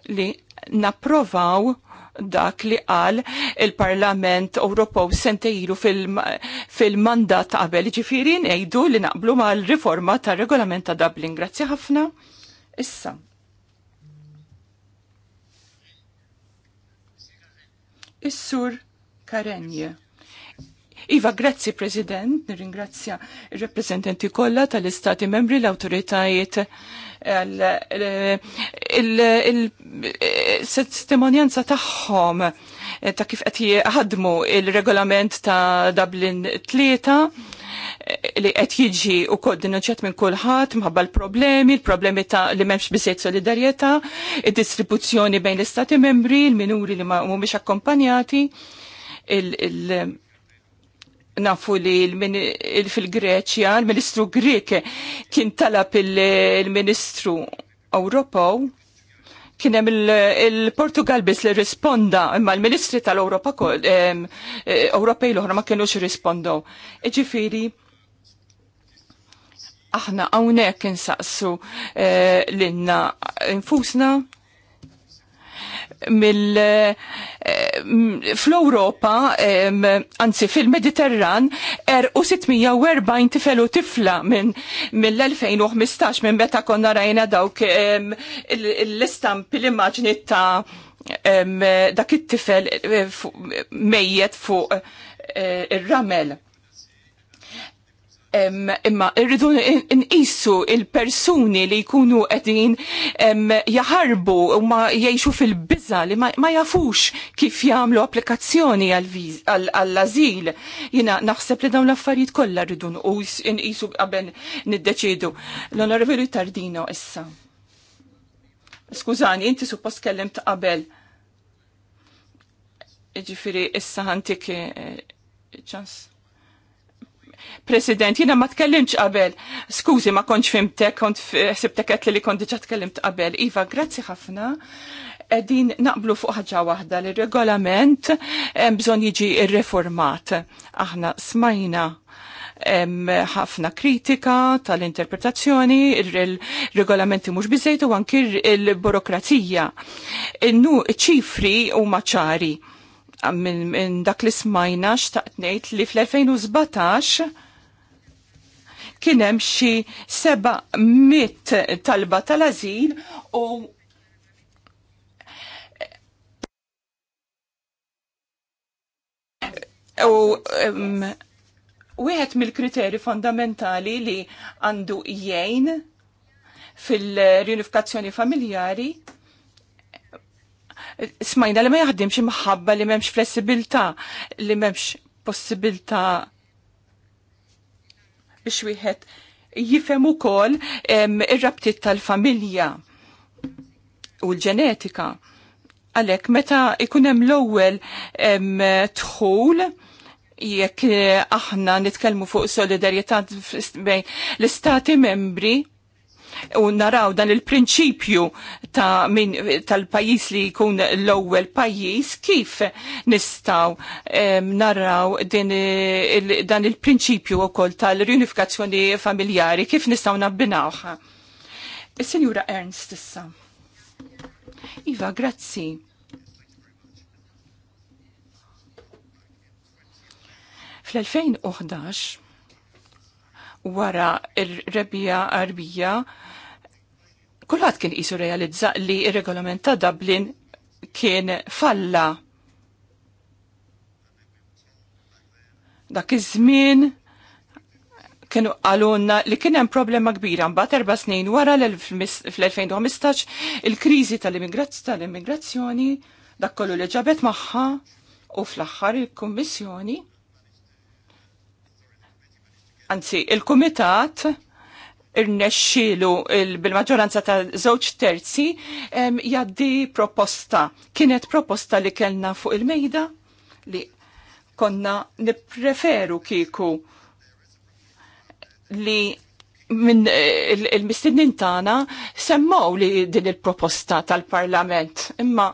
S3: li napprovaw dak li qal il-Parlament Ewropew sentejlu fil-mandat fil qabel ġifirin ngħidu li naqblu mal-riforma tar-regolament ta' Dublin. Grazzi ħafna. Issa. Is-sur Karenje. Iva, grazzi President, nirringrazzja il-reprezentanti kollha tal-Istati membri l-autoritajiet il-testimonjanza tagħhom ta' kif qed jħadmu il-regolament ta' Dublin 3 li qed jiġi u koordinat minn kulħadd mħabba l-problemi, l-problemi ta' li m'hemmx biżejjed solidarjetà, id-distribuzzjoni bejn l-istati membri, l-minuri li ma mhumiex akkompanjati, il- nafu li fil-Greċja, il-Ministru Grek kien talab il-Ministru Ewropew kien hemm il-Portugal biss li risponda, imma l-Ministri tal-Ewropa eh, Ewropej l-oħra ma kienux rispondow. Iġifieri aħna hawnhekk insaqsu eh, lilna infusna mill eh, fl-Europa, anzi fil-Mediterran, er u 640 tifelu tifla minn mill-2015 minn meta konna rajna dawk l-istampi l-immaġni ta' dak it-tifel eh, mejjet fuq eh, ir-ramel imma irridu nqisu il-persuni li jkunu qegħdin jaħarbu u ma jgħixu fil-biża li ma jafux kif jagħmlu applikazzjoni għall ażil Jiena naħseb li dawn l-affarijiet kollha rridu nqisu qabel niddeċiedu. L-Onorevoli Tardino issa. Skużani, inti suppost kellimt qabel. Ġifiri, issa ħantik eh, ċans. President, jina ma tkellimċ qabel. Skużi, ma konċ fimtek, kont sibtek li li kont diġa tkellimt qabel. Iva, grazzi ħafna. Din naqblu fuq ħaġa waħda li regolament bżon jiġi reformat Aħna smajna ħafna kritika tal-interpretazzjoni, il-regolamenti mhux biżejt u anki il-burokrazija. Innu ċifri u maċari minn dak li smajna xtaqt ngħid li fl-2017 kien hemm xi 700 talba tal-azil u U um, wieħed mill-kriteri fondamentali li għandu jgħin fil-riunifikazzjoni familjari smajna li ma jaħdimx imħabba li memx flessibilità, li memx possibilità biex wieħed jifhem ukoll ir-rabtiet tal-familja u l-ġenetika. Għalhekk meta ikun hemm l-ewwel dħul jekk aħna nitkellmu fuq solidarjetà bejn l-istati membri u naraw dan il-prinċipju ta' min tal-pajis li jkun l-ewwel pajis kif nistaw um, naraw din, il, dan il-prinċipju wkoll tal-riunifikazzjoni familjari kif nistaw nabbinawha. Is-Sinjura Ernst issa. Iva, grazzi. Fl-2011 wara il rebija arbija, kulħadd kien qisu realizza li il regolament ta' Dublin kien falla. Dak iż-żmien kienu għalunna li kien hemm problema kbira mbagħad erba' snin wara fl-2015 il-kriżi tal-immigrazzjoni tal dak kollu li ġabet magħha u fl-aħħar il-Kummissjoni anzi, il-Kumitat irnexxielu bil-maġġoranza ta' żewġ terzi jaddi proposta. Kienet proposta li kellna fuq il-mejda li konna nippreferu kieku li minn il mistinnin tagħna semmaw li din il-proposta tal-Parlament. Imma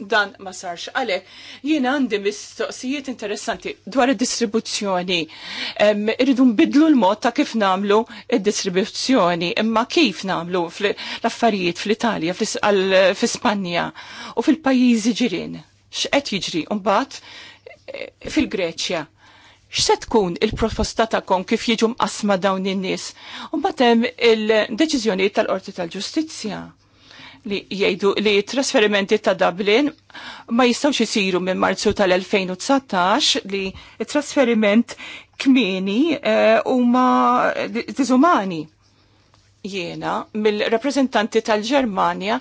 S3: dan ma sarx. Għale, jiena għandi mistoqsijiet interessanti dwar id-distribuzzjoni. Irridu nbidlu l-mod ta' kif namlu id-distribuzzjoni, imma kif namlu l-affarijiet fl-Italja, fl-Ispanja u fil-pajjiżi ġirin. X'qed jiġri? Mbagħad eh, fil-Greċja x'se tkun il-proposta tagħkom kif jiġu mqasma dawn in-nies? U mbagħad hemm il-deċiżjonijiet tal-Qorti tal-Ġustizzja li jgħidu li trasferimenti ta' Dublin ma jistawx isiru minn Marzu tal-2019 li trasferiment kmini huma eh, ma diżumani. Jiena mill reprezentanti tal-Ġermanja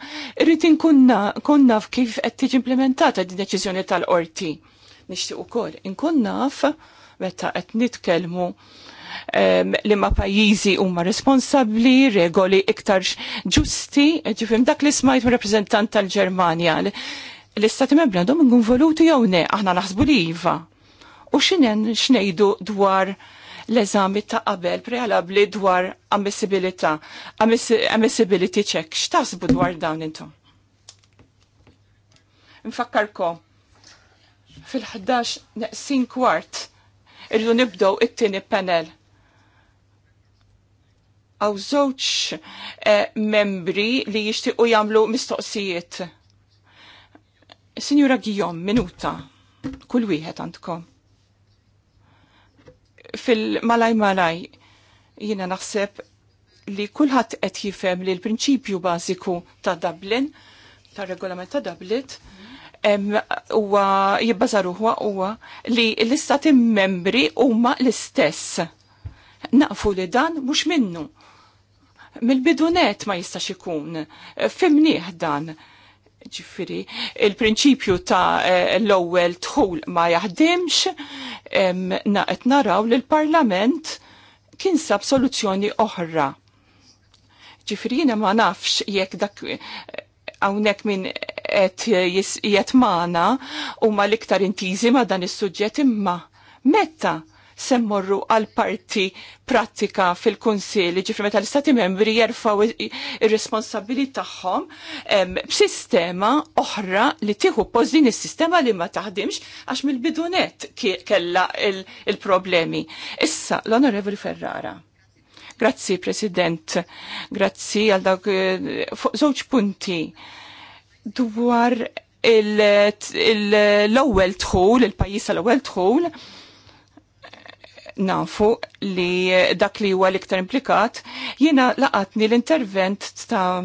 S3: rritin inkun naf kif qed tiġi implementata di deċiżjoni tal-qorti. Nixtieq ukoll inkun naf meta qed nitkellmu li ma pajjiżi huma responsabbli, regoli iktar ġusti, ġifim dak li smajt rappreżentant tal-Ġermanja. L-istati membri għandhom nkun voluti jew ne, aħna naħsbu li iva. U x'inen x'ngħidu dwar l-eżami ta' qabel prealabli dwar ammissibilità, ammissibility check, x'taħsbu dwar dawn intom? Nfakkarkom, fil-11 neqsin kwart irridu nibdow it-tieni panel għaw zoċ eh, membri li u jamlu mistoqsijiet. Signora Gijom, minuta, kull wieħed għandkom. Fil-malaj malaj, jina naħseb li kullħat qed jifhem li l-prinċipju bażiku ta' Dublin, ta' regolament ta' Dublin, huwa jibbażar huwa huwa li l-istati membri huma l-istess. Naqfu li dan mhux minnu mill-bidunet ma jistax ikun. Fimniħ dan ġifiri, il-prinċipju ta' eh, l-ewwel tħul ma jaħdimx, naqet naraw li l-Parlament kien sab soluzzjoni oħra. Ġifiri, ma nafx jekk dak eh, hawnhekk min qed jetmana u ma l-iktar intiżi ma dan is-suġġett imma Metta! semmorru għal parti pratika fil-Kunsil, ġifri meta l-Stati membri jerfaw ir-responsabili tagħhom b'sistema oħra li tieħu poż din is-sistema li ma taħdimx għax mill-bidunet kella il-problemi. Issa, l-Onorevoli Ferrara. Grazzi, President. Grazzi għal dawk eh, fuq żewġ punti dwar l-ewwel tħul, il-pajjiż l-ewwel tħul, nafu li dak li huwa l-iktar implikat, jiena laqatni l-intervent ta'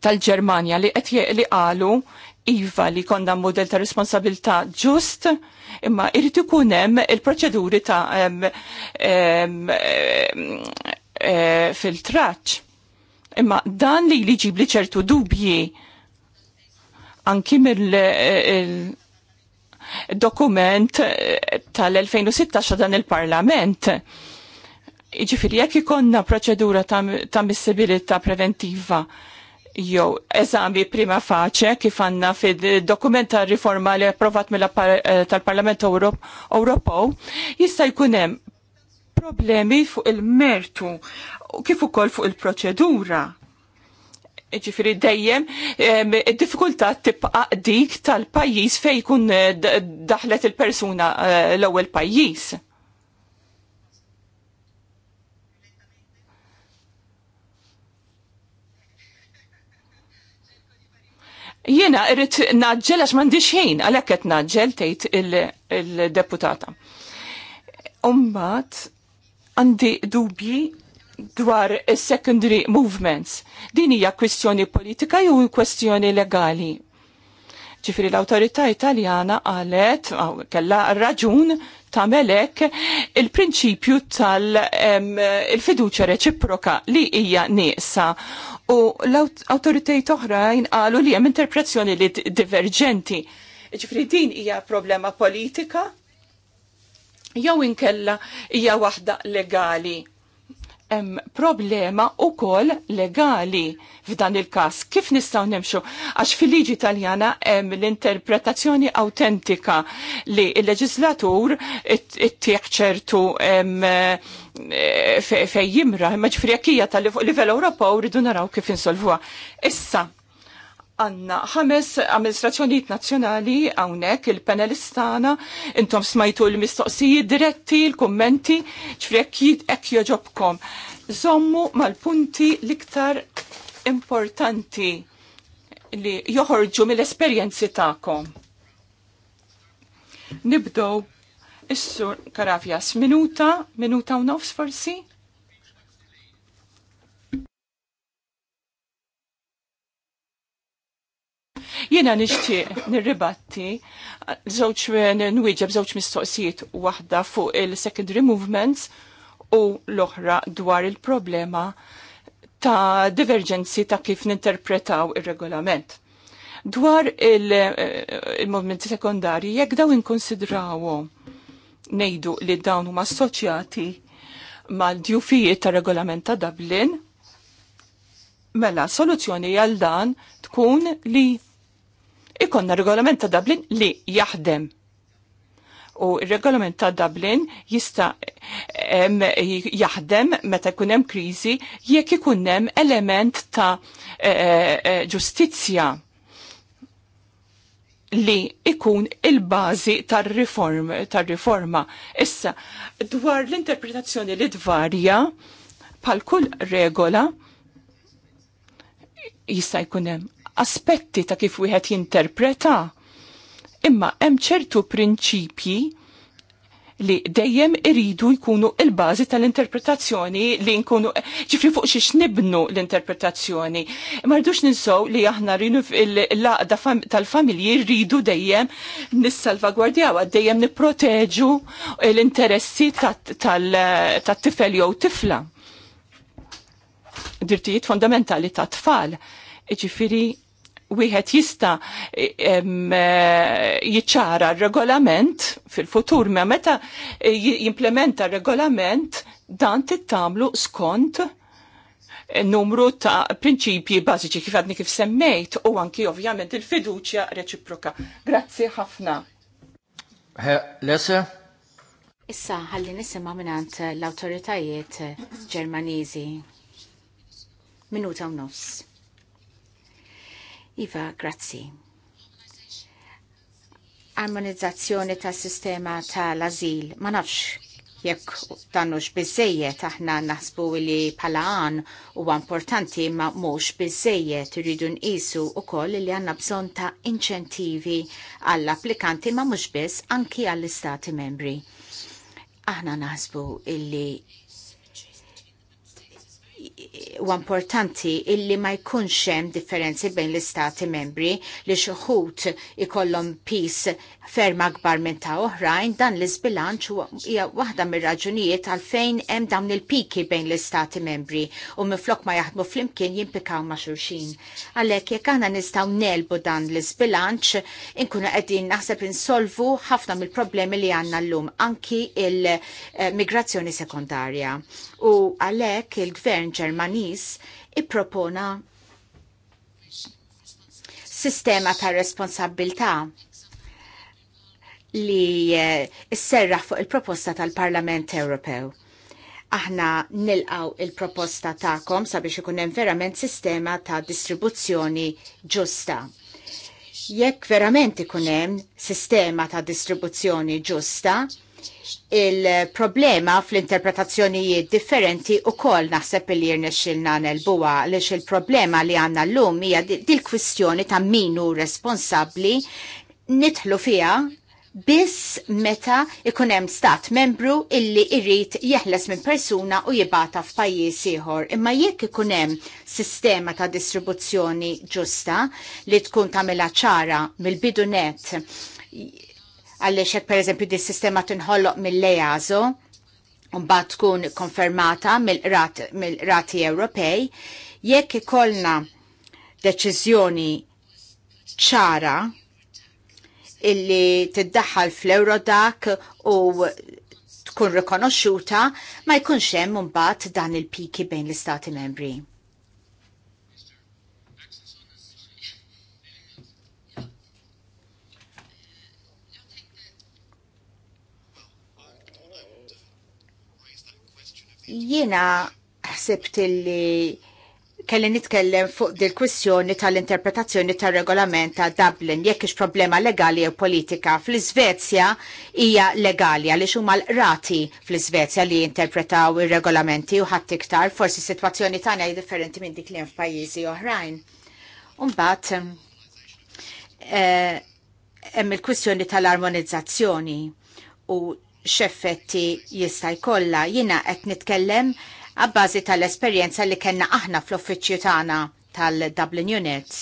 S3: tal-Ġermanja li qed li qalu iva li konna model ta' responsabilità ġust, imma irrid ikun hemm il-proċeduri ta' eh, fil-traċ. Imma dan li li ġib li ċertu dubji anki mill eh, dokument eh, tal-2016 dan il-Parlament. Iġifiri, jekk ikonna proċedura ta' missibilità preventiva jew eżami prima faċe kif għanna fid-dokument ta' riforma li approvat eh, tal-Parlament Ewropew jista' jkun hemm problemi fuq il-mertu kif ukoll fuq il-proċedura ġifiri dejjem id-diffikultà tibqa dik tal-pajjiż fejn jkun eh, daħlet il-persuna eh, l-ewwel pajjiż. Jiena irrit naġġel għax m'għandix xejn għalhekk qed naġġel tgħid il-deputata. Il Umbat għandi dubji dwar secondary movements. Din hija kwistjoni politika jew kwestjoni legali. Ġifiri l-autorità italjana qalet, kella raġun tamelek il-prinċipju tal-fiduċa reċiproka li hija nieqsa u l-autoritajt oħrajn qalu li hemm interpretazzjoni li diverġenti. Ġifri din hija problema politika jew inkella hija waħda legali hemm problema u kol legali f'dan il-kas. Kif nistaw nemxu? Għax fil-liġi Italjana hemm l-interpretazzjoni autentika li il-leġislatur it-tieħ ċertu eh, fej jimra, imma ġifri tal-livell u rridu naraw kif insolvuha. Issa, għanna ħames amministrazzjonijiet nazzjonali hawnhekk il-panelistana, intom smajtu l-mistoqsijiet diretti, l-kummenti, ċfrekkit ek joġobkom. Zommu mal-punti liktar importanti li joħorġu mill-esperjenzi tagħkom. Nibdow is-sur karafjas minuta, minuta u nofs forsi? Jiena nixtieq nirribatti żewġ nwieġeb żewġ mistoqsijiet waħda fuq il-secondary movements u l-oħra dwar il-problema ta' divergenzi ta' kif ninterpretaw ir-regolament. Dwar il-movimenti il eh, sekondari, jekk daw inkonsidrawhom nejdu li dawn huma assoċjati mal-djufijiet ta' regolament ta' Dublin, mela soluzzjoni għal dan tkun li ikonna regolament ta' Dublin li jaħdem. U regolament ta' Dublin jista jaħdem meta jkun hemm kriżi jekk ikun hemm element ta' eh, eh, ġustizzja li ikun il-bazi tar tar-riforma. Issa, dwar l-interpretazzjoni li dvarja, pal kull regola, jista' jkun hemm aspetti ta' kif wieħed jinterpreta. Imma hemm ċertu prinċipji li dejjem iridu jkunu il-bażi tal-interpretazzjoni li nkunu ġifri fuq xiex nibnu l-interpretazzjoni. Mardux rridux ninsow li aħna rinu fil-laqda tal-familji rridu dejjem nissalvagwardjaw, dejjem nipproteġu l-interessi tat-tifel jew tifla. Dirtijiet fondamentali tat-tfal. Ġifiri wieħed jista' eh, jiċċara r-regolament fil-futur ma meta eh, jimplementa r-regolament dan tittamlu skont eh, numru ta' prinċipji bażiċi kif għadni kif semmejt u anki ovvjament il-fiduċja reċiproka. Grazzi ħafna. Lese? Issa ħalli nisimma' minant
S2: l-awtoritajiet Ġermaniżi. Minuta u nofs. Iva, grazzi. Armonizzazzjoni ta' sistema tal-azil. Ma nafx jekk tannux bizzejiet aħna naħsbu li palaan u importanti ma mux bizzejiet rridu nqisu u koll li għanna bżon ta' inċentivi għall-applikanti ma mux biss anki għall-istati membri. Aħna naħsbu illi u importanti illi ma jkunx hemm differenzi bejn l-istati membri li xuħut ikollhom pis ferm akbar minn ta' oħrajn dan l-iżbilanċ hija waħda mir-raġunijiet għalfejn hemm dawn il-piki bejn l-istati membri u miflok ma jaħdmu flimkien jimpikaw ma' xulxin. Għalhekk jekk aħna nistgħu nelbu dan l-iżbilanċ inkunu qegħdin naħseb insolvu ħafna mill-problemi li għandna llum anki il-migrazzjoni eh, sekondarja u għalhekk il-Gvern Ġermaniż ippropona sistema ta' responsabilità li eh, s-serra fuq il-proposta tal-Parlament Ewropew. Aħna nilqaw il-proposta ta'kom sabiex ikun hemm verament sistema ta' distribuzzjoni ġusta. Jekk verament ikun hemm sistema ta' distribuzzjoni ġusta, il-problema fl-interpretazzjonijiet differenti u kol naħseb li jirnexilna nelbuwa li il-problema li għanna l-lum hija dil-kwistjoni ta' minu responsabli nitħlu fija biss meta ikun hemm stat membru illi irrit jeħles minn persuna u jibata f'pajjiż ieħor. Imma jekk ikun hemm sistema ta' distribuzzjoni ġusta li tkun tagħmilha ċara mill-bidu net għaliex hekk pereżempju di sistema tinħolloq mill-lejazo mbagħad tkun konfermata mill-rati Ewropej, jekk ikollna deċiżjoni ċara illi tiddaħħal fl-Eurodac u tkun rikonoxxuta ma jkunx hemm imbagħad dan il-piki bejn l-istati membri. Jiena ħsibt li kelli nitkellem fuq dil kwistjoni tal-interpretazzjoni tal-regolament ta' Dublin jekk ix problema legali u politika fl-Iżvezja hija legali għaliex huma l-rati fl-Iżvezja li jinterpretaw ir-regolamenti u ħadd iktar forsi sitwazzjoni tagħna hija differenti minn dik li hemm f'pajjiżi oħrajn. Mbagħad eh, hemm il-kwistjoni tal-armonizzazzjoni u x'effetti jista' jkollha. Jiena qed nitkellem għabbażi tal-esperjenza li kellna aħna fl-uffiċċju tagħna tal-Dublin Unit.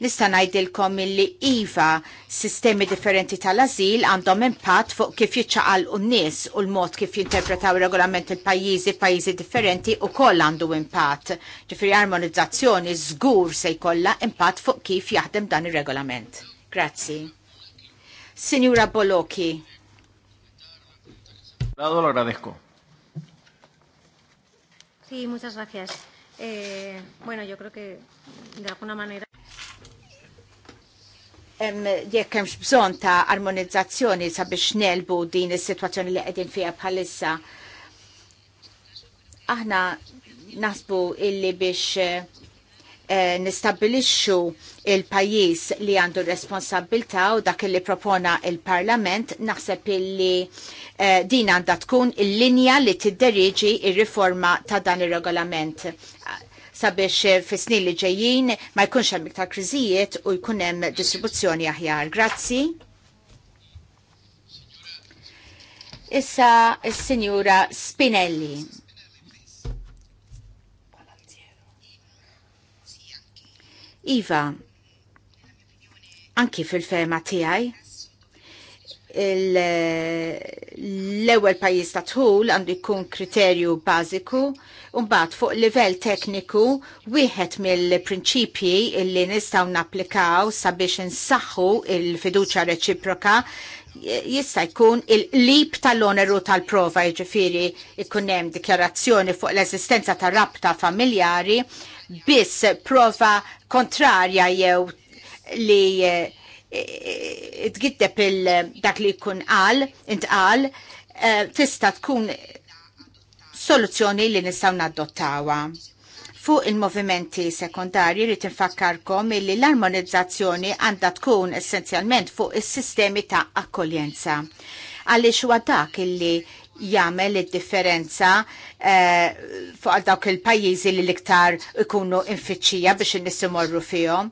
S2: Nista' ngħidilkom illi iva sistemi differenti tal-azil għandhom impatt fuq kif jiċċaqal n-nies u l-mod kif jinterpretaw regolament il-pajjiżi pajjiżi differenti u koll għandu impatt. Ġifieri armonizzazzjoni żgur se jkollha impatt fuq kif jaħdem dan ir-regolament. Grazzi. Sinjura Boloki.
S1: Lado lo agradezco. Sí, muchas gracias. Eh, bueno, yo creo que
S2: de alguna manera jekk hemmx bżonn ta' armonizzazzjoni sabiex nelbu din is-sitwazzjoni li qegħdin fiha bħalissa. Aħna nasbu illi biex eh, eh, nistabilixxu il-pajjiż li għandu responsabilta u dak li propona il-Parlament naħseb illi Eh, din għandha tkun il-linja li tiddereġi il riforma ta' dan ir-regolament sabiex eh, fis-snin li ġejjin ma jkunx hemm iktar kriżijiet u jkun hemm distribuzzjoni aħjar. Grazzi. Issa s sinjura Spinelli. Iva, anki fil-fema tijaj, l-ewwel pajjiż ta' tħul għandu jkun kriterju bażiku bat fuq livell tekniku wieħed mill-prinċipji li nistgħu napplikaw sabiex insaħħu il-fiduċja reċiproka jista' jkun il-lib tal-oneru tal-prova jiġifieri jkun hemm dikjarazzjoni fuq l-eżistenza ta' rabta familjari biss prova kontrarja jew li eh, tgiddeb il-dak li jkun għal, intqal, eh, tista' tkun soluzzjoni li nistgħu naddottawa. Fuq il-movimenti sekundarji rrid infakkarkom illi l-armonizzazzjoni għandha tkun essenzjalment fuq is-sistemi ta' akkoljenza. Għaliex huwa dak illi jagħmel id-differenza eh, fuq dawk il-pajjiżi li l-iktar ikunu infittxija biex in fihom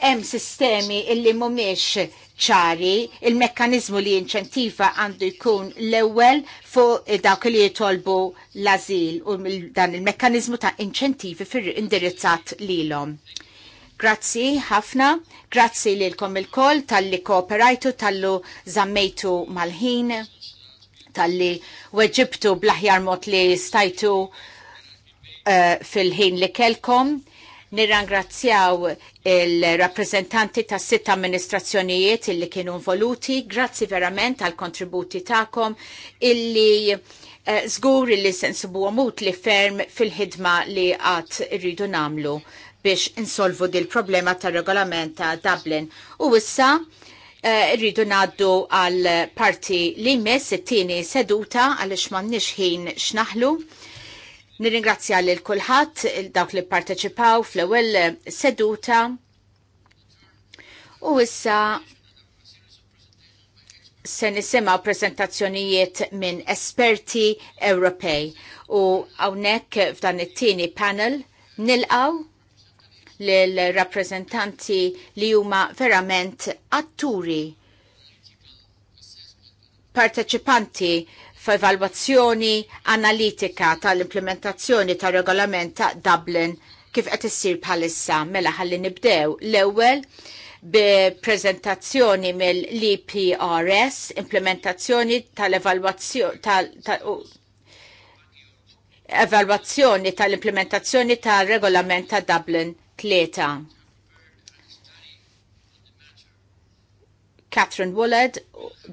S2: hemm sistemi illi mhumiex ċari, il-mekkanizmu li inċentiva għandu jkun l-ewwel fuq dawk li jitolbu l-azil u dan il-mekkanizmu ta' inċentivi fir indirizzat lilhom. Grazzi ħafna, grazzi lilkom il-koll tal-li kooperajtu, tal-lu zammejtu mal-ħin, tal-li weġibtu blaħjar mot li stajtu uh, fil-ħin li kelkom Nirrangrazzjaw il-rappresentanti ta' sitt amministrazzjonijiet illi kienu involuti. Grazzi verament għal kontributi ta'kom illi eh, zgur illi sensibu għamut li ferm fil-ħidma li għat rridu namlu biex insolvu dil problema ta' regolament ta' Dublin. U issa eh, rridu naddu għal parti li mess it-tieni seduta għal x'man ħin xnaħlu. Nirringrazzja lil kulħadd dawk li parteċipaw fl-ewwel eh, seduta. U issa se nisimaw prezentazzjonijiet minn esperti Ewropej u hawnhekk f'dan it-tieni panel nilqaw lil rappreżentanti li huma verament atturi parteċipanti f'evalwazzjoni analitika tal-implementazzjoni ta' regolament ta' Dublin kif qed issir bħalissa mela ħalli nibdew l-ewwel bi prezentazzjoni mill-EPRS, implementazzjoni tal-evalwazzjoni tal, tal evalwazzjoni tal-implementazzjoni tal-regolament ta' Dublin 3. Catherine Wooled,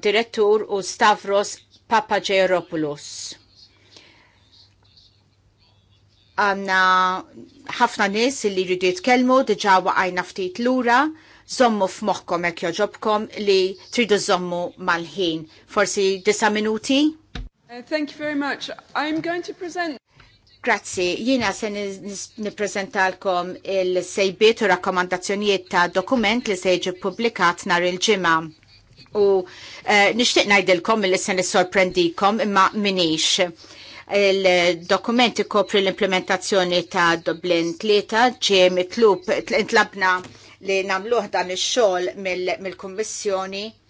S2: direttur u Stavros Papa Papageropoulos. Għanna ħafna nis li jridu jitkellmu diġa waqajna ftit lura, zommu f'moħħkom hekk joġobkom li tridu zommu mal-ħin. Forsi disa minuti?
S3: Uh, thank you very much. I'm going to present
S2: Grazzi, jina se niprezentalkom il-sejbiet u rakkomandazzjonijiet ta' dokument li se jiġi publikat nar il-ġimgħa U eh, nishtiq najdilkom li se nissorprendikom imma minix il-dokumenti kopri l-implementazzjoni ta' Dublin 3 ġie mitlub intlabna li namluħ dan ix-xogħol mill-Kummissjoni mil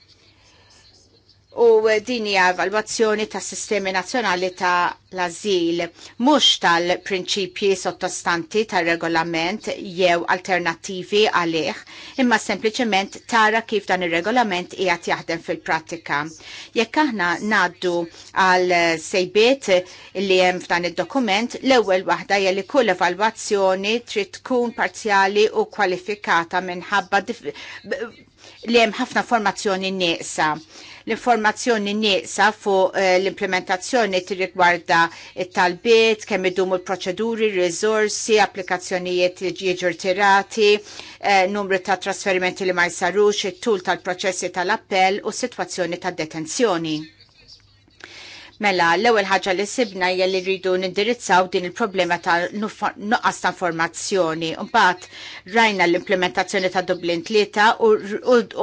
S2: u dini evalwazzjoni ta' sistemi nazjonali ta' l-azil, mux tal-prinċipji sottostanti ta' regolament jew alternativi għalih, imma sempliciment tara kif dan il-regolament jgħat jaħdem fil-pratika. Jekk aħna naddu għal sejbiet li jem f'dan il-dokument, l-ewel wahda jgħalli kull evalwazzjoni trid tkun parzjali u kwalifikata minħabba li hemm ħafna formazzjoni nieqsa L-informazzjoni nieqsa fuq eh, l-implementazzjoni tirrigwarda it-talbiet, kemm idumu l-proċeduri, rizorsi, applikazzjonijiet li jiġu tirati, eh, numru ta' trasferimenti li ma jsarux, it-tul tal-proċessi tal-appell u situazzjoni sitwazzjoni tad-detenzjoni. Mela, l-ewwel ħaġa li sibna hija li rridu nindirizzaw din il-problema ta' nuqqas ta' informazzjoni. Mbagħad rajna l-implementazzjoni ta' Dublin tlieta u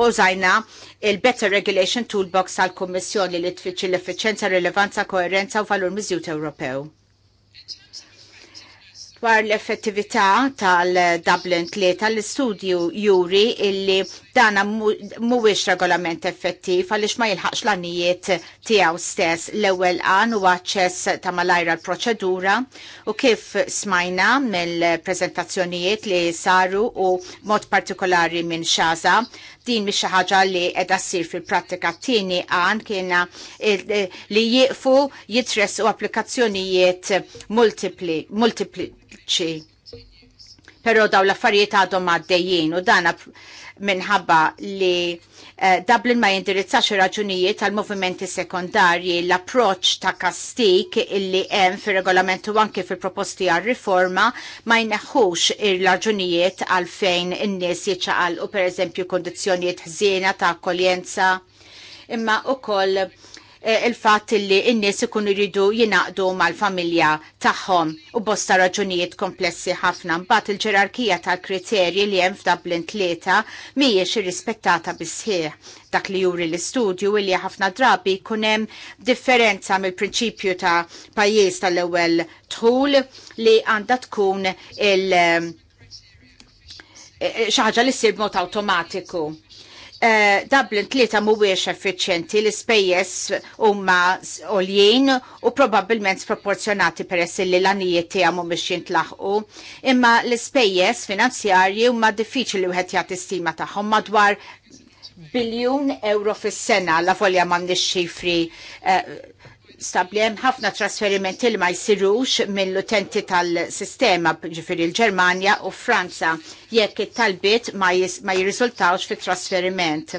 S2: użajna il-Better Regulation Toolbox tal-Kummissjoni li tfittxi l-effiċenza, rilevanza, koerenza u valur miżjut Ewropew dwar l-effettività tal-Dublin 3 tal-istudju juri illi dana mhuwiex regolament effettiv għaliex ma jilħax l-annijiet tiegħu stess l-ewwel għan u aċċess ta' malajra l-proċedura u kif smajna mill-preżentazzjonijiet li saru u mod partikolari minn xaza din mi xi ħaġa li qiegħda ssir fil-prattika tieni għan kiena eh, li jieqfu jitressu applikazzjonijiet multipli multipliċi. Però daw l-affarijiet għadhom għaddejjin u dana minħabba li Eh, Dublin ma jindirizzax raġunijiet tal-movimenti sekondarji l-approċ ta' kastik illi hemm fir-regolamentu anke fil-proposti għal-riforma ma jneħħux ir-raġunijiet għalfejn in-nies jiċċaqalqu pereżempju kondizzjonijiet ħżiena ta' akkoljenza imma u koll Eh, il-fatt li n-nies ikunu jridu jinaqdu mal-familja tagħhom u bosta raġunijiet komplessi ħafna mbagħad il-ġerarkija tal-kriterji li hemm f'Dublin tlieta mhijiex irrispettata bisħieħ. Dak li juri l-istudju li ħafna drabi jkun hemm differenza mill-prinċipju ta' pajjiż tal-ewwel tħul li għandha tkun il- eh, eh, xaħġa li ssir b'mod awtomatiku Eh, Dublin tlieta mhuwiex effiċjenti l-ispejjeż huma għoljin u probabbilment sproporzjonati peress li l-anijiet tiegħu mhumiex jintlaħqu, imma l-ispejjeż finanzjarji huma diffiċli wieħed jagħti stima tagħhom madwar biljun euro fis-sena la folja m'għandix xifri eh, stablem ħafna trasferimenti li ma jsirux mill-utenti tal-sistema ġifir il germania u Franza jekk it-talbiet ma, jirrizultawx jirriżultawx fit trasferiment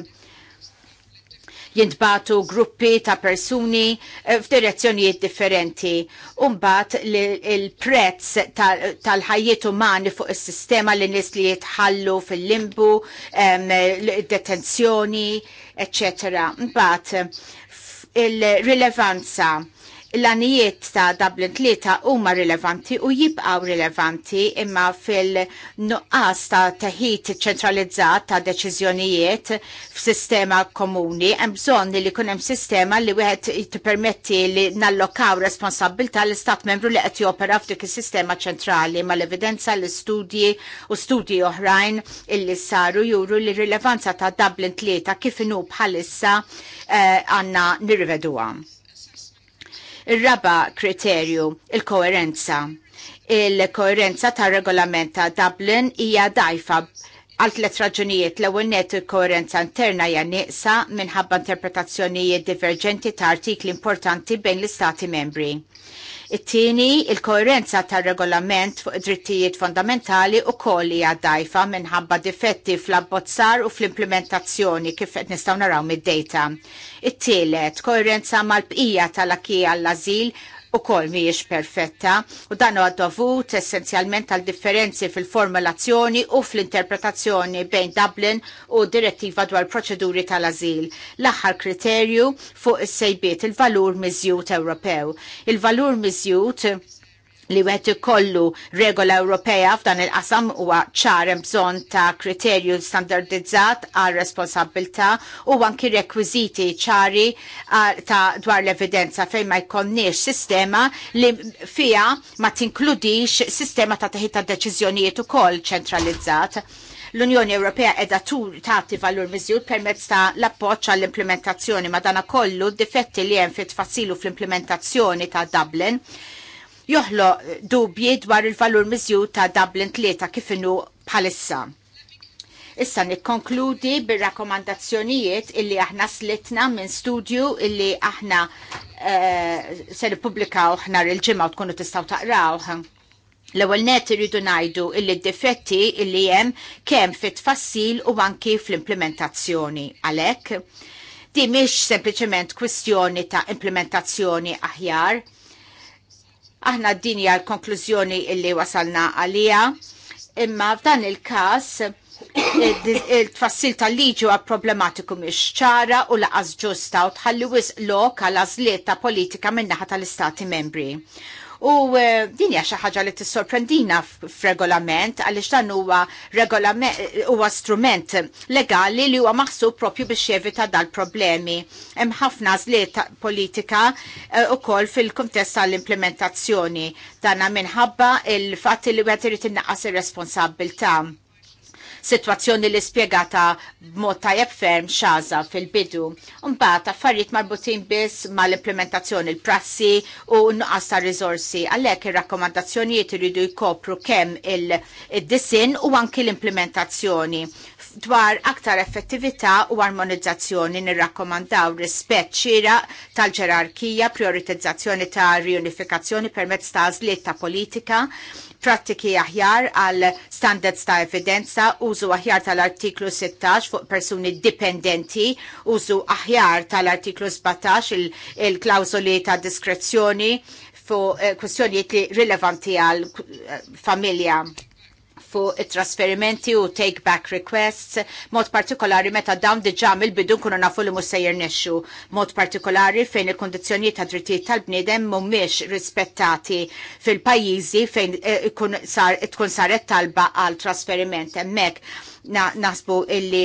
S2: jintbatu gruppi ta' persuni eh, f'direzzjonijiet differenti. Umbat il-prezz tal-ħajiet ta umani fuq is-sistema li nis li jitħallu fil-limbu, detenzjoni, etc. Umbat il-rilevanza l-anijiet ta' Dublin 3 huma rilevanti u jibqaw rilevanti imma fil-nuqqas ta' teħid ċentralizzat ta' deċiżjonijiet f'sistema komuni hemm bżonn li jkun hemm sistema li wieħed jippermetti li nallokaw responsabilità l-istat membru li qed jopera f'dik is-sistema ċentrali ma l-evidenza l-istudji u studji oħrajn illi saru juru li rilevanza ta' Dublin 3 kif inhu bħalissa eh, għandna uh, Ir-raba kriterju, il-koerenza. Il-koerenza tar regolament ta' Dublin hija dajfa għal tliet raġunijiet l-ewwel il-koerenza interna hija nieqsa minħabba interpretazzjonijiet diverġenti ta' artikli importanti bejn l-istati membri It-tieni, il-koerenza tar-regolament fuq drittijiet fondamentali u kolli għaddajfa minħabba difetti fl-abbozzar u fl-implementazzjoni kif qed nistgħu naraw mid-data. It-tielet, koerenza mal-bqija tal-akija għall-azil u kol miex perfetta u dan għad dovut essenzjalment għal differenzi fil-formulazzjoni u fl-interpretazzjoni bejn Dublin u direttiva dwar proċeduri tal-azil. L-aħħar kriterju fuq is-sejbiet il valur mizjut Ewropew. Il-valur mizjut li wieħed ikollu regola Ewropea f'dan il-qasam huwa ċar hemm bżonn ta' kriterju standardizzat għal responsabilità u anki rekwiżiti ċari ta' dwar l-evidenza fejn ma jkollniex sistema li fija ma tinkludix sistema ta' teħid ta' deċiżjonijiet ukoll ċentralizzat l-Unjoni Ewropea edha tur tagħti valur miżjud permezz ta' l-appoġġ għall-implementazzjoni ma' dana kollu difetti li hemm fit tfassilu fl-implementazzjoni ta' Dublin joħloq dubji dwar il-valur miżju ta' Dublin 3 kif innu bħalissa. Issa nikkonkludi bir-rakkomandazzjonijiet illi aħna slitna minn studju illi aħna uh, se nippubblikaw uħna il-ġimgħa u tkunu tistaw taqraw. L-ewwel net irridu ngħidu illi d-difetti illi hemm kemm fit-tfassil u anki fl-implementazzjoni. Għalhekk, di miex sempliċement kwistjoni ta' implementazzjoni aħjar, Aħna d dinja l konklużjoni illi wasalna għalija, imma f'dan il-kas il-tfassil tal-liġi għab problematiku miex ċara u laqas ġusta u tħalli wis lok għal ta' politika minnaħa tal-istati membri. U eh, din hija xi ħaġa li tissorprendina f'regolament għaliex dan huwa regolament huwa strument legali li huwa maħsub propju biex jevita dal-problemi. Hemm ħafna żliet politika wkoll eh, fil-kuntest tal-implementazzjoni dana minħabba il-fatt li wieħed irid innaqas ir-responsabbilta' situazzjoni li spiegata b'mod tajjeb ferm xaza fil-bidu. Mbagħad affarijiet marbutin biss mal-implementazzjoni l-prassi u nuqqas ta' riżorsi. Għalhekk ir-rakkomandazzjonijiet iridu jkopru kemm il-disin u anki l-implementazzjoni dwar aktar effettività u armonizzazzjoni nirrakkomandaw rispett ċira tal-ġerarkija, prioritizzazzjoni ta' riunifikazzjoni permezz ta' żliet ta' politika, prattiki aħjar għal standards ta' evidenza, użu aħjar tal-artiklu 16 fuq persuni dipendenti, użu aħjar tal-artiklu 17 il-klawzoli ta' diskrezzjoni fuq eh, kwestjonijiet li rilevanti għal eh, familja fuq it-trasferimenti u take back requests, mod partikolari meta dawn diġà mill-bidu nkunu nafu li mhux se jirnexxu mod partikolari fejn il-kondizzjonijiet ta' drittijiet tal-bniedem mhumiex rispettati fil-pajjiżi fejn eh, tkun saret talba għal trasferiment hemmhekk nasbu illi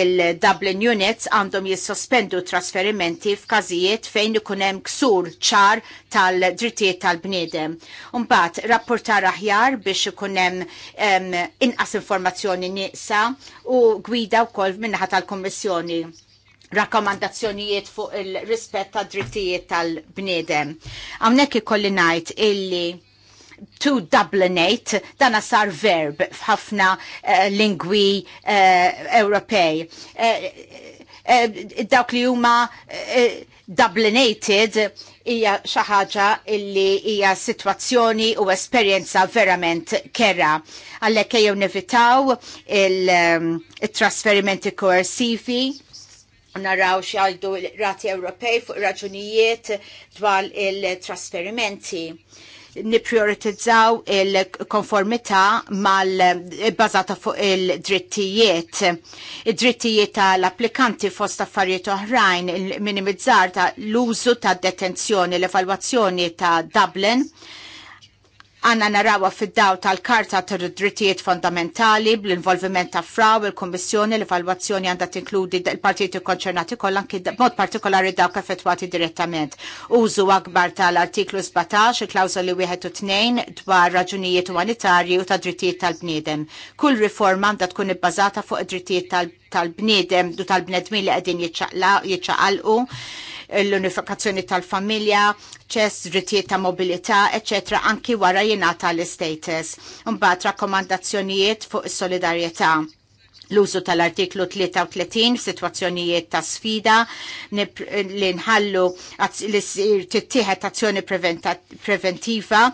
S2: il-Dublin Units għandhom jissospendu trasferimenti f'każijiet fejn ikun hemm ksur ċar tal-drittijiet tal-bniedem. Mbagħad rapportar aħjar biex ikun hemm inqas informazzjoni nieqsa u gwida wkoll minnaħa tal-Kummissjoni rakkomandazzjonijiet fuq il-rispett tad drittijiet tal-bniedem. Hawnhekk ikolli ngħid illi to Dublinate, dan sar verb f'ħafna uh, lingwi uh, Ewropej. Uh, uh, dawk li huma uh, Dublinated hija xi ħaġa illi hija sitwazzjoni u esperjenza verament kera. Għalhekk jew nevitaw il-trasferimenti ehm, um, koersivi naraw xaldu rati Ewropej fuq raġunijiet dwar il-trasferimenti. il trasferimenti niprioritizzaw il-konformità mal-bazata fuq il-drittijiet. Id-drittijiet tal-applikanti fost affarijiet oħrajn, il-minimizzar ta' l-użu ta' detenzjoni, l-evalwazzjoni ta' Dublin, għanna narawa fid-daw tal-karta tar drittijiet fondamentali bl-involviment ta' fraw il-Kommissjoni l-evalwazzjoni għandha tinkludi il-partiti konċernati kollha anki mod partikolari dawk effettwati direttament. Użu akbar tal-artiklu 17 il li wieħed u tnejn dwar raġunijiet umanitarji u ta' drittijiet tal-bniedem. Kull riforma għandha tkun ibbażata fuq id-drittijiet tal-bniedem u tal-bnedmin li qegħdin jiċċaqalqu l-unifikazzjoni tal-familja, ċess, drittijiet ta' mobilità, eċetera, anki wara jingħata l-istatus. Mbagħad rakkomandazzjonijiet fuq is-solidarjetà l-użu tal-artiklu 33 f'sitwazzjonijiet ta' sfida li nħallu li tittieħed azzjoni preventiva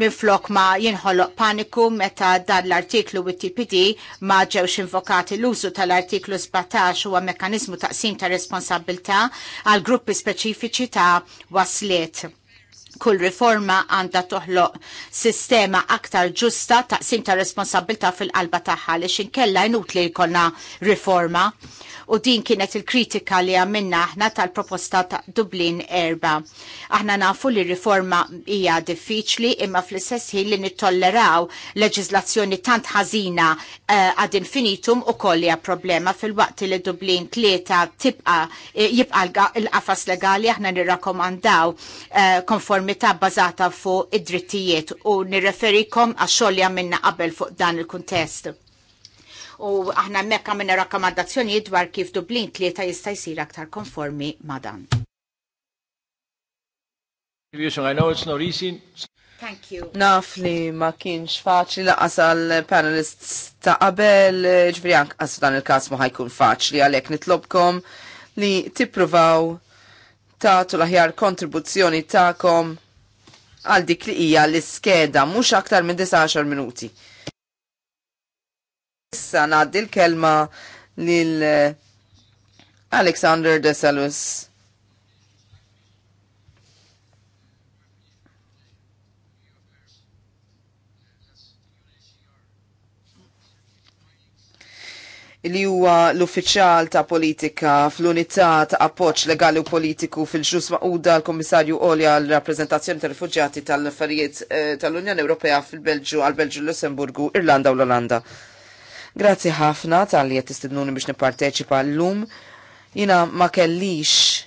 S2: minflok ma jinħoloq paniku meta dan l-artiklu u TPD ma ġewx invokati l-użu tal-artiklu 17 huwa mekanizmu taqsim ta' responsabilta għal gruppi speċifiċi ta' wasliet kull riforma għandha toħloq sistema aktar ġusta taqsim ta' responsabilta fil-qalba tagħha li xinkella inutli jkollna riforma. U din kienet il-kritika li għamilna aħna tal-proposta ta' Dublin erba. Aħna nafu li riforma hija diffiċli imma fl-istess ħin li nittolleraw leġizlazzjoni tant ħażina għad eh, infinitum u hija problema fil-waqt li Dublin tlieta tibqa eh, jibqa l-qafas legali aħna nirrakomandaw eh, konformi konformità bazata fuq id-drittijiet u nirreferikom għax xogħol għamilna qabel fuq dan il-kuntest. U aħna hemmhekk għamilna rakkomandazzjoni dwar kif Dublin tlieta jista' jsir aktar konformi ma' dan. Naf
S4: li ma kienx faċli laqas għal panelists ta' qabel, ġviri għas dan il-kas ma ħajkun faċli għalek nitlobkom li tippruvaw tagħtu l-aħjar kontribuzzjoni tagħkom għal dik li hija l-iskeda mhux aktar minn 19 minuti. Issa ngħaddi l-kelma lil Alexander Desalus li huwa l-uffiċjal ta' politika fl-unità ta' appoġġ legali u politiku fil-ġus maquda l-Kummissarju Olja għal rappreżentazzjoni tal-rifuġjati tal-affarijiet eh, tal-Unjoni Ewropea fil-Belġu għal Belġu Lussemburgu, Irlanda u l-Olanda. Grazzi ħafna tal-li qed tistidnuni biex nipparteċipa llum. Jina ma kellix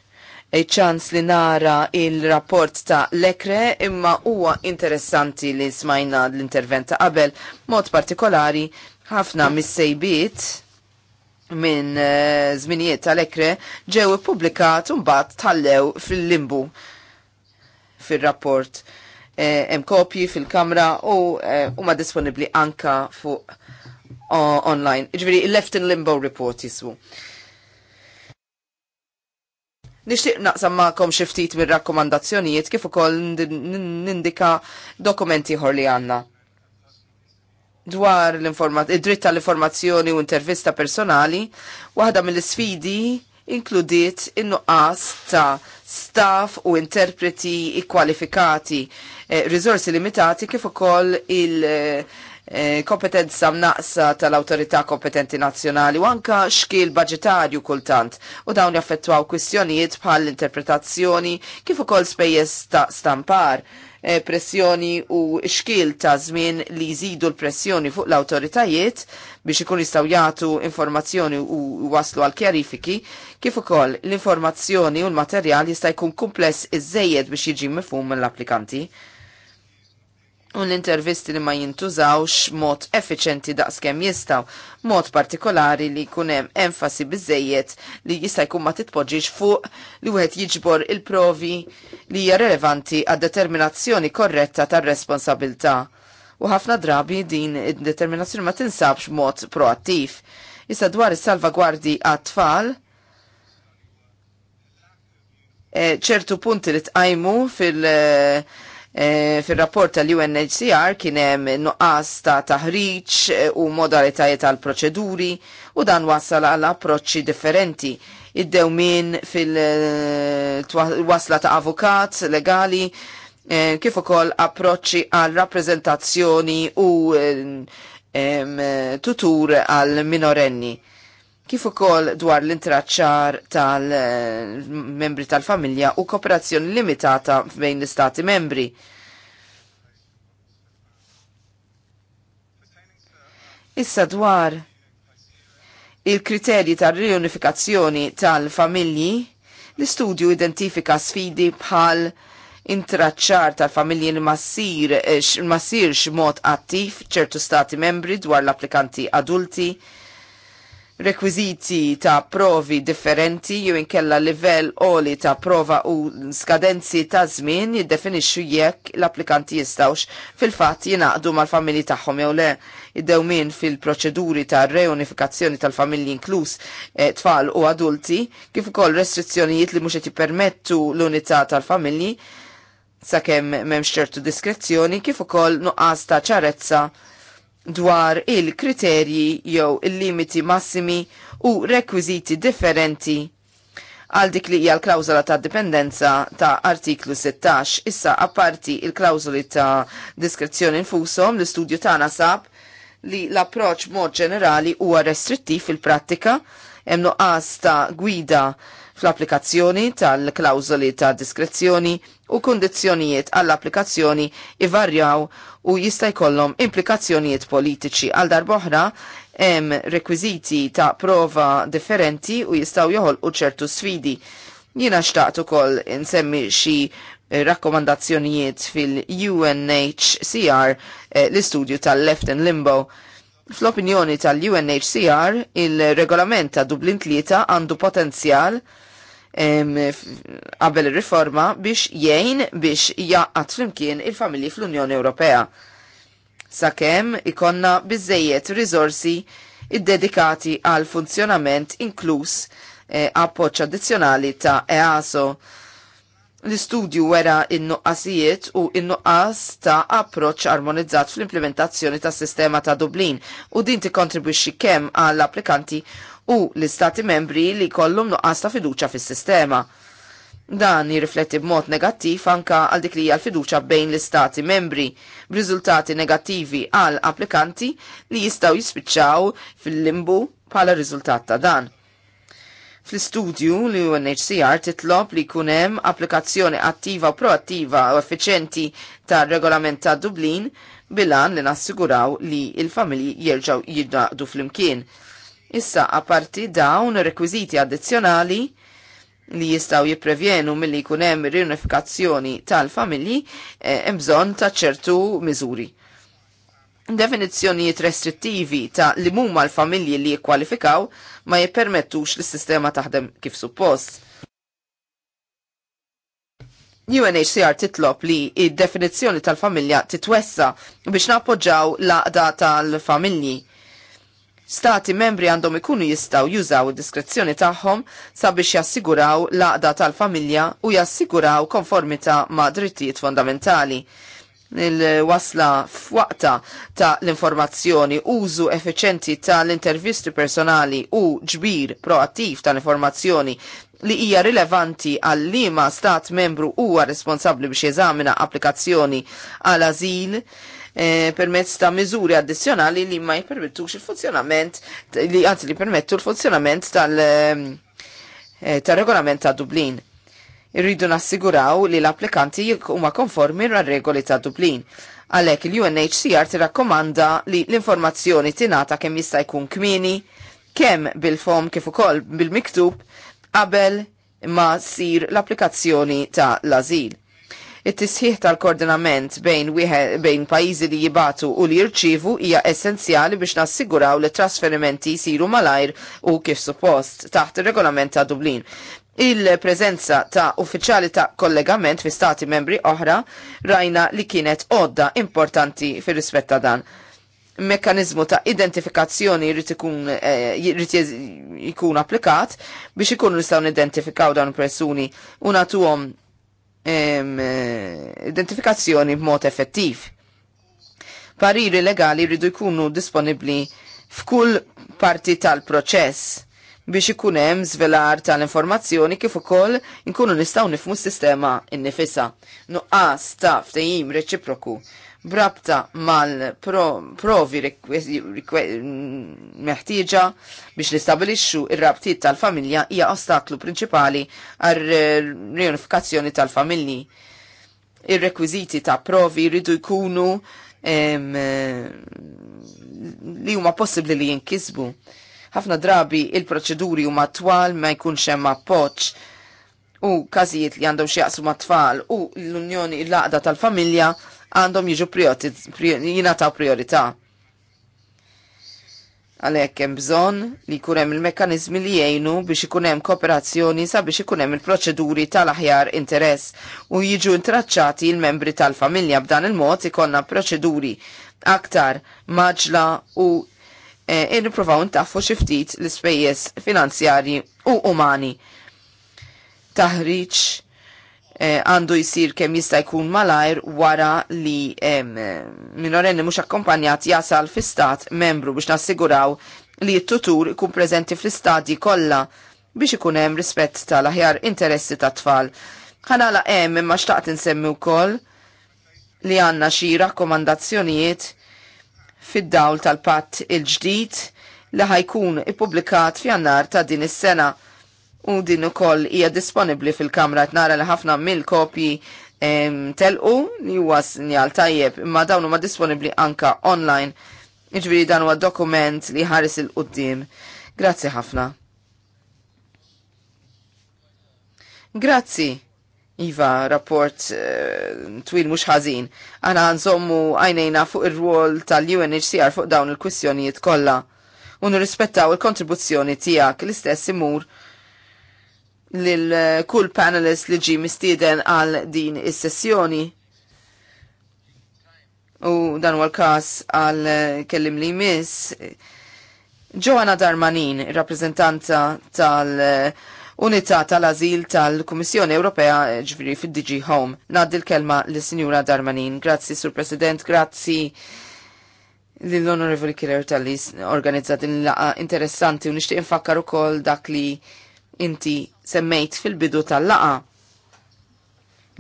S4: ċans li nara il-rapport ta' Lekre imma huwa interessanti li smajna l-intervent ta' qabel mod partikolari ħafna mis-sejbiet minn żminijiet tal-ekre ġew ippubblikat u mbagħad tallew fil-limbu fir-rapport. Hemm kopji fil-kamra u huma disponibbli anka fuq online. Iġviri, left in limbo report jiswu. Nixtieq naqsam ma'kom xi ftit mir-rakkomandazzjonijiet kif ukoll nindika dokumenti ħor li għandna dwar id-dritt tal-informazzjoni u intervista personali, waħda mill-sfidi inkludiet in-nuqqas ta' staff u interpreti kwalifikati, eh, risorsi limitati kif ukoll il- eh, eh kompetenza mnaqsa tal-autorità kompetenti nazzjonali u anka xkil budgetarju kultant u dawn jaffettwaw kwistjonijiet bħal interpretazzjoni kif ukoll spejjeż ta' stampar Eh, pressjoni u xkil ta' żmien li jżidu l-pressjoni fuq l-awtoritajiet biex ikun jistgħu jagħtu informazzjoni u waslu għal kjarifiki, kif ukoll l-informazzjoni u l-materjal jista' jkun kumpless iżejjed biex jiġi mifhum mill-applikanti u l-intervisti li ma jintużawx mod effiċenti daqskem jistaw, mod partikolari li kunem enfasi bizzejiet li jista' jkun ma titpoġġiġ fuq li wieħed jiġbor il-provi li hija relevanti għad determinazzjoni korretta tar-responsabilità. U ħafna drabi din id-determinazzjoni ma tinsabx mod proattiv. Issa dwar is-salvagwardi għat-tfal, eh, ċertu punti li tqajmu fil- uh, Eh, fil-rapport tal-UNHCR kien hemm nuqqas ta' taħriġ eh, u modalitajiet tal proċeduri u dan wassal għal approċċi differenti. Iddew min fil-wasla eh, ta' avukat legali kif ukoll approċċi għal rappreżentazzjoni u tutur għal minorenni kif ukoll dwar l-intraċċar tal-membri tal-familja u kooperazzjoni limitata bejn l-istati membri. Issa dwar il-kriterji tal-reunifikazzjoni tal-familji, l-istudju identifika sfidi bħal intraċċar tal-familji li massir eh, x mod attiv ċertu stati membri dwar l-applikanti adulti, rekwiziti ta' provi differenti jew inkella livell oli ta' prova u skadenzi ta' żmien jiddefinixxu jekk l-applikanti jistawx fil-fatt jingħaqdu mal-familji tagħhom jew le id-dewmin fil-proċeduri ta' reunifikazzjoni tal-familji inkluż e, tfal u adulti kif ukoll restrizzjonijiet li mhux qed jippermettu l-unità tal-familji sakemm m'hemmx ċertu diskrezzjoni kif ukoll nuqqas ta' ċarezza dwar il-kriterji jew il-limiti massimi u rekwiziti differenti għal dik li hija l-klawżola ta' dipendenza ta' artiklu 16. Issa apparti il-klawżoli ta' diskrezzjoni infushom l-istudju tagħna sab li l-approċ mod ġenerali huwa restrittiv fil-prattika hemm nuqqas ta' gwida fl-applikazzjoni tal-klawżoli ta' diskrezzjoni u kundizzjonijiet għall-applikazzjoni ivarjaw u jista' jkollhom implikazzjonijiet politiċi għal darboħra hemm rekwiżiti ta' prova differenti u jistgħu joħolqu ċertu sfidi. Jiena xtaqt ukoll insemmi xi rakkomandazzjonijiet fil-UNHCR eh, l-istudju tal-Left and Limbo. Fl-opinjoni tal-UNHCR, il-regolament ta' Dublin 3 għandu potenzjal qabel il riforma biex jgħin biex jaqqat flimkien il-familji fl-Unjoni Ewropea. Sakemm ikonna rizorsi id-dedikati għal funzjonament inkluż eh, appoċ addizzjonali ta' EASO. L-istudju wera in-nuqqasijiet u in-nuqqas ta' approċ armonizzat fl-implementazzjoni ta' sistema ta' Dublin u din tikkontribwixxi kemm għall applikanti u l-istati membri li kollum nuqqas ta' fiduċa fis-sistema. Dan jirrifletti b'mod negattiv anka għal dik li hija l-fiduċa bejn l-istati membri b'riżultati negattivi għal applikanti li jistgħu jispiċċaw fil-limbu bħala riżultat ta' dan. Fl-istudju li UNHCR titlob li kunem applikazzjoni attiva u proattiva u effiċenti ta' regolament ta' Dublin bilan li nassiguraw li il-familji jerġaw jidnaqdu fl-imkien. Issa, aparti dawn rekwiziti addizzjonali li jistaw jiprevjenu mill-li kunem riunifikazzjoni tal-familji imbżon eh, ta' ċertu miżuri. Definizzjonijiet restrittivi ta' li mumma l-familji li jikkwalifikaw ma jippermettux li s-sistema taħdem kif suppost. UNHCR titlob li id-definizzjoni tal-familja titwessa biex nappoġġaw laqda tal-familji stati membri għandhom ikunu jistaw jużaw id-diskrezzjoni tagħhom sabiex jassiguraw laqda tal-familja u jassiguraw konformità ma' drittijiet fondamentali il-wasla f'waqta ta' l-informazzjoni, użu effiċenti tal-intervisti personali u ġbir proattiv tal-informazzjoni li hija rilevanti għal liema stat membru huwa responsabbli biex jeżamina applikazzjoni għal azil Eh, permezz ta' miżuri addizzjonali li ma jippermettux il-funzjonament, li għanzi li permettu l-funzjonament eh, eh, tal- regolament ta' Dublin. Irridu nassiguraw li l-applikanti huma konformi ma' regoli ta' Dublin. Għalhekk il-UNHCR tirakkomanda li l-informazzjoni tingħata kemm jista' jkun kmini, kemm bil-fom kif ukoll bil-miktub qabel ma sir l-applikazzjoni ta' l-azil. It-tisħiħ tal-koordinament bejn, bejn pajizi li jibatu u li jirċivu hija essenzjali biex nassiguraw li trasferimenti jisiru malajr u kif suppost taħt il-regolament ta' Dublin. Il-prezenza ta' uffiċjali ta' kollegament fi stati membri oħra rajna li kienet odda importanti fir rispetta dan Mekanizmu ta' identifikazzjoni jrid ikun eh, ikun applikat biex ikunu nistgħu nidentifikaw dawn persuni u nagħtuhom Eh, identifikazzjoni b'mod effettiv. Pariri legali rridu jkunu disponibli f'kull parti tal-proċess biex ikun hemm żvelar tal-informazzjoni kif ukoll inkunu nistgħu nifmu s-sistema innifisa. Nuqqas ta' ftehim reċiproku brabta mal-provi meħtieġa biex nistabilixxu ir-rabtiet tal-familja hija ostaklu prinċipali għar reunifikazzjoni tal-familji. Ir-rekwiżiti ta' provi jridu jkunu li huma possibbli li jinkisbu. Ħafna drabi il-proċeduri huma twal ma jkunx hemm appoġġ u każijiet li għandhom xi jaqsu mat-tfal u l-unjoni l-laqda tal-familja għandhom jiġu jingħataw priorità. Għalhekk hemm bżonn li jkun hemm il-mekkaniżmi li jgħinu biex ikun hemm kooperazzjoni sabiex ikun hemm il-proċeduri tal-aħjar interess u jiġu intraċċati il-membri tal-familja b'dan il-mod ikonna proċeduri aktar maġla u eh, irriprovaw e, ntaffu xiftit l-ispejjeż finanzjarji u umani. Taħriġ Eh, għandu jisir kem jista' jkun malajr wara li minorenni mhux akkompanjat jasal fi stat membru biex nassiguraw li t-tutur ikun preżenti fl-istadji kollha biex ikun hemm rispett tal-aħjar interessi tat-tfal. Ħanala hemm imma xtaqt insemmi wkoll li għandna xi rakkomandazzjonijiet fid-dawl tal-patt il-ġdid li ħajkun ippubblikat f'jannar ta' din is-sena u din ukoll hija disponibbli fil-kamra tnara li ħafna mill-kopji telqu li huwa sinjal tajjeb imma dawn huma disponibbli anka online. Iġbiri dan huwa dokument li ħares il-qudiem. Grazzi ħafna. Grazzi. Iva, rapport uh, twil mux ħazin. Għana nżommu għajnejna fuq ir-rwol tal-UNHCR fuq dawn il-kwistjonijiet kollha u nirrispettaw il-kontribuzzjoni tiegħek l-istess imur lil eh, kull panelist li ġi mistieden għal din is-sessjoni. U dan huwa l-każ għal eh, kellim li miss. Joanna Darmanin, rappreżentanta tal-Unità eh, tal-Azil tal-Kummissjoni Ewropea ġviri fid-DG Home. Naddi l-kelma l-Sinjura Darmanin. Grazzi, Sur President, grazzi l-Onorevoli Killer tal organizzat in laqa interessanti u nishtiq infakkar ukoll dak li inti semmejt fil-bidu tal-laqa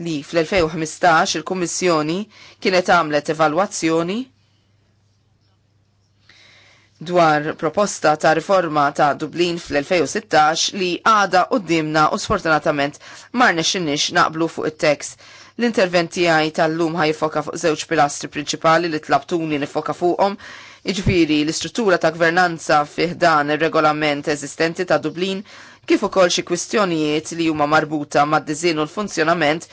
S4: li fl-2015 il-Kummissjoni kienet għamlet evalwazzjoni dwar proposta ta' riforma ta' Dublin fl-2016 li għada u dimna u sfortunatament marne xinnix naqblu fuq it-tekst. L-interventi għaj tal-lum ħajfoka fuq zewċ pilastri principali li tlabtuni nifoka fuqom, iġviri l-istruttura ta' gvernanza fiħdan il-regolament eżistenti ta' Dublin kif ukoll xi kwistjonijiet li huma marbuta mad disinn u l-funzjonament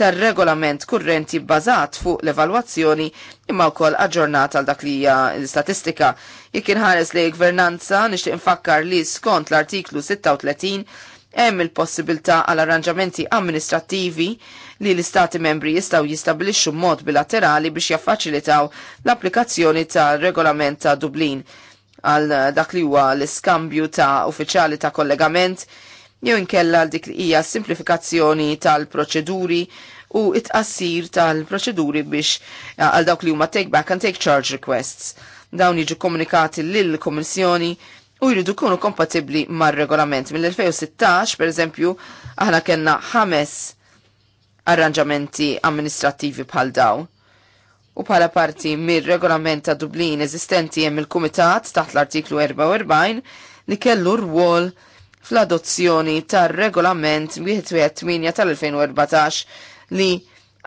S4: tar-regolament kurrenti bbażat fuq l-evalwazzjoni imma wkoll aġġornat għal dak li hija l-istatistika. Jekk inħares li gvernanza nixtieq infakkar li skont l-artiklu 36 hemm il-possibilità għal arranġamenti amministrattivi li l-istati membri jistaw jistabilixxu mod bilaterali biex jaffaċilitaw l-applikazzjoni tal regolament ta' Dublin għal dak li huwa l-iskambju ta' uffiċjali ta' kollegament jew inkella dik li hija simplifikazzjoni tal-proċeduri u it-qassir tal-proċeduri biex eh, għal dawk li huma take back and take charge requests. Dawn jiġu komunikati lill-Kummissjoni u jridu kunu kompatibli mar-regolament. Mill-2016, per eżempju, aħna kellna ħames arranġamenti amministrativi bħal dawn. U bħala parti mir-regolament ta' Dublin eżistenti hemm il-Kumitat taħt l-artiklu 44 li kellu rwol fl-adozzjoni tar-regolament 118 tal-2014 li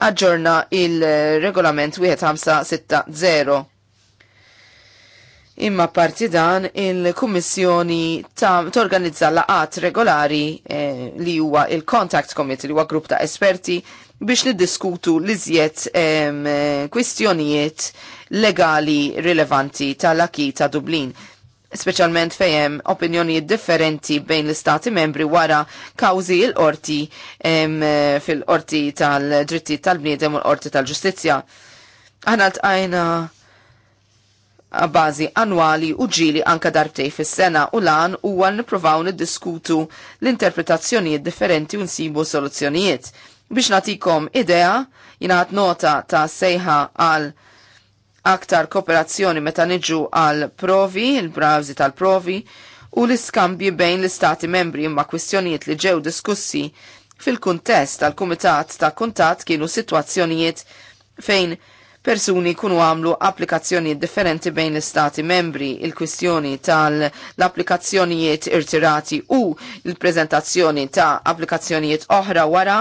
S4: aġġorna il-regolament 1560. Imma parti dan il-Kummissjoni ta torganizza laqat regolari eh, li huwa il-Contact Committee li huwa grupp ta' esperti biex niddiskutu l-iżjed kwistjonijiet legali rilevanti tal-aki ta' Dublin specialment fejem opinjonijiet differenti bejn l-istati membri wara kawzi l-orti fil-orti tal-dritti tal-bniedem u l-orti tal-ġustizja. Għana t-għajna bazi annwali u ġili anka darbtej fis-sena u lan u għal niprofaw niddiskutu l-interpretazzjonijiet differenti u nsibu soluzzjonijiet Biex natikom idea, jinaħat nota ta' sejħa għal aktar kooperazzjoni meta niġu għal provi, il-brawzi tal-provi, u l-iskambji bejn l-istati membri imma kwistjonijiet li ġew diskussi fil-kuntest tal-Kumitat ta' Kuntat kienu situazzjonijiet fejn persuni kunu għamlu applikazzjonijiet differenti bejn l-istati membri il-kwistjoni tal-applikazzjonijiet irtirati u l-prezentazzjoni ta' applikazzjonijiet oħra wara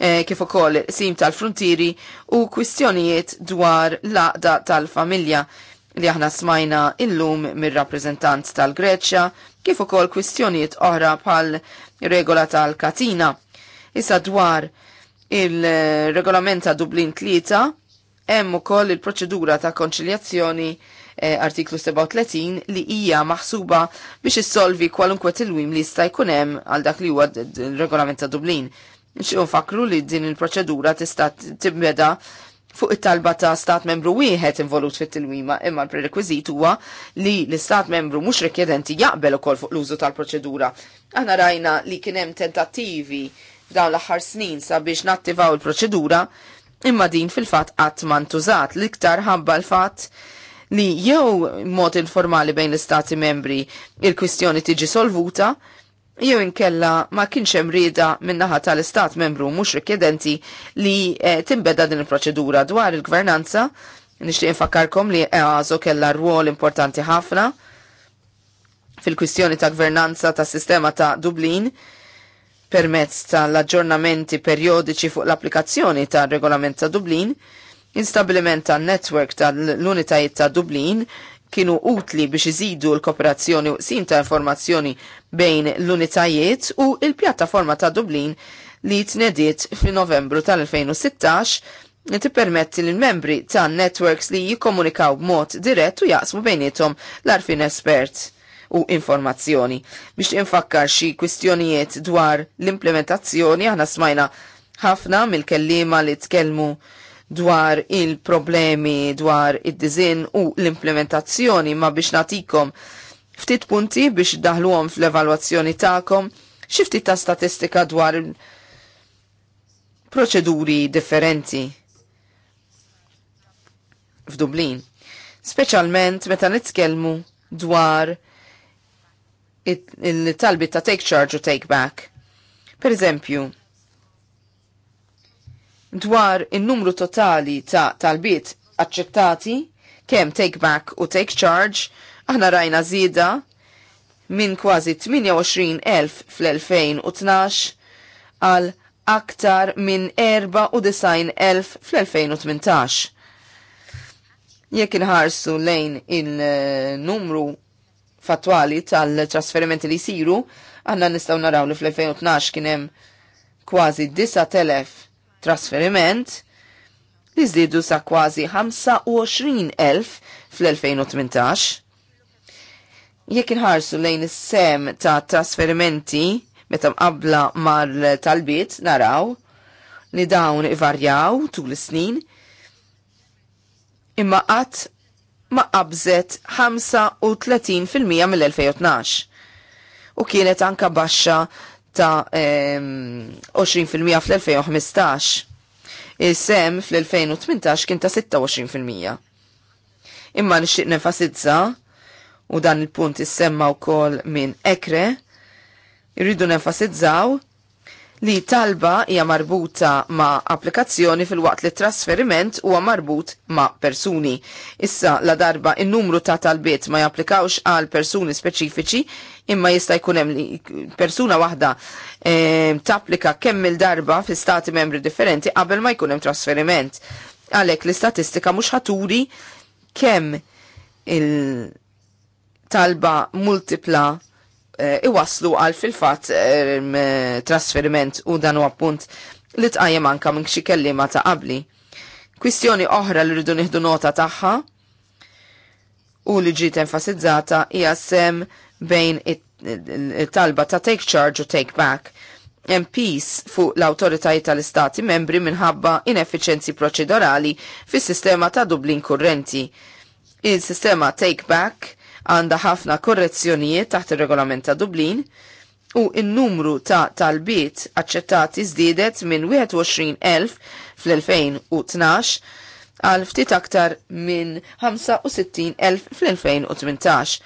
S4: eh, kif ukoll sim tal fruntiri u kwistjonijiet dwar laqda tal-familja li aħna smajna illum mir-rappreżentant tal-Greċja kif ukoll kwistjonijiet oħra bħal regola tal-katina. Issa dwar il-regolament ta' Dublin 3 hemm ukoll il-proċedura ta' konċiljazzjoni eh, artiklu 37 li hija maħsuba biex issolvi kwalunkwe tilwim li jista' jkun hemm għal dak li huwa regolament ta' Dublin. Nxiju fakru li din il-proċedura tista' tibbeda fuq it-talba ta' stat membru wieħed involut fit-tilwima imma l prerekwizit huwa li l-istat membru mhux rikjedenti jaqbel ukoll fuq l-użu tal-proċedura. Aħna rajna li kien hemm tentattivi f'dawn l-aħħar snin sabiex nattivaw il-proċedura imma din fil-fatt qatt ma ntużat l-iktar ħabba l-fatt li jew mod informali bejn l-istati membri il-kwistjoni tiġi solvuta jew inkella ma kienx hemm rieda min-naħa tal-istat membru mhux rikjedenti li eh, timbeda din il-proċedura dwar il-gvernanza. Nixtieq infakkarkom li EASO eh, kellha rwol importanti ħafna fil-kwistjoni ta' gvernanza ta' sistema ta' Dublin permezz tal-aġġornamenti periodiċi fuq l-applikazzjoni ta' regolament ta' Dublin, instabiliment ta' network tal-unitajiet ta' Dublin, kienu utli biex iżidu l-kooperazzjoni u sin ta' informazzjoni bejn l-unitajiet u il-pjattaforma ta' Dublin li tnediet fi novembru tal-2016 li tippermetti l membri ta' networks li jikkomunikaw b'mod dirett u jaqsmu bejnietom l-arfin espert u informazzjoni. Biex infakkar xi kwistjonijiet dwar l-implementazzjoni aħna smajna ħafna mill-kellima li tkellmu dwar il-problemi dwar id-dizin u l-implementazzjoni ma biex natikom ftit punti biex daħluhom fl-evalwazzjoni ta'kom xi ftit ta' statistika dwar proċeduri differenti f'Dublin. Speċjalment meta nitkellmu dwar il-talbit ta' take charge u take back. Per eżempju, dwar il-numru totali ta' talbiet accettati, kem take back u take charge, aħna rajna zida minn kważi 28.000 fl-2012 għal aktar minn 94.000 fl-2018. Jekk inħarsu lejn il-numru fattwali tal-trasferimenti li siru, għanna nistaw naraw li fl-2012 kienem kważi 9.000 trasferiment li zdidu sa kważi 25,000 fl-2018. Jekk inħarsu lejn is-sem ta' trasferimenti meta mqabla mal-talbiet naraw li dawn ivarjaw tul is-snin imma qatt ma qabżet 35% mill-2012 u kienet anka baxxa ta' 20% fl-2015. Il-sem fl-2018 kien ta' 26%. Imma nixtieq nefasizza u dan il-punt issemma wkoll minn ekre, irridu nenfasizzaw li talba hija marbuta ma' applikazzjoni fil-waqt li trasferiment huwa marbut ma' persuni. Issa la darba in-numru ta' talbiet ma' japplikawx għal persuni speċifiċi imma jista' jkun hemm li persuna waħda e, tapplika kemm il-darba fi stati membri differenti qabel ma jkun hemm trasferiment. Għalhekk l-istatistika mhux ħaturi kemm il-talba multipla Eh, iwaslu għal fil-fat eh, trasferiment u dan u appunt li tqajjem anka minn xi kellima ta' qabli. Kwistjoni oħra li rridu nieħdu nota tagħha u li ġiet enfasizzata hija sem bejn it-talba ta' take charge u take back. MPs fuq l-autoritajiet tal-istati membri minħabba ineffiċenzi proċedurali fis sistema ta' Dublin kurrenti. Il-sistema take back għandha ħafna korrezzjonijiet taħt ir-regolament ta' Dublin u n-numru ta' talbiet aċċettati żdiedet minn 21,000 fl-2012 għal ftit aktar minn 65,000 fl-2018.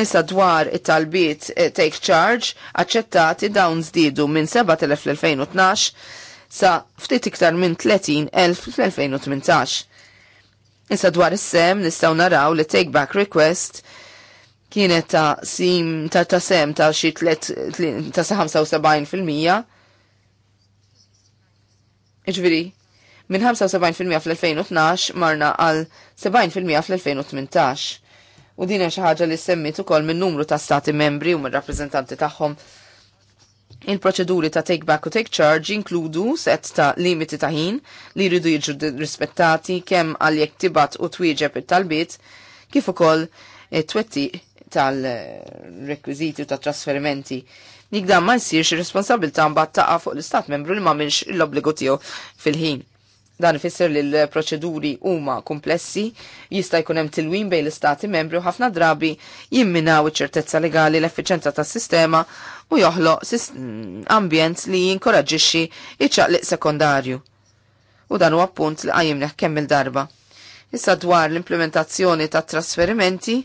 S4: Issa dwar it-talbiet eh, take charge aċċettati dawn żdiedu minn 7,000 fl-2012 sa ftit iktar minn 30,000 fl-2018. Issa dwar is-sem nistgħu naraw li take back request kienet ta' sim ta' ta' sem ta' xi ta' sa' 75 fil-mija. Iġviri, minn 75 fil-mija fl-2012 marna għal 70 fil-mija fl-2018. U din xi ħaġa li semmit ukoll minn numru ta' stati membri u minn rappreżentanti tagħhom. Il-proċeduri ta' take back u take charge inkludu set ta' limiti ta' ħin li jridu jiġu rispettati kemm għal jekk tibat u twieġeb it-talbiet kif ukoll it-twettiq tal-rekwiziti u ta' trasferimenti. Nik dan ma jsirx ir-responsabilta mbagħad taqa' fuq l-istat membru li m'għamilx l-obbligu tiegħu fil-ħin. Dan ifisser li l-proċeduri huma komplessi, jista' jkun hemm tilwim bejn l-istati membri u ħafna drabi jimminaw iċ-ċertezza legali l-effiċenza tas-sistema u joħloq ambjent li jinkoraġixxi iċ-ċaqliq sekondarju. U dan huwa punt li qajjim kemm il-darba. Issa dwar l-implementazzjoni ta' trasferimenti,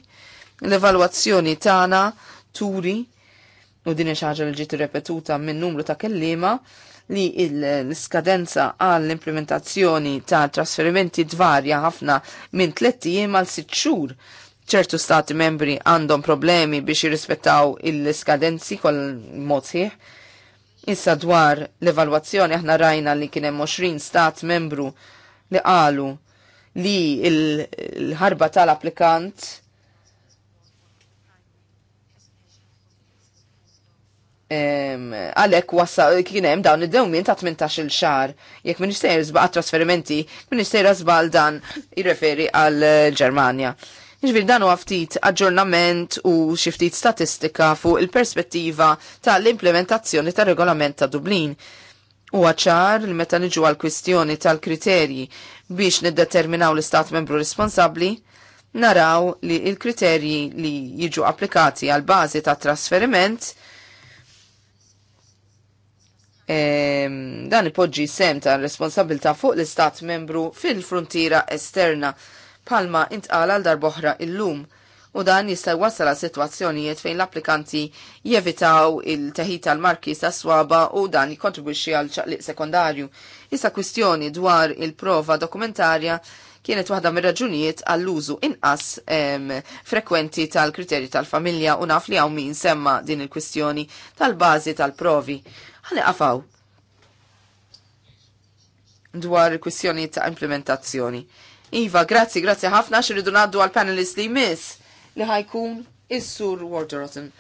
S4: L-evalwazzjoni tagħna turi u din xaġa li ġiet ripetuta minn numru ta' kelliema li l-skadenza għall implementazzjoni ta' trasferimenti dvarja ħafna minn tlettijiem jiem għal sitt xhur. ċertu stati membri għandhom problemi biex jirrispettaw il-skadenzi kol mod sħiħ. Issa dwar l-evalwazzjoni aħna rajna li kien hemm 20 stat membru li qalu li l-ħarba tal-applikant għalek wasa kienem dawn id-dewmin ta' 18 il xar Jek minister zba' trasferimenti, minister zba' dan jirreferi għal eh, Ġermania. Iġvir jiġifieri dan huwa ftit aġġornament u xi ftit statistika fuq il-perspettiva tal-implementazzjoni tar regolament ta' Dublin. U ċar li meta niġu għal kwistjoni tal-kriterji biex niddeterminaw l-istat membru responsabli, naraw li il-kriterji li jiġu applikati għal bażi ta' trasferiment dan ipoġġi sem ta' responsabilta' fuq l-istat membru fil-frontiera esterna palma intqala għal darboħra illum u dan jista' jwassal għal sitwazzjonijiet fejn l-applikanti jevitaw il-teħid tal-marki ta' swaba u dan jikontribwixxi għal ċaqliq sekondarju. Issa kwistjoni dwar il-prova dokumentarja kienet waħda mir raġunijiet għall-użu inqas frekwenti tal-kriterji tal-familja u naf li hawn min semma din il-kwistjoni tal-bażi tal-provi għalli għafaw. dwar il-kwistjoni ta' implementazzjoni. Iva, grazzi, grazzi ħafna xirridu naddu għal panelist li miss li ħajkun is-sur Warderotten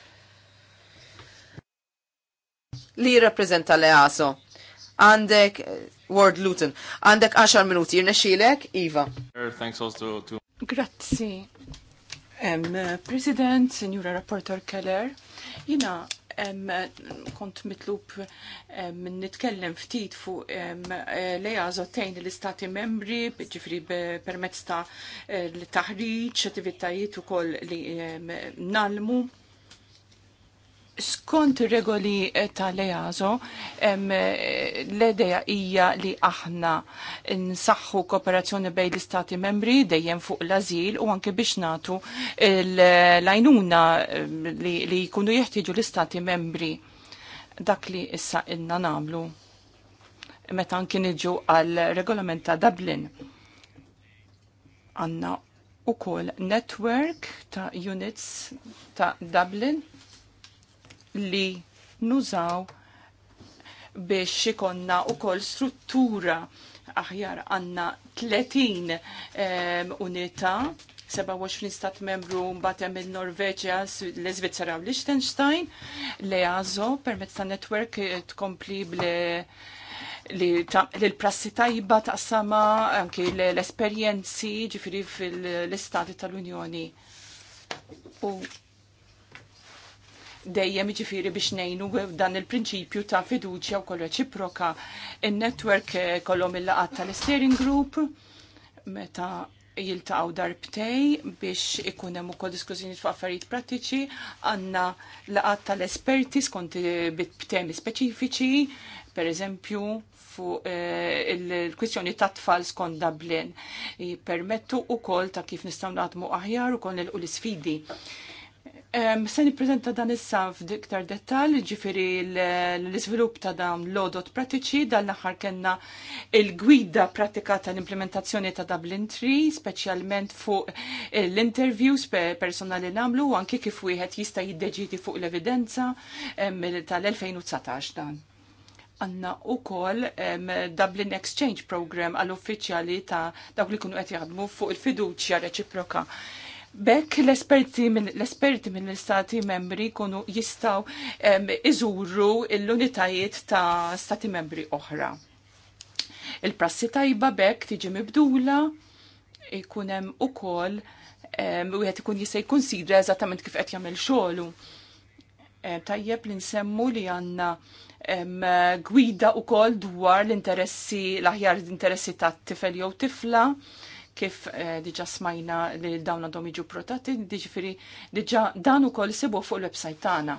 S4: li rappresenta le aso. Għandek eh, Ward Luton, għandek 10 minuti, jirnexilek, Iva.
S1: Thanks also to...
S4: Grazzi.
S3: Eh, President, Signora Rapportor Keller, jina kont mitlub minn nitkellem ftit fuq leja zottejn l-istati membri, ġifri permezz ta' eh, l-taħriċ, attivitajiet u koll li nalmu skont regoli eh, tal-EASO, eh, l-edeja hija li aħna nsaxħu kooperazzjoni bej l-istati membri dejjem fuq l-azil u anke biex natu l ajnuna li jkunu jeħtieġu l-istati membri dak li issa inna namlu meta anki niġu għal regolament ta' Dublin. Għanna u kol network ta' units ta' Dublin li nużaw biex ikonna u kol struttura aħjar għanna 30 ehm, unita 27 stat membru mbatem il-Norveġja, l-Svizzera u l-Liechtenstein, le għazo permezz ta' network eh, tkompli ble li l-prassi tajba taqsama anki l-esperienzi ġifiri fil-istati tal-Unjoni. U dejjem ġifiri biex nejnu dan il-prinċipju ta' fiduċja u kol reċiproka. Il-network eh, kolom il-laqat tal-steering group meta jiltaqgħu darbtej biex ikun hemm ukoll diskussjoni fuq affarijiet prattiċi, għandna laqat tal-esperti skont bit-temi speċifiċi, per eżempju fuq eh, il-kwistjoni ta' tfal skont Dublin. Permettu ukoll ta' kif nistgħu nagħdmu aħjar ukoll nilqu l-isfidi Um, se niprezenta dan issa f'diktar dettal, ġifiri l-izvilup ta' dawn l-odot pratiċi, dal-naħar kena il-gwida pratika tal-implementazzjoni ta' Dublin 3, specialment fuq eh, l-interviews personali namlu, anki kif wieħed jista' jiddeġiti fuq l-evidenza tal-2019 dan. Għanna u koll um, Dublin Exchange Program għall-uffiċjali ta' dawk li kunu għet jgħadmu fuq il-fiduċja reċiproka Bekk l-esperti minn l-istati membri kunu jistaw iżuru l-unitajiet ta' stati membri oħra. Il-prassi tajba bekk tiġi mibdula ikunem u kol u jgħet ikun jista' jkun sidra eżattament kif qed jagħmel xogħlu. tajjeb li nsemmu li għanna gwida u kol dwar l-interessi, l-aħjar l-interessi ta' tifel jew tifla, kif eh, diġa smajna li dawn għadhom jiġu protatti, diġifiri diġa dan ukoll sibu fuq il-website tagħna.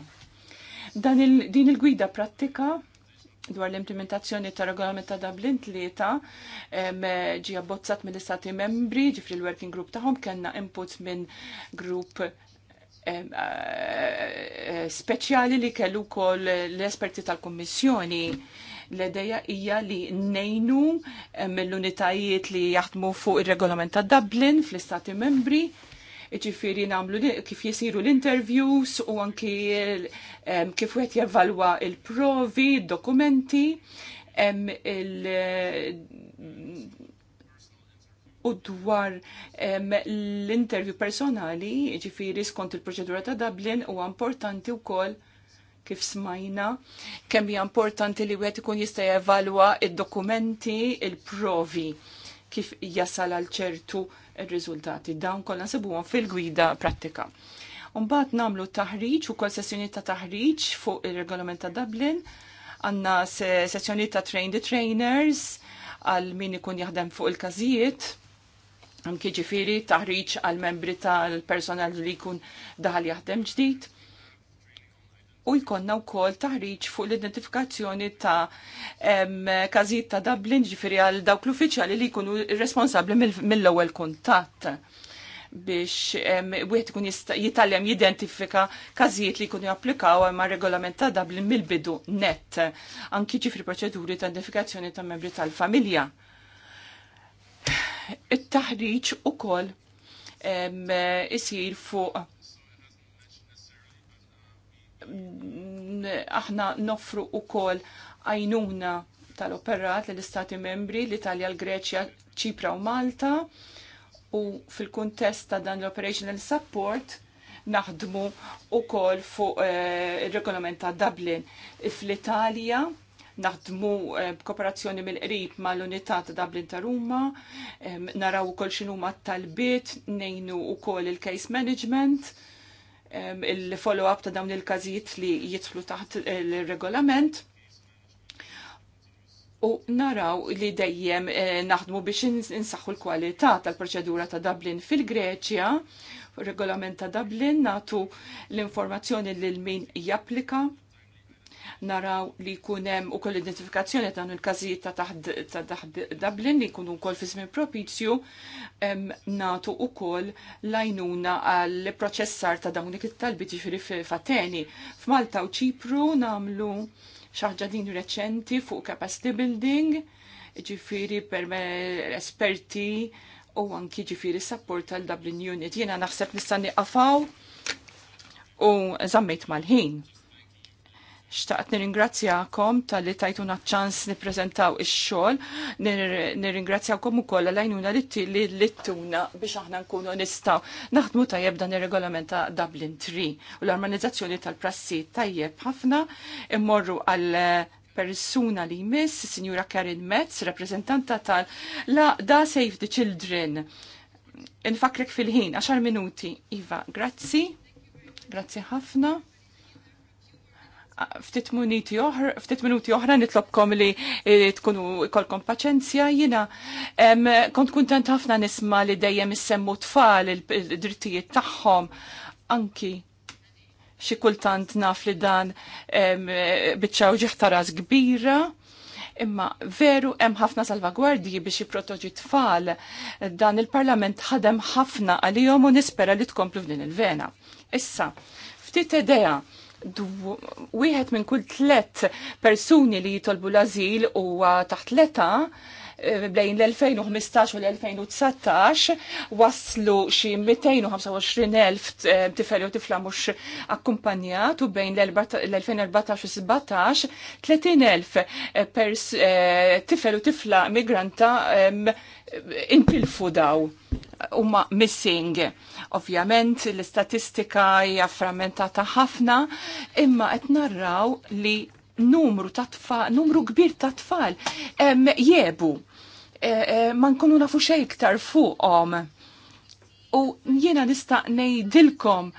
S3: din il-gwida prattika dwar l-implementazzjoni ta' regolament ta' Dublin tlieta ġi abbozzat mill-istati membri, ġifri l-working group tagħhom kellna input minn grupp eh, eh, speċjali li kellu kol l-esperti tal-Kommissjoni L-ideja hija li nejnu eh, mill-unitajiet li jaħdmu fuq ir-regolament ta' Dublin fl-istati membri ġifiri namlu kif jisiru l-interviews u anki kif għet jevalwa il-provi, dokumenti, il u dwar l-interview personali, ġifiri skont il-proċedura ta' Dublin u importanti u koll kif smajna, kemm hija importanti li wieħed ikun jista' jevalwa id-dokumenti, il provi kif jasal għal ċertu r-riżultati. Dawn kollha nsibuhom fil-gwida prattika. Mbagħad nagħmlu taħriġ u kol sessjoni ta' taħriġ fuq ir-regolament ta' Dublin, għandna sessjoni ta' train the trainers għal min ikun jaħdem fuq il-każijiet, anki ġifiri taħriġ għal membri tal-personal li jkun daħal jaħdem ġdid u jkonna u kol taħriċ fuq l-identifikazzjoni ta' kazit ta' Dublin ġifiri għal dawk l-uffiċjali li jkunu responsabli mill-ewwel kuntatt biex wieħed ikun jitaljem jidentifika każijiet li jkunu japplikaw ma' regolament ta' Dublin mill-bidu net, anki ġifri proċeduri ta' identifikazzjoni ta' membri tal-familja. It-taħriġ ukoll isir fuq aħna noffru u kol għajnuna tal-operat l-Istati membri, l-Italja, l-Greċja, ċipra u Malta u fil-kuntest ta' dan l-operational support naħdmu u kol fuq eh, il-regolament ta' Dublin. Fl-Italja naħdmu eh, b'kooperazzjoni mill-qrib ma' l-unità ta' Dublin ta' Ruma, naraw u kol xinu ma' tal-bit, nejnu u kol il-case management, il-follow-up ta' dawn il-kazijiet li jitflu taħt il-regolament u naraw li dejjem eh, naħdmu biex insaħħu l-kwalità tal-proċedura ta' Dublin fil-Greċja, regolament ta' Dublin natu l-informazzjoni lil min japplika naraw li kunem u koll identifikazzjoni dan il-kazijiet ta' taħd Dublin li kunu koll fi żmien propizju natu u koll lajnuna għall proċessar ta' dawn it-talbi ġifiri fateni. F'Malta u Ċipru namlu xaħġadin reċenti fuq capacity building, ġifiri per esperti u anki ġifiri support tal Dublin Unit. Jena naħseb nistanni qafaw u zammejt mal-ħin Xtaqt nir-ingrazzjakom tal-li tajtuna ċans niprezentaw ix-xogħol, nir-ingrazzjakom ukoll għal-għajnuna li t-tuna biex aħna nkunu nistgħu naħdmu tajjeb dan ir-regolament ta' Dublin 3 u l-armonizzazzjoni tal-prassi tajjeb ħafna immorru għal eh, persuna li jmiss, Signora Karin Metz, rappresentanta tal-Da la Save the Children. Infakrek fil-ħin, 10 minuti. Iva, grazzi. Grazzi ħafna ftit minuti oħra, nitlobkom li eh, tkunu kolkom paċenzja jina. Kont kuntent ħafna nisma li dejjem issemmu tfal il-drittijiet tagħhom anki xi kultant naf li dan biċċaw ġiħtaras kbira. Imma veru hemm ħafna salvagwardji biex jipprotoġi tfal dan il-Parlament ħadem ħafna għalihom u nispera li tkomplu f'din il-vena. Issa, ftit idea wieħed minn kull tlet persuni li jitolbu l-azil huwa taħt l-età bejn l-2015 u l-2019 waslu xi 225.000 tifel u tifla mhux akkumpanjat u bejn l-2014 u 17 30.000 tifel u tifla migranta intilfu daw huma missing. Ovvjament l-istatistika hija frammentata ħafna, imma qed narraw li numru ta' tfal, numru kbir ta' tfal jebu Eh, eh, ma nkunu nafu xej iktar fuqhom. U jiena nista' ngħidilkom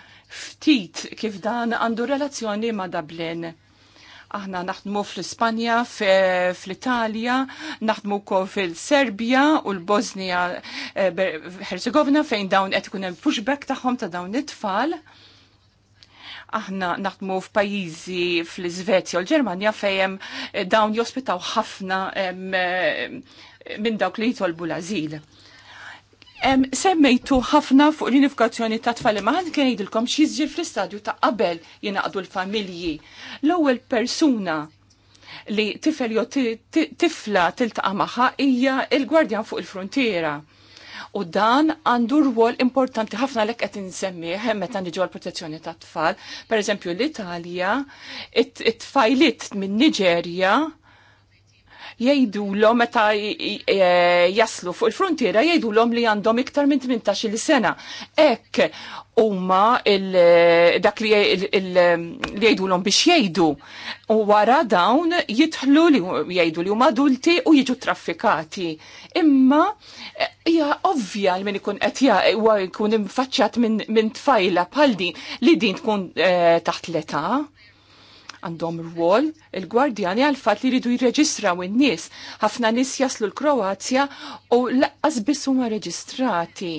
S3: ftit kif dan għandu relazzjoni ma' Dublin. Aħna naħdmu fl-Ispanja, fl-Italja, naħdmu wkoll fil-Serbja u l bosnia eh, Herzegovina fejn dawn qed ikun hemm pushback tagħhom ta' dawn it-tfal aħna naħdmu f'pajjiżi fl-Iżvezja u l-Ġermanja fejn dawn jospitaw ħafna minn dawk li jitolbu l-azil. Semmejtu ħafna fuq l-unifikazzjoni ta' tfali maħan kien jidilkom xizġir fl-istadju ta' qabel jenaqdu l-familji. L-ewwel persuna li tifel jo tifla tiltaqa' magħha hija il-gwardjan fuq il-frontiera. U dan għandu rwol importanti ħafna lek qed insemmi meta niġu ġol protezzjoni tat tfal. Per eżempju l-Italja, it-tfajlit minn Niġerja jgħidulhom meta e, jaslu fuq il-frontiera jgħidulhom li għandhom iktar minn 18 sena. Hekk huma dak li jgħidulhom biex jgħidu u wara dawn jidħlu li jgħidu li huma adulti u jiġu traffikati. Imma hija ovvja li min ikun qed ikun minn tfajla bħal din li din tkun e, taħt l-età għandhom rwol il-gwardjani għal fatt li jridu jirreġistraw in-nies. Ħafna nies jaslu l-Kroazja u laqqas biss huma reġistrati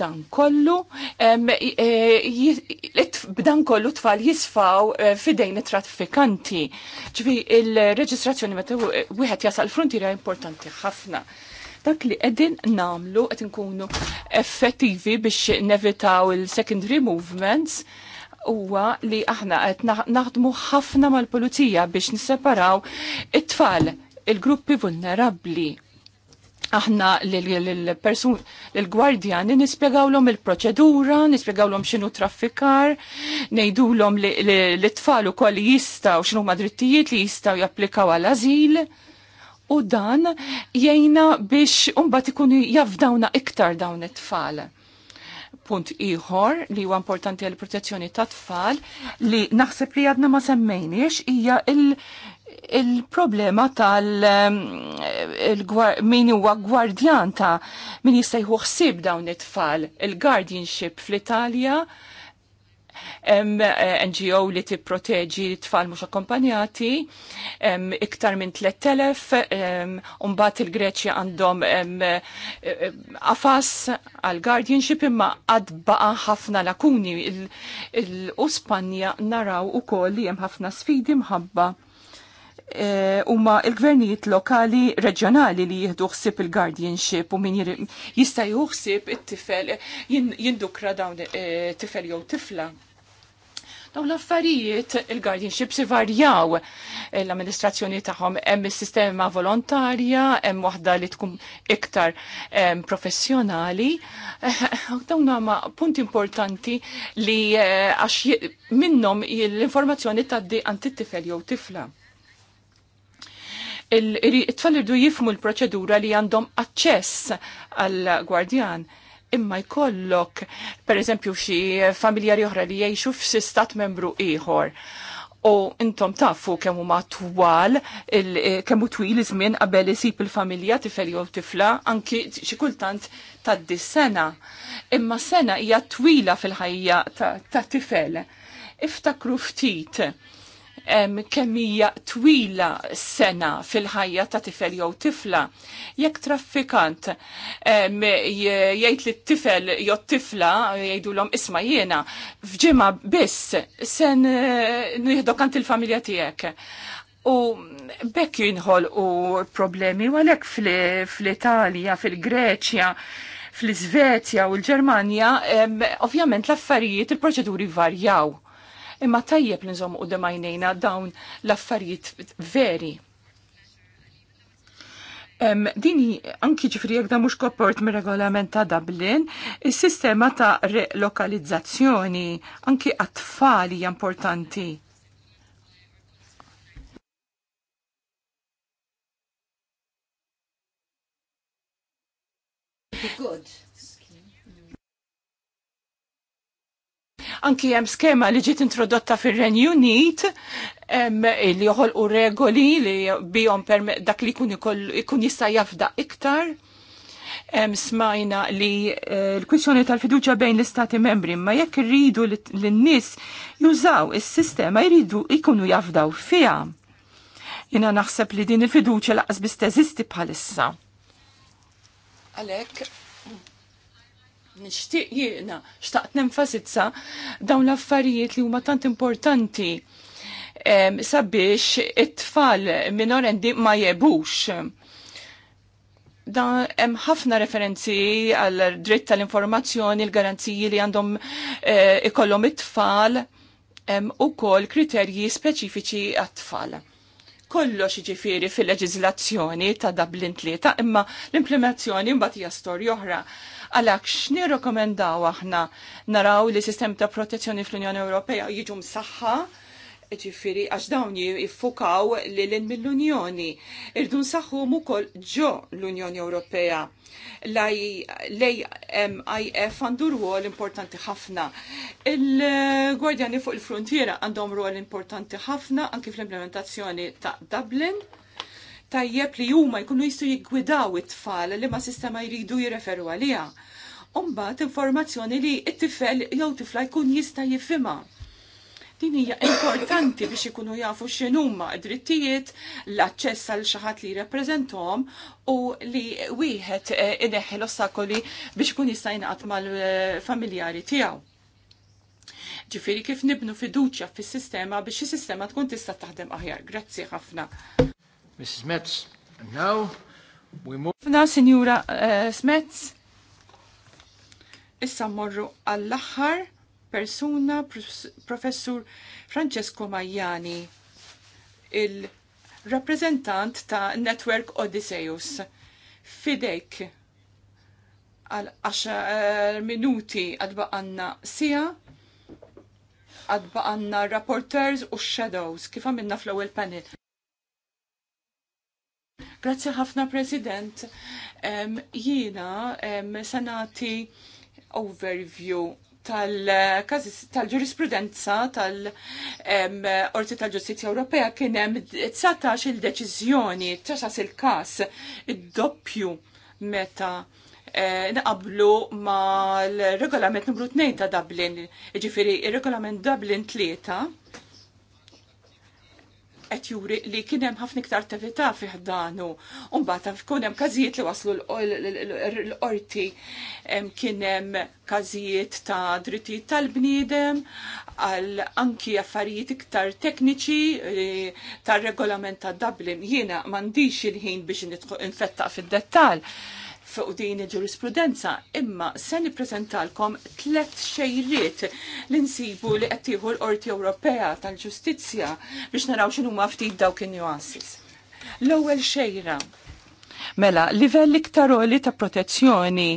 S3: dan kollu e, b'dan kollu tfal jisfaw e, fidejn it-traffikanti. Ġvi il-reġistrazzjoni meta wieħed jasal frontira importanti ħafna dak li qegħdin namlu qed inkunu effettivi biex nevitaw il-secondary movements huwa li aħna qed naħdmu ħafna mal-pulizija biex nisseparaw it-tfal il-gruppi vulnerabbli. Aħna l-persun l-gwardjani nispjegawlhom il-proċedura, nispjegawlhom x'inhu traffikar, ngħidulhom li l-tfal ukoll jistgħu x'inhu drittijiet li jistgħu japplikaw għal ażil. U dan jgħina biex umbat ikunu jafdawna iktar dawn it-tfal punt iħor li huwa importanti għal protezzjoni ta' tfal li naħseb li għadna ma semmejniex hija il-problema il tal um, il min huwa gwardjan ta' min jista' jħu ħsieb dawn it-tfal. Il-guardianship fl-Italja Eh, NGO li tipproteġi tfal mhux akkompanjati, iktar minn 3000, mbagħad il-Greċja għandhom eh, afas għal guardianship imma għad baqa' ħafna lakuni l Spanja naraw ukoll li hemm ħafna sfidi mħabba eh, Uma e, il-gvernijiet lokali reġjonali li jieħdu ħsieb il-guardianship u min jista' juħsib it-tifel jindukra dawn tifel jew tifla Dawn l-affarijiet il-guardianship si varjaw l-amministrazzjoni tagħhom hemm is-sistema volontarja, hemm waħda li tkun iktar professjonali. Eh, dawn huma punti importanti li eh, għax minnhom l-informazzjoni tgħaddi għandi tifel jew tifla it-tfal irdu jifmu l-proċedura li għandhom aċċess għal gwardjan imma jkollok per eżempju xi familjari oħra li jgħixu f'xi stat membru ieħor. U intom tafu kemm huma twal eh, kemm hu twil iż-żmien qabel isib il-familja tifel jew tifla anki xi kultant taddi sena. Imma sena hija twila fil-ħajja ta' tifel. Iftakru ftit kemija twila sena fil-ħajja ta' tifel jew tifla. Jekk traffikant jgħid li t-tifel jew tifla jgħidulhom isma' jiena f'ġimgħa biss sen eh, nieħdok kant il-familja tiegħek. U bekk jinħol u problemi għalek fl-Italja, fil-Greċja, fl-Svezja u l-Ġermanja, ovvjament l-affarijiet, il-proċeduri varjaw imma tajjeb li u demajnejna dawn l-affarijiet veri. Um, dini, anki ġifri jek da mux kopport mir regolament ta' Dublin, il-sistema ta' relokalizzazzjoni, anki għatfali importanti. Good. Anki hemm skema li ġiet introdotta fir-Renju Unit li joħolqu regoli li per dak li jkun jista' jafda iktar smajna li eh, l-kwissjoni tal-fiduċa bejn l-istati membri, ma jekk rridu l-nis jużaw il-sistema jridu ikunu jafdaw fija. Jena naħseb li din il-fiduċa laqas bistezisti bħalissa. Għalek, nixtieq jiena xtaqt nenfasizza dawn l-affarijiet li huma tant importanti sabiex it-tfal minorendi ma jebux dan hemm ħafna referenzi għal dritt tal-informazzjoni, l-garanziji li għandhom eh, ikollhom it-tfal hemm ukoll kriterji speċifiċi għat-tfal. Kollox jiġifieri fil-leġiżlazzjoni ta' Dublin tlieta, imma l-implementazzjoni mbagħad hija storja oħra Għalhekk x'nirrekomendaw aħna naraw li sistem ta' protezzjoni fl-Unjoni Ewropea jiġu msaħħa ġifiri għax dawn jiffukaw li l-in mill-Unjoni. Irdu nsaħħu ukoll ġo l-Unjoni Ewropea. L-AMIF għandu rwol importanti ħafna. Il-Gwardjani fuq il-Frontiera għandhom rwol importanti ħafna anki fl-implementazzjoni ta' Dublin tajjeb li huma jkunu jistgħu jiggwidaw it-tfal li ma sistema jridu jirreferu għaliha. Umbat informazzjoni li t-tifel jew tifla jkun jista' jifima. Din hija importanti biex ikunu jafu x'inhuma d-drittijiet, l-aċċess għal xi ħadd li jirrappreżentom u li wieħed eh, ineħħel ostakoli biex ikun jista' jingħaqad mal-familjari tiegħu. Ġifieri kif nibnu fiduċja fis-sistema biex is-sistema tkun tista' taħdem aħjar. Grazzi ħafna. Mrs. Metz. And now we move. Fna, Signora uh, eh, Smets. Issa morru għall-aħħar persuna professur Francesco Majani, il-rappresentant ta' Network Odysseus. Fidejk għal 10 eh, minuti għadbaqanna sija, għadbaqanna rapporters u shadows, kif għamilna fl-ewwel panel. Grazzi ħafna, President. Um, jina um, sanati overview tal-ġurisprudenza tal tal-Orti tal-Ġustizja Ewropea kien hemm 19 il-deċiżjoni, 19 il-każ id-doppju meta eh, naqablu ma l-regolament numru 2 ta' Dublin, ġifiri il-regolament Dublin 3 qed juri li kien hemm ħafna iktar attività fih danu. Umbagħad tkun hemm każijiet li waslu l-qorti kien hemm każijiet ta' drittijiet tal-bniedem għal anki affarijiet iktar tekniċi eh, tar-regolament ta' Dublin. Jiena m'għandix il-ħin biex nfettaq fid-dettall fuq din il-ġurisprudenza, imma se nippreżentalkom tlet xejriet li nsibu li qed tieħu l-Qorti Ewropea tal-Ġustizzja biex naraw x'inhu ma ftit dawk in-nuances. L-ewwel xejra. Mela, livell iktar li ta' protezzjoni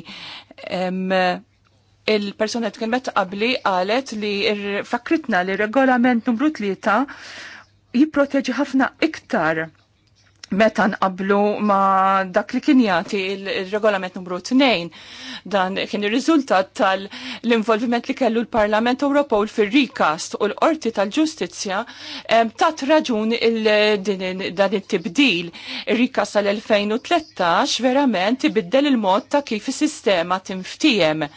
S3: il-persona tkellmet qabli qalet li fakritna li regolament numru tlieta jipproteġi ħafna iktar meta nqablu ma dak li kien jagħti il-regolament numru 2 dan kien ir-riżultat tal-involviment li kellu l-Parlament Ewropew fir-rikast u l-Qorti tal-Ġustizzja tat raġun dan it-tibdil. Ir-rikast tal-2013 verament ibiddel il-mod ta' kif is-sistema tinftiem.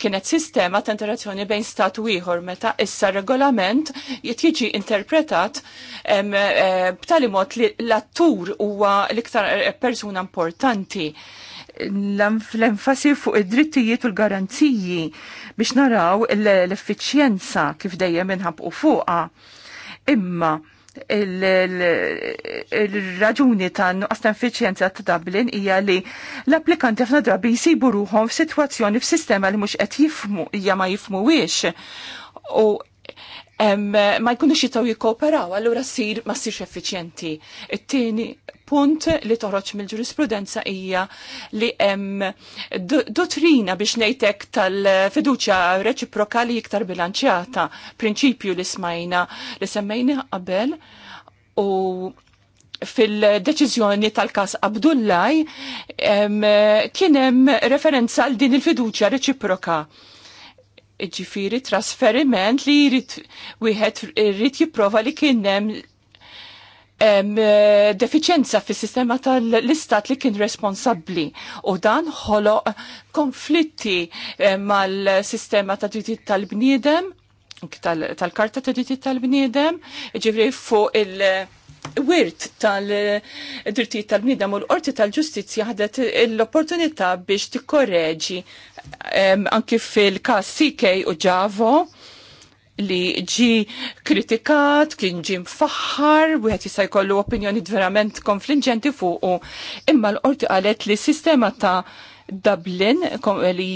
S3: Kienet sistema ta' interazzjoni bejn stat u ieħor meta issa regolament jitjiġi interpretat eh, b'tali mod li l-attur huwa l-iktar persuna importanti l-enfasi fuq id-drittijiet u l-garanziji biex naraw l-effiċjenza kif dejjem inħabqu fuqa. Imma il-raġuni ta' nuqqas ta' effiċjenza ta' Dublin hija li l-applikanti ħafna drabi jsibu ruħhom f'sitwazzjoni f'sistema li mhux qed jifmu hija ma wiex. u ma jkunux jitaw jikkooperaw, allura sir ma sirx effiċjenti. It-tieni punt li toħroġ mill-ġurisprudenza hija li hemm dottrina biex ngħidlek tal-fiduċja reċiproka li iktar bilanċjata, prinċipju li smajna li semmejna qabel u fil-deċizjoni tal-kas Abdullaj kien hemm referenza għal din il-fiduċja reċiproka ġifiri trasferiment li jrid wieħed jrid jipprova li kien hemm eh, defiċenza fis-sistema tal-istat li kien responsabbli u dan ħoloq konflitti eh, mal-sistema ta' drittijiet tal-bniedem tal-karta ta' drittijiet tal-bniedem ġifiri fuq il- wirt tal-drittijiet tal-bnidem u l-qorti tal-ġustizja ħadet l-opportunità biex tikkorreġi anki fil-kas CK u Javo li ġi kritikat, kien ġi mfaħħar, u għet jkollu opinjoni verament konfliġenti fuq, imma l-qorti għalet li sistema ta' Dublin li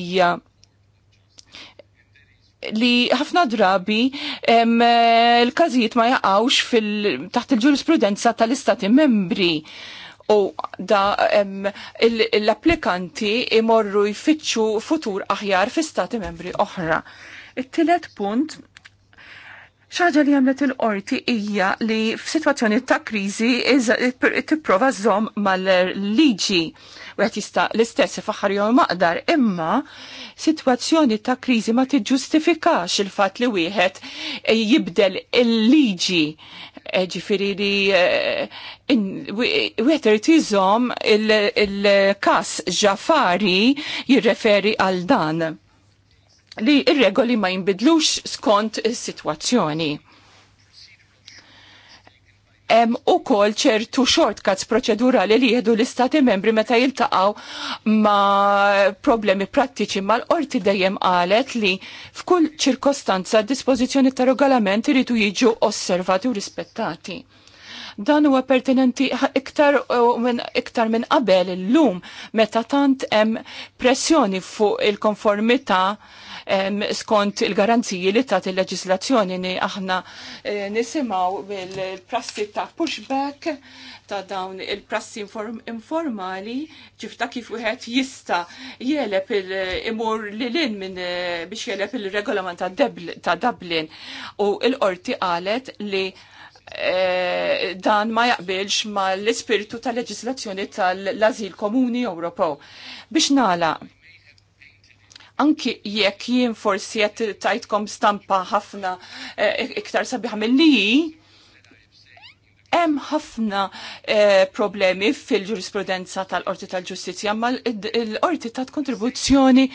S3: li ħafna drabi l-każijiet ma jaqgħux fil taħt il-ġurisprudenza tal-istati membri u da l-applikanti imorru jfittxu futur aħjar fi stati membri oħra. It-tielet punt ċaġa li għamlet il-qorti hija li f'sitwazzjoni ta' kriżi tipprova zom mal-liġi għet jista' l-istess faħar jew maqdar, imma sitwazzjoni ta' kriżi ma tiġġustifikax il-fatt li wieħed eh, jibdel il-liġi eh, ġifiri li eh, wieħed irid il-kas ġafari jirreferi għal dan li ir-regoli ma jinbidlux skont is-sitwazzjoni hemm ukoll ċertu shortcuts proċedurali li jieħdu l-istati membri meta jiltaqgħu ma' problemi prattiċi mal-qorti dejjem qalet li f'kull ċirkostanza d-dispożizzjoni ta' regolament iridu jiġu osservati u rispettati. Dan huwa pertinenti iktar minn iktar minn qabel illum meta tant hemm pressjoni fuq il-konformità il konformità skont il-garanziji li tat il-leġislazzjoni ni aħna eh, nisimaw bil-prassi ta' pushback ta' dawn il-prassi informali ġif ta' kif wieħed jista jeleb il-imur li l-in minn eh, biex jeleb il-regolament ta' Dublin u il-qorti qalet li eh, dan ma jaqbilx ma l-ispiritu tal-leġislazzjoni tal-azil komuni Ewropew. Biex nala, anki jekk jien forsi qed tajtkom stampa ħafna eh, iktar sabiħa milli hemm ħafna eh, problemi fil-ġurisprudenza tal-Qorti tal-Ġustizzja ma l-Qorti tat kontribuzzjoni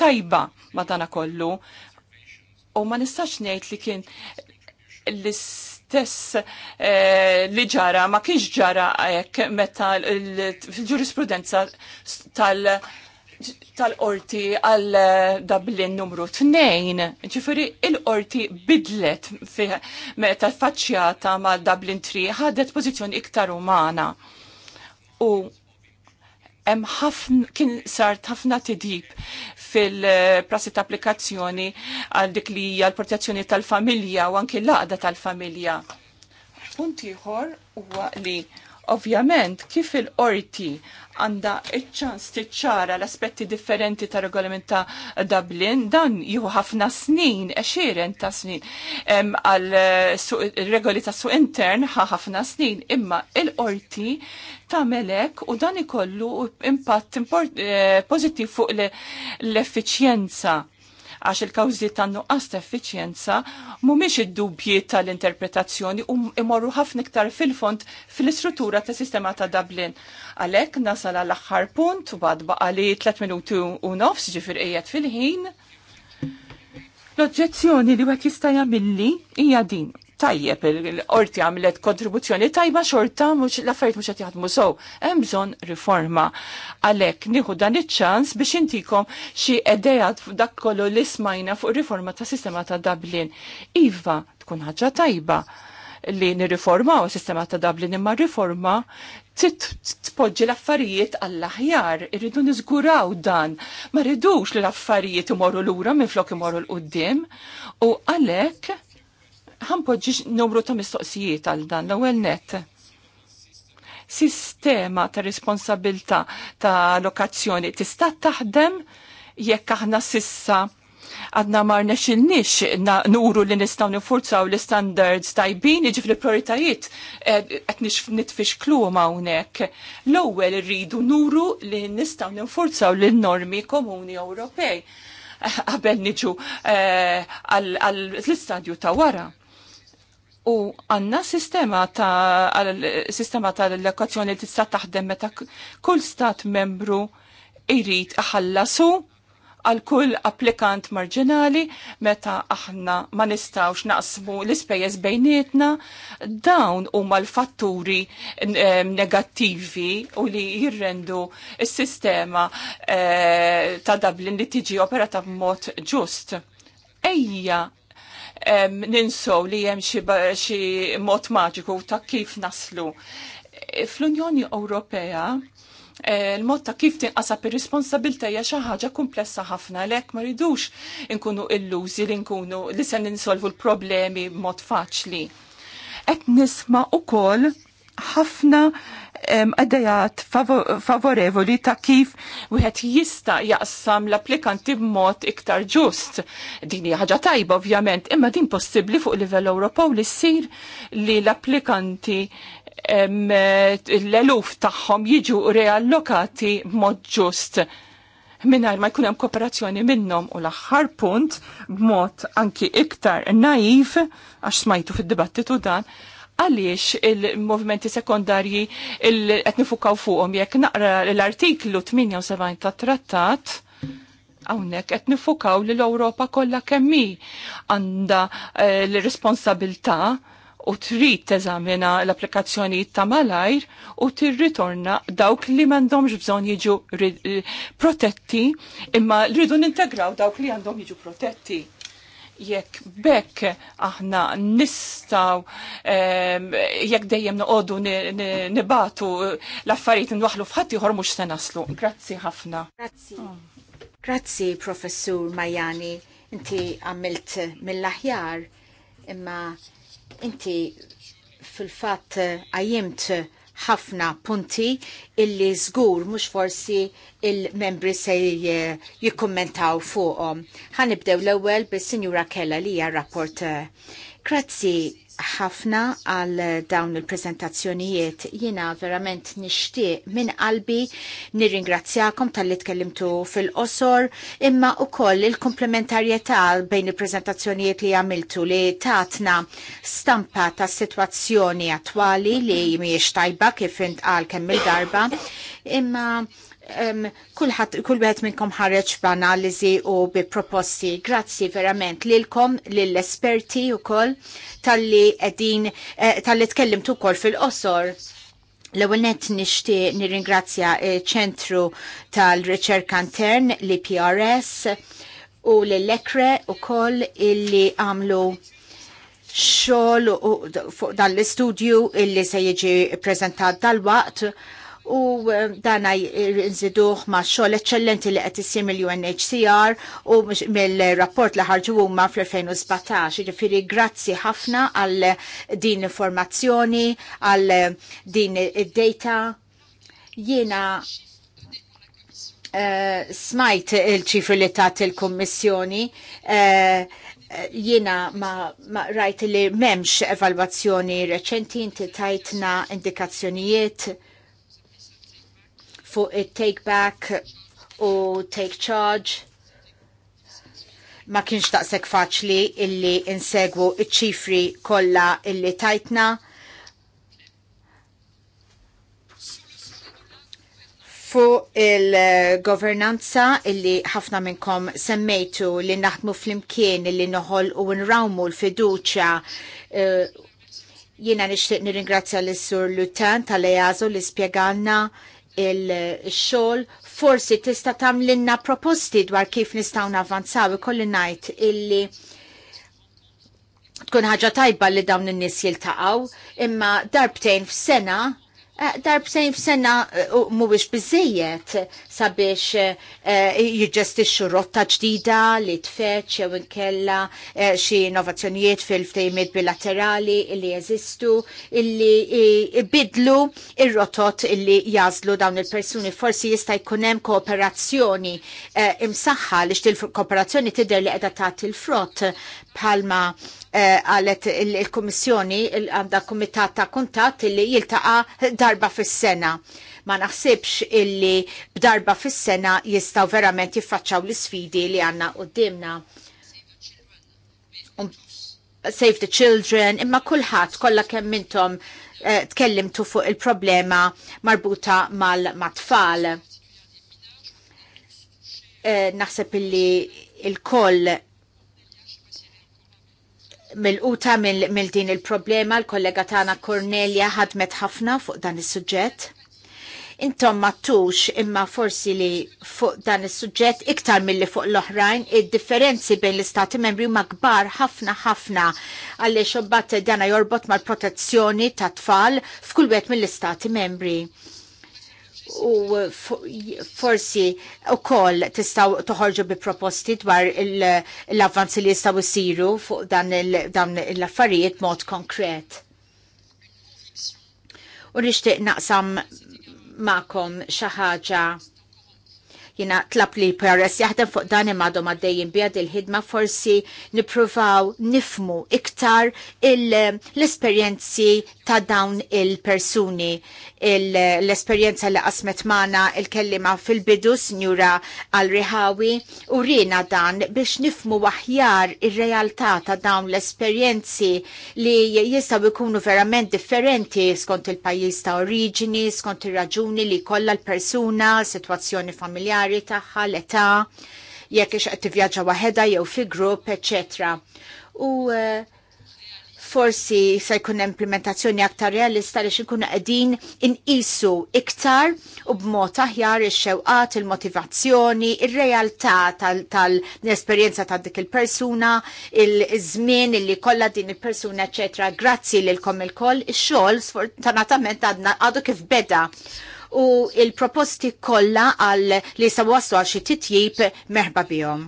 S3: tajba madana kollu. U ma nistax ngħid li kien l-istess eh, li ġara ma kienx ġara hekk meta fil-ġurisprudenza tal-Qorti tal-qorti għal eh, Dublin numru 2, ġifiri il-qorti bidlet meta faċċjata ma' Dublin 3 ħadet pożizzjoni iktar umana. U hemm ħafna kien sart ħafna tidib fil-prassi ta' applikazzjoni għal dik li hija l-protezzjoni tal-familja u anke l-għaqda tal-familja. Punt ieħor huwa li Ovvjament, kif il-qorti għanda iċ tiċċara l-aspetti differenti ta' regolament ta' Dublin, dan juhu ħafna snin, eċiren ta' snin. Għal regoli ta' su intern ħafna snin, imma il-qorti ta' melek u dan ikollu impatt eh, pozittiv fuq l-effiċjenza għax il-kawżi tan-nuqqas ta' effiċjenza mhumiex id-dubji tal-interpretazzjoni u imorru ħafna iktar fil-fond fil-istruttura ta' sistema ta' Dublin. Għalhekk nasal għal aħħar punt u bad baqali 3 minuti u nofs ġifir qiegħed fil-ħin. L-oġġezzjoni li wek jista' jagħmilli hija din tajjeb, il orti għamlet kontribuzzjoni tajba xorta, mux l-affarijiet mux għatjaħdmu So, hemm bżonn riforma. Għalhekk nieħu dan iċ-ċans biex intikom xi edejat dak kollu li smajna fuq riforma ta' sistema ta' Dublin. Iva, tkun ħaġa tajba li nirriformaw sistema ta' Dublin imma riforma tpoġġi l-affarijiet għall-aħjar, irridu niżguraw dan, ma rridux li l-affarijiet imorru lura minflok imorru l-qoddim u għalhekk ħanpoġġi numru ta' mistoqsijiet għal dan l-ewwel net. Sistema ta' responsabilta ta' lokazzjoni tista' taħdem jekk aħna sissa għadna mar nexilnix nuru li nistaw nifurzaw l-standards tajbin, li jiġifieri prioritajiet għet eh, nitfix klu mawnek. L-ewel rridu nuru li nistaw nifurzaw l-normi komuni Ewropej. Għabel niġu eh, għall-istadju ta' wara. U għanna sistema ta' sistema ta' l-ekwazzjoni tista' taħdem meta kull stat membru jrid ħallasu għal kull applikant marġinali meta aħna ma nistawx naqsmu l-ispejjeż bejnietna dawn huma l-fatturi negattivi u li jirrendu s-sistema eh, ta' Dublin li tiġi operata b'mod ġust ejja ninsow li hemm xi mod maġiku ta' kif naslu. E, Fl-Unjoni Ewropea il-mod e, ta' kif tinqasab ir-responsabilta xi ħaġa komplessa ħafna għalhekk ma rridux inkunu illużi li nkunu li se ninsolvu l-problemi b'mod faċli. Qed nisma' ukoll ħafna għaddejat favorevoli ta' kif wieħed jista' jaqsam l-applikanti b'mod iktar ġust. Din hija ħaġa tajba ovvjament, imma din possibbli fuq livell Ewropew li ssir li l-applikanti l-eluf tagħhom jiġu reallokati b'mod ġust minnar ma jkun hemm kooperazzjoni minnhom u l-aħħar punt b'mod anki iktar naif għax smajtu fid-dibattitu dan għaliex il-movimenti sekondarji qed etnifukaw fuqhom jekk naqra l-artiklu 78 ta' trattat hawnhekk qed nifukaw l ewropa kollha kemm għanda għandha eh, l-responsabilità u trid teżamina l-applikazzjoni ta' malajr u tirritorna dawk li m'għandhomx bżonn jiġu protetti imma rridu nintegraw dawk li għandhom jiġu protetti jekk bekk aħna nistaw jekk dejjem noqogħdu nibatu eh, l-affarijiet nwaħlu f'ħadd ieħor mhux se naslu. Grazzi ħafna. Grazzi. Grazzi Professur Majani,
S2: inti għamilt mill-aħjar imma inti fil-fatt għajjimt ħafna punti illi żgur mhux forsi il-membri se eh, jikkommentaw fuqhom. Ħanibdew l-ewwel bis-Sinjura Kella li hija rapport. Grazzi, ħafna għal dawn il-prezentazzjonijiet. Jina verament nishtiq minn qalbi nirringrazzjakom tal-li tkellimtu fil-qosor imma u koll il-komplementarjetà bejn il-prezentazzjonijiet li għamiltu li tatna stampa ta' situazzjoni attwali li miex tajba kif int għal kemm il-darba imma kullħat, kull wieħed minnkom ħareġ b'analiżi u bi proposti. Grazzi verament lilkom, lill-esperti wkoll tal-li edin, eh, tal-li tkellimt ukoll fil-qosor. L-ewwel nett nixtieq nirringrazzja ċentru tal-Riċerka Intern li PRS u l-Lekre ukoll e illi għamlu xogħol fuq dan l-istudju illi se jiġi prezentat dal-waqt u eh, dana eh, nżiduh ma' xogħol eċċellenti li qed isir il unhcr u mill-rapport li ħarġu huma fl-2017. Ġifiri, grazzi ħafna għal din informazzjoni, għal din id-data. Jiena eh, smajt il-ċifri li tat il-Kommissjoni, jiena ma, ma rajt li memx evalwazzjoni reċenti inti tajtna indikazzjonijiet fuq it-take back u take charge ma kienx taqsek faċli illi insegwu iċ-ċifri kollha illi tajtna. Fu il-governanza illi ħafna minnkom semmejtu li naħdmu fl-imkien illi noħol u nrawmu l-fiduċa eh, jiena nixtieq nirringrazzja l-Sur Lutan tal ejazu li spjegalna il-xol forsi tista tamlinna proposti dwar kif nistaw navanzaw ikolli najt illi tkun ħaġa tajba li dawn in-nies jiltaqgħu imma darbtejn f'sena Eh, darb sejn mu eh, mhuwiex biżejjed sabiex eh, jiġġestixxu rotta ġdida li tfeċ jew inkella xi innovazzjonijiet fil-ftejmiet bilaterali li jeżistu illi bidlu ir-rotot illi jazlu dawn il-persuni. Forsi jista' jkun hemm kooperazzjoni imsaħħa li xtil kooperazzjoni tidher li qiegħda tagħti il-frott palma Eh, għalet il-Komissjoni għanda komitat ta' kuntat li jiltaqa darba fis-sena. Ma naħsibx illi b'darba fis-sena jistaw verament jiffaċċaw l-sfidi li għanna qoddimna. Um, save the Children, imma kullħat kollha kemm intom eh, tkellimtu fuq il-problema marbuta mal matfal eh, Naħseb illi il-koll mill-quta mill-din il-problema l-kollega Tana Cornelia ħadmet ħafna fuq dan is-suġġett. Intom mattux imma forsi li fuq dan is-suġġett iktar milli fuq l-oħrajn id-differenzi bejn l-istati membri ma gbar ħafna ħafna għaliex xobbat dana jorbot mal-protezzjoni tat-tfal f'kull wet mill-istati membri u forsi u koll tistaw toħorġu bi proposti dwar l-avvanzi li jistaw siru fuq dan l-affarijiet mod konkret. U nishtiq naqsam ma'kom xaħġa Jina tlab li peres jaħdem fuq dan imadhom għaddejjin bjad il-ħidma forsi nipruvaw nifmu iktar eh, l-esperjenzi ta' dawn il-persuni. Eh, l-esperjenza li qasmet mana il-kellima fil-bidu sinjura għal-riħawi u rina dan biex nifmu waħjar ir-realtà ta' dawn l-esperjenzi li jistaw ikunu verament differenti skont il-pajjiż ta' oriġini, skont ir-raġuni li kolla l-persuna, situazzjoni familjari, partikolari tagħha, l-età, jekk ix qed tivvjaġġa waħedha jew fi grupp, eċetera. U eh, forsi se jkun implementazzjoni aktar realista li xinkun qegħdin inqisu iktar u b'mod aħjar ix-xewqat, il-motivazzjoni, ir-realtà il motivazzjoni ir realtà tal esperjenza tal ta' dik il-persuna, il-żmien illi kollha din il-persuna, eċetera. Grazzi lilkom ilkoll, ix-xogħol sfortunatament għadna għadu kif beda u il-proposti kollha għal li sa waslu għal xi titjib meħba bihom.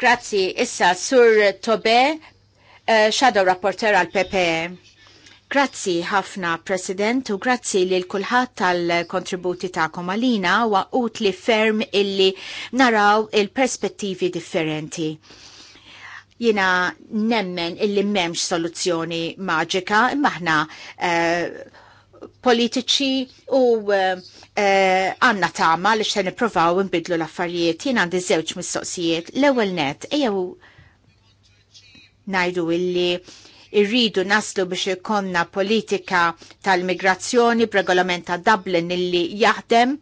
S2: Grazzi, issa Sur Tobe, uh, Shadow Rapporter għal PPE. Grazzi ħafna President u grazzi li l-kulħat tal-kontributi ta' komalina wa għut li ferm illi naraw il-perspettivi differenti. Jina nemmen illi memx soluzzjoni maġika imma uh, politiċi u eh, eh, għanna uh, tama li xten niprofaw nbidlu l-affarijiet. Jien għandi żewġ mistoqsijiet. L-ewwel net, ejaw najdu illi irridu naslu biex ikonna politika tal-migrazzjoni b'regolament ta' Dublin illi jaħdem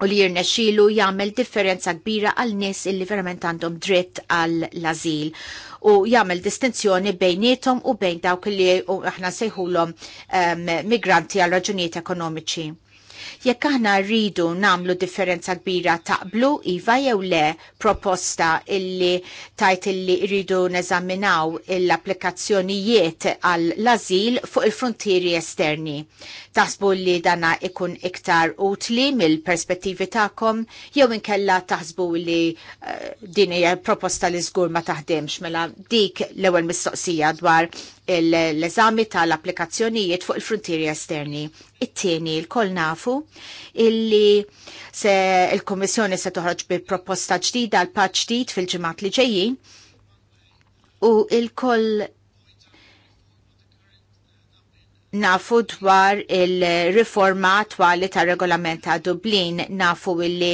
S2: u li jirnexxielu jagħmel differenza kbira għal nies illi verament għandhom dritt għall-azil u jagħmel distinzjoni bejnietom u bejn dawk li aħna sejħulhom migranti għal raġunijiet ekonomiċi. Jekk aħna rridu namlu differenza kbira taqblu iva jew le proposta illi tajt illi rridu neżaminaw l-applikazzjonijiet għall-azil fuq il-frontieri esterni. Taħsbu li dana ikun iktar utli mill-perspettivi tagħkom jew inkella taħsbu li uh, din hija proposta li żgur ma taħdemx mela dik l-ewwel mistoqsija dwar l-eżami tal-applikazzjonijiet fuq il-frontieri esterni. It-tieni l-kol nafu illi se il komissjoni se toħroġ bi proposta ġdida għal paċ ġdid fil-ġimgħat li ġejjin u il-koll nafu dwar il-riforma twali ta' regolament ta' Dublin nafu illi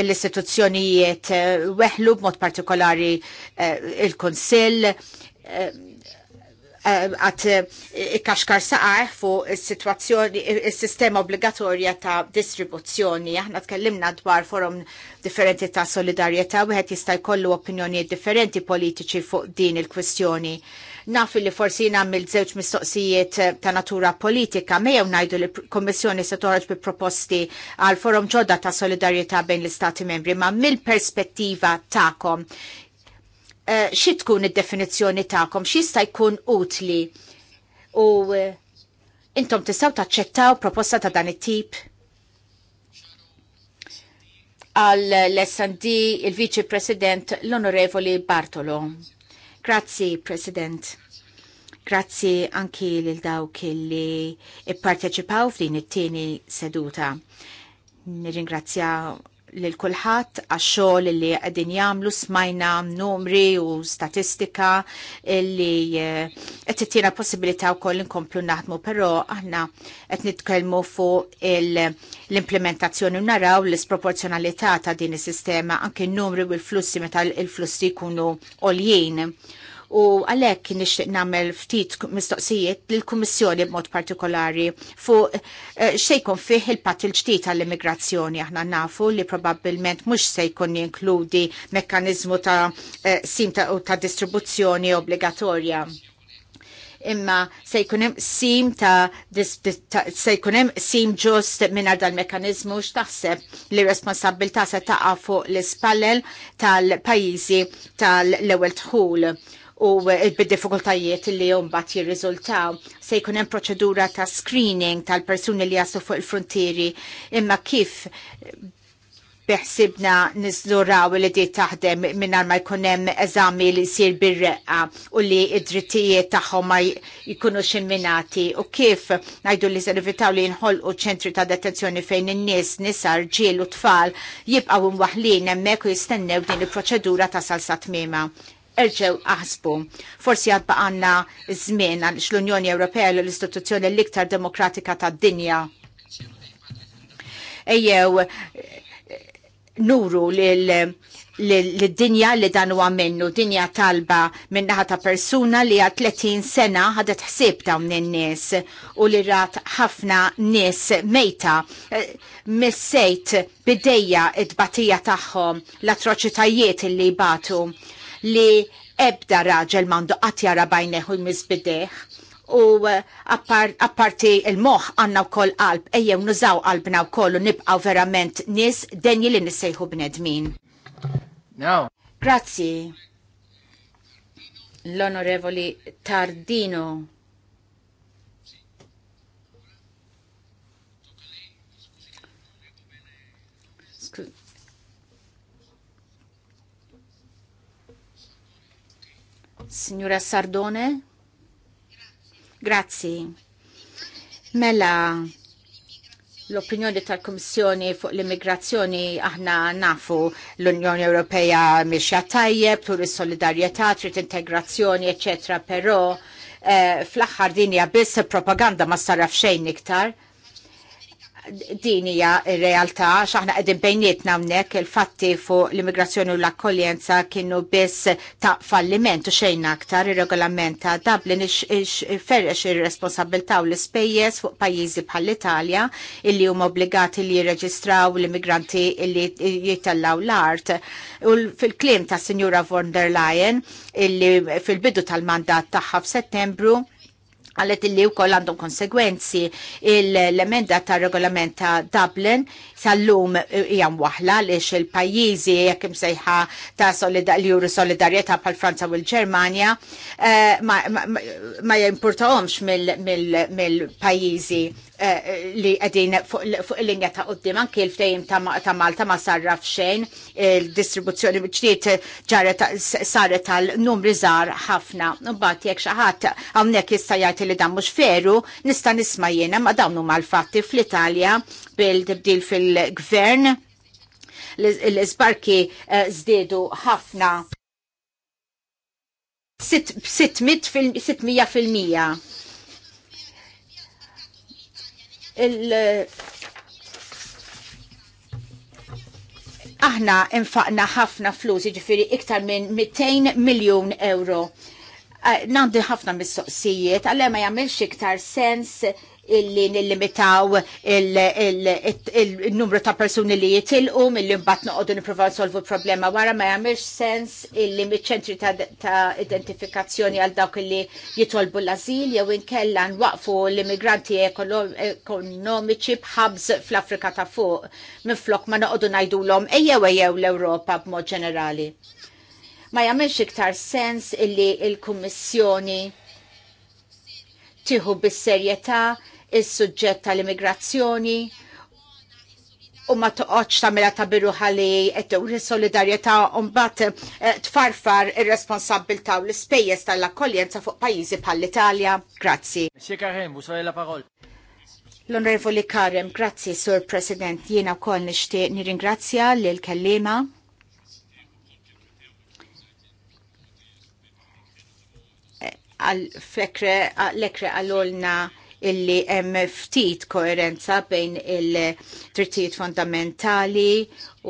S2: l-istituzzjonijiet eh, weħlu b'mod partikolari eh, il konsil eh, Eh, għat eh, kaxkar saqaħ fuq situazzjoni il-sistema obbligatorja ta' distribuzzjoni. Aħna tkellimna dwar forum differenti ta' solidarieta, u għet jista' jkollu opinjoni differenti politiċi fuq din il-kwistjoni. Naf li forsi mill żewġ mistoqsijiet ta' natura politika, mejjew najdu li kommissjoni se toħroġ bi proposti għal forum ġodda ta' solidarieta bejn l-Istati membri, ma' mill-perspettiva ta'kom Eh, xi tkun id-definizzjoni tagħkom, xi jista' jkun utli u eh, intom tistgħu taċċettaw proposta ta' dan it-tip għal l-SND il-Viċi President l-Onorevoli Bartolo. Grazzi, President. Grazzi anki lil dawk li ipparteċipaw f'din it-tieni seduta. Nirringrazzja lil kulħadd għax-xogħol li qegħdin jagħmlu smajna numri u statistika li eh, qed tittina possibilità wkoll inkomplu naħdmu, però aħna qed nitkellmu fuq l-implementazzjoni u naraw l-isproporzjonalità ta' din is-sistema anke n-numri u l-flussi meta l-flussi jkunu għoljien u għalhekk nixtieq nagħmel ftit mistoqsijiet lill-Kummissjoni b'mod partikolari fuq eh, xejkun fih il pat il-ġdid għall-immigrazzjoni aħna nafu li probabbilment mhux se jkun jinkludi mekkaniżmu ta' eh, sim ta' distribuzzjoni obbligatorja imma se jkunem sim ta', dis, ta se sim ġust minna dal-mekanizmu x'taħseb li responsabilta se taqa fuq l-ispallel tal-pajizi tal-ewel tħul u bid-diffikultajiet li jumbat jirriżultaw. Se jkun hemm proċedura ta' screening tal-persuni li jaslu fuq il-frontieri imma kif beħsibna nizluraw li di taħdem minnar ma jkunem eżami li sir reqqa u li id-drittijiet tagħhom ma jkunu xemminati u kif najdu li servitaw li nħolqu ċentri ta' detenzjoni fejn in-nies, nisa, rġiel u tfal jibqgħu mwaħlin hemmhekk u jistennew din il-proċedura ta' salsa tmiema erġew aħsbu. Forsi għad baqanna żmien għan l-Unjoni Ewropea l-istituzzjoni l-iktar demokratika tad-dinja. Ejjew nuru lil l-dinja li dan huwa minnu, dinja talba minnaħa ta' persuna li għal 30 sena ħadet ħsieb dawn in-nies u li rat ħafna nies mejta eh, missejt bidejja id-batija tagħhom l-atroċitajiet li batu li ebda raġel mandu għatjara bajneħu mizbideħ u eh, apparti il-moħ għanna u koll qalb, ejjew nużaw qalbna u koll u nibqaw verament nis denji li nissejħu bnedmin. No. Grazzi. L-onorevoli Tardino. Signora Sardone? Grazie. Mela, l-opinjoni tal-Komissjoni fuq l-immigrazzjoni aħna nafu l-Unjoni Ewropea miexja tajjeb, turi is-solidarjetà, trid integrazzjoni, eccetera, però eh, fl-aħħar dinja biss propaganda ma saraf xejn iktar din hija r-realtà x'aħna qegħdin bejnietna hawnhekk il-fatti fuq l-immigrazzjoni u l-akkoljenza kienu biss ta' falliment u xejn aktar ir-regolament ta' Dublin ferrex ir responsabilta u l-ispejjeż fuq pajjiżi bħall-Italja illi huma obbligati li jirreġistraw l-immigranti illi jitellaw l-art. U fil-klim ta' Sinjura von der Leyen illi fil-bidu tal-mandat tagħha f'Settembru għallet illi u koll għandhom konsegwenzi l-emenda ta' regolament ta' Dublin sal-lum eh, jgħam wahla li il-pajizi jgħak imsejħa ta' l-juru solidarieta pal franza u l-Germania eh, ma jimportawomx mill-pajizi Eh, li għedin fuq il-linja ta' għoddim anki l-ftejim ta' Malta ma' sarraf xejn il-distribuzzjoni ġdiet ġarret saret tal numri zar ħafna. Mbagħad jekk xi ħadd hawnhekk jista' jgħid li dan mhux feru, nista' nisma' jiena ma' dawn huma l-fatti fl-Italja bil-tibdil fil-gvern l-isbarki eh, żdiedu ħafna 600 fil-mija il- aħna infaqna ħafna flus, ġifiri iktar minn 200 miljon euro. Nandi ħafna mis-soqsijiet, għalle ma jagħmilx iktar sens illi nillimitaw il-numru ta' persuni li jitilqu mill mbagħad noqogħdu nippruvaw solvu problema wara ma jagħmilx sens illi miċ-ċentri ta' identifikazzjoni għal dawk illi jitolbu l-azil jew inkella nwaqfu l-immigranti ekonomiċi bħabs fl-Afrika ta' fuq minflok ma noqogħdu ngħidulhom ejjew ejjew l-Ewropa b'mod ġenerali. Ma jagħmilx iktar sens illi il-Kummissjoni tiħu bis-serjetà l kummissjoni tiħu bis serjetà is-suġġett tal-immigrazzjoni u ma toqgħodx tagħmilha ta' biru ħalli qed is solidarjetà u mbagħad eh, tfarfar ir-responsabbiltà u l-ispejjeż tal-akkoljenza fuq pajjiżi bħall-Italja. Grazzi. L-Onorevoli Karem, grazzi Sur President, jiena wkoll nixtieq nirringrazzja lil kellima. Eh, għal-fekre, l-ekre għallolna illi hemm ftit koerenza bejn il-trittijiet fondamentali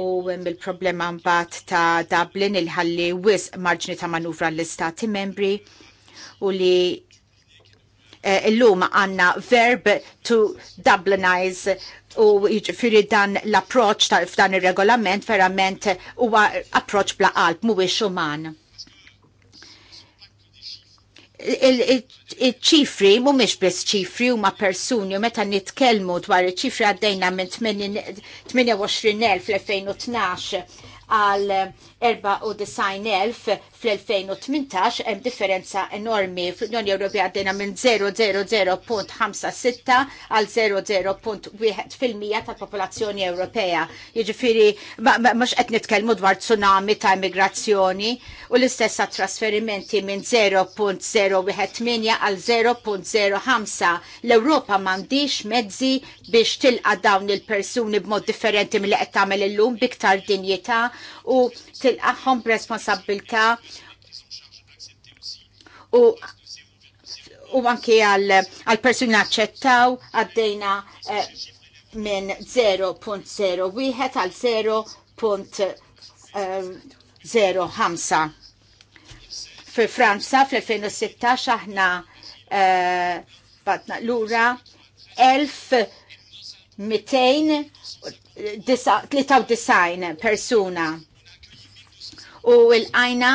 S2: u hemm il-problema mbagħad ta' Dublin il-ħalli wisq marġni ta' manuvra l-istati membri u li eh, illum għanna verb to Dublinize u jiġifieri dan l approċċ ta' f'dan ir regolament verament huwa approċċ bla qalb mhuwiex uman il-ċifri mhumiex bis ċifri huma persuni u meta nitkellmu dwar iċ-ċifri għaddejna minn 28,000 fl-2012 għal 94,000 fl-2018 hemm differenza enormi fl-Unjoni Ewropea għaddejna minn 0,00.56 għal 0,01% tal-popolazzjoni Ewropea. Jiġifieri mhux qed nitkellmu dwar tsunami ta' immigrazzjoni u l-istess trasferimenti minn 0.018 għal 0.05. L-Ewropa m'għandix mezzi biex tilqa' dawn il-persuni b'mod differenti mill-li qed tagħmel illum biktar dinjità u il-aħħom responsabilta u u anke għal persuni naċċettaw għaddejna eh, minn 0.01 għal 0.05. Eh, Fil Franza fl-2016 aħna eh, batna l-ura 1293 persuna u l ajna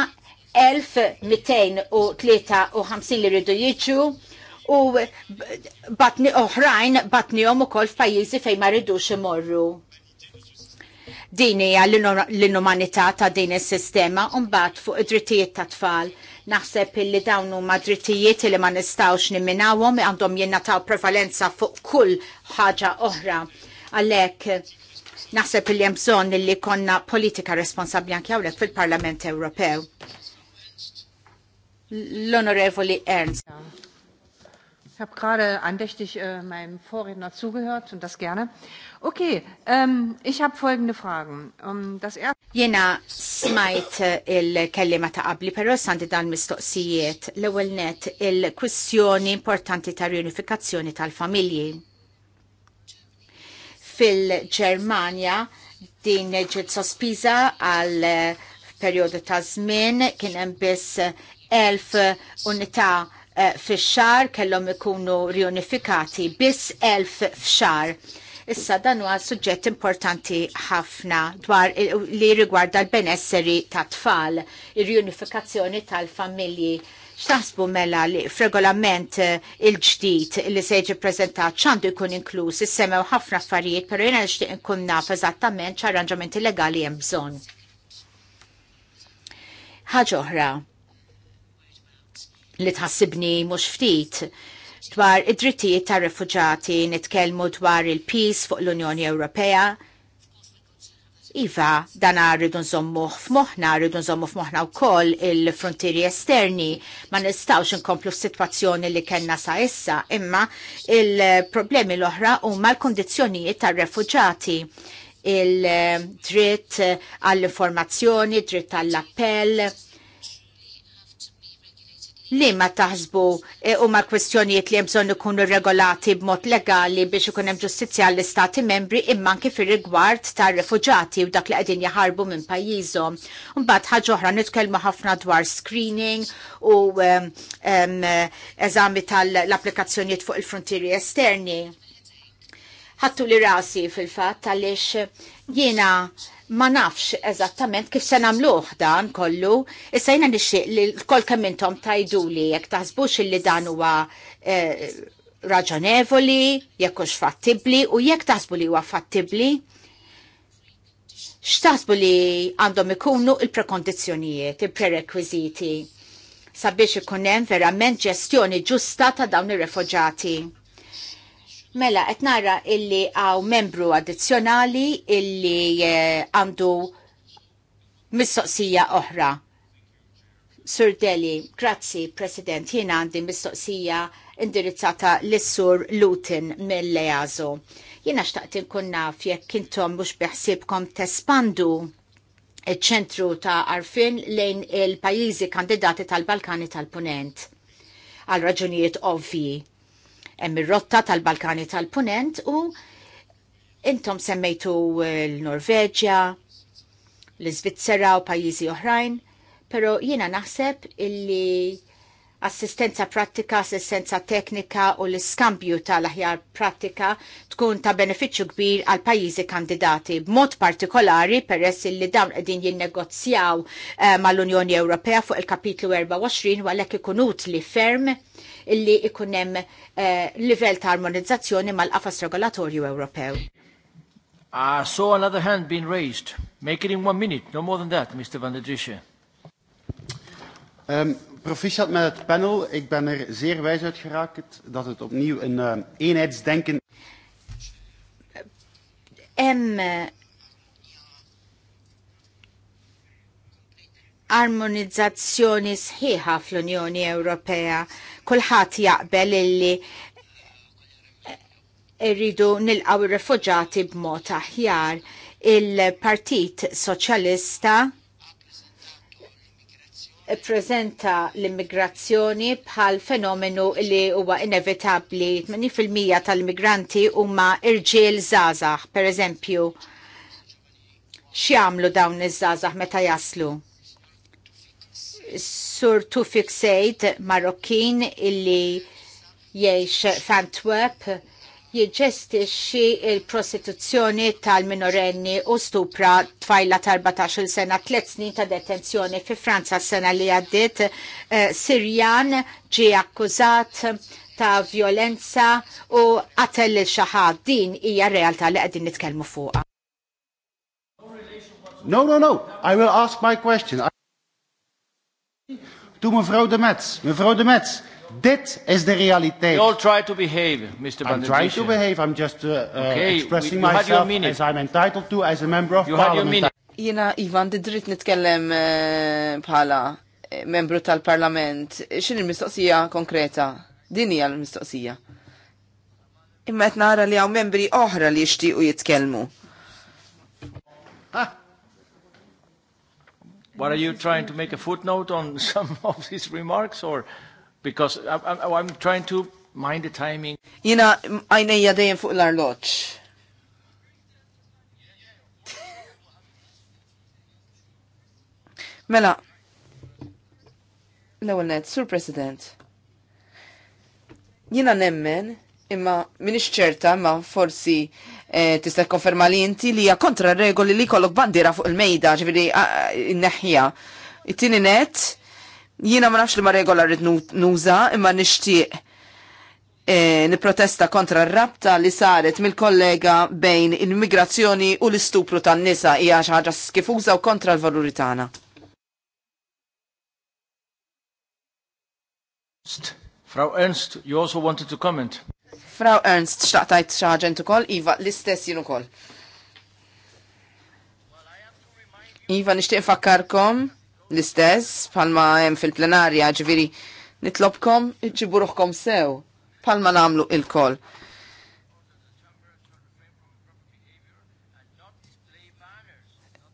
S2: 1253 li rridu jiġu u batni oħrajn batnihom ukoll f'pajjiżi fejn ma rridux imorru. Din hija l-inumanità ta' din is-sistema u mbagħad fuq id-drittijiet tat tfal naħseb li dawn huma drittijiet li ma nistgħux nimminawhom għandhom jinnataw prevalenza fuq kull ħaġa oħra. Għalhekk Naħseb il hemm bżonn li konna politika responsabbli anke hawnhekk fil-Parlament Ewropew. L-Onorevoli Ernst. Ich habe gerade
S3: andächtig äh, meinem Vorredner zugehört und das gerne. Okay, ähm, ich habe folgende Fragen. Um, das erste Jena smajt
S2: äh, il-kellima ta' qabli, pero sandi dan mistoqsijiet l ewwel net il kwissjoni importanti ta' riunifikazzjoni tal-familji fil-Ġermanja din ġiet sospiża għal eh, perjodu ta' żmien kien hemm biss elf unità eh, fix-xar kellhom ikunu riunifikati biss elf f'xar. Issa dan huwa suġġett importanti ħafna dwar eh, li rigwarda l-benesseri ta' tfal, ir-riunifikazzjoni tal-familji X'taħsbu mela li f'regolament eh, il-ġdid li se jiġi preżentat x'għandu jkun inkluż semew ħafna affarijiet, però jiena nixtieq inkun naf eżattament x'arranġamenti legali hemm bżonn. Ħaġa oħra li tħassibni mhux ftit dwar id-drittijiet tar-refuġati nitkellmu dwar il-peace fuq l-Unjoni Ewropea Iva, dan rridu nżommuħ f'moħna, rridu nżommuħ f'moħna u koll il-frontieri esterni, ma nistawx nkomplu situazzjoni li kena sa' issa, imma il-problemi l-oħra u l kondizjonijiet tar-refugġati il-dritt għall-informazzjoni, dritt għall-appell, li ma taħsbu e, u ma kwestjonijiet li jemżon ikunu regolati b'mod legali biex ikun hemm ġustizzja għall-istati membri imma anke fir rigward tar refuġati u dak li qegħdin jaħarbu minn pajjiżhom. Mbagħad ħaġa oħra nitkellmu ħafna dwar screening u eżami tal-applikazzjonijiet fuq il-frontieri esterni. Ħattu li rasi fil-fatt għaliex jiena ma nafx eżattament kif se nagħmluh dan kollu, issa jina nixxie li l-kol kemm intom li jekk taħsbux li dan huwa eh, raġonevoli, jekk hux fattibbli u jekk taħsbu li huwa fattibbli, x'taħsbu li għandhom ikunu il-prekondizzjonijiet, il-prerekwiżiti sabiex ikun hemm verament ġestjoni ġusta ta' dawn ir-refuġati Mela, qed nara illi għaw membru addizzjonali illi eh, għandu mistoqsija oħra. Sur Deli, grazzi President, jiena għandi mistoqsija indirizzata l-Sur Lutin mill-Leazo. Jiena xtaqt inkun naf jekk intom mhux biħsibkom tespandu ċ-ċentru ta' arfin lejn il-pajjiżi kandidati tal-Balkani tal-Punent għal raġunijiet ovvi hemm ir-rotta tal-Balkani tal-Punent u intom semmejtu eh, l-Norveġja, l-Iżvizzera u pajjiżi oħrajn, pero jiena naħseb illi assistenza pratika, assistenza teknika u l-iskambju tal-aħjar pratika tkun ta' beneficju kbir għal pajjiżi kandidati. B'mod partikolari, peress li dawn qegħdin jinnegozjaw eh, mal-Unjoni Ewropea fuq il-kapitlu 24 għalhekk ikun utli ferm illi ikun hemm eh, livell ta' armonizzazzjoni mal-qafas regolatorju Ewropew.
S1: I saw another hand being raised. Make it in one minute, no more than that, Mr. Van der Drische. Um, proficiat met het panel. Ik ben er zeer wijs uit geraakt dat het opnieuw een uh, eenheidsdenken...
S2: Em eh, armonizzazzjoni sħiħa fl-Unjoni Ewropea. Kulħadd jaqbel illi eh, irridu nilqaw ir-refuġati b'mod aħjar. Il-Partit Soċjalista prezenta l-immigrazzjoni bħal fenomenu li huwa inevitabli. 80% tal-immigranti huma irġiel żgħażagħ, pereżempju. X'jagħmlu dawn iż-żgħażagħ meta jaslu? Sur Tufik Sejd Marokkin illi jgħix f'Antwerp jiġestixxi il-prostituzzjoni tal-minorenni u stupra tfajla tal-14 sena tliet snin ta' detenzjoni fi Franza sena li għaddiet eh, Sirjan ġie akkużat ta' violenza u qatel il xaħad din hija realtà li qegħdin nitkellmu fuqha.
S1: No, no, no. I will ask my question. Tu mevrouw de Metz. Mevrouw de Metz, That is the reality. You all try to behave, Mr. I'm trying to behave. I'm just uh, uh okay, expressing we, you myself as I'm entitled to as a member of you parliament.
S4: Jena Ivan, di dritt nitkellem uh, bħala eh, membru tal-parlament. Xin il-mistoqsija konkreta? Dini għal mistoqsija Imma qed nara li għaw membri oħra li u jitkellmu.
S1: What are you trying to make a footnote on some of these remarks or? Because I, I, I'm trying to mind the timing.
S4: Jina għajnejja dejjem fuq l-arloċ. Mela, l-ewwel net, Sur President. Jiena nemmen imma minix ċerta ma forsi eh, tista' konferma li inti li hija kontra regoli li jkollok bandira fuq il-mejda ġifieri neħja it tini net Jiena ma nafx li ma regola rrid nuża imma nixtieq e, niprotesta kontra r-rabta li saret mill-kollega bejn il-migrazzjoni u l-istupru tan-nisa hija xi ħaġa skifuża u kontra l-valuri tagħna. Frau Ernst,
S1: you also wanted to comment.
S4: Frau Ernst, xtaqtajt xaġent ukoll, Iva, l-istess jien ukoll. Iva, nixtieq fakkarkom l-istess palma hemm fil-plenarja ġiviri, nitlobkom ġiburuħkom sew palma namlu il-kol.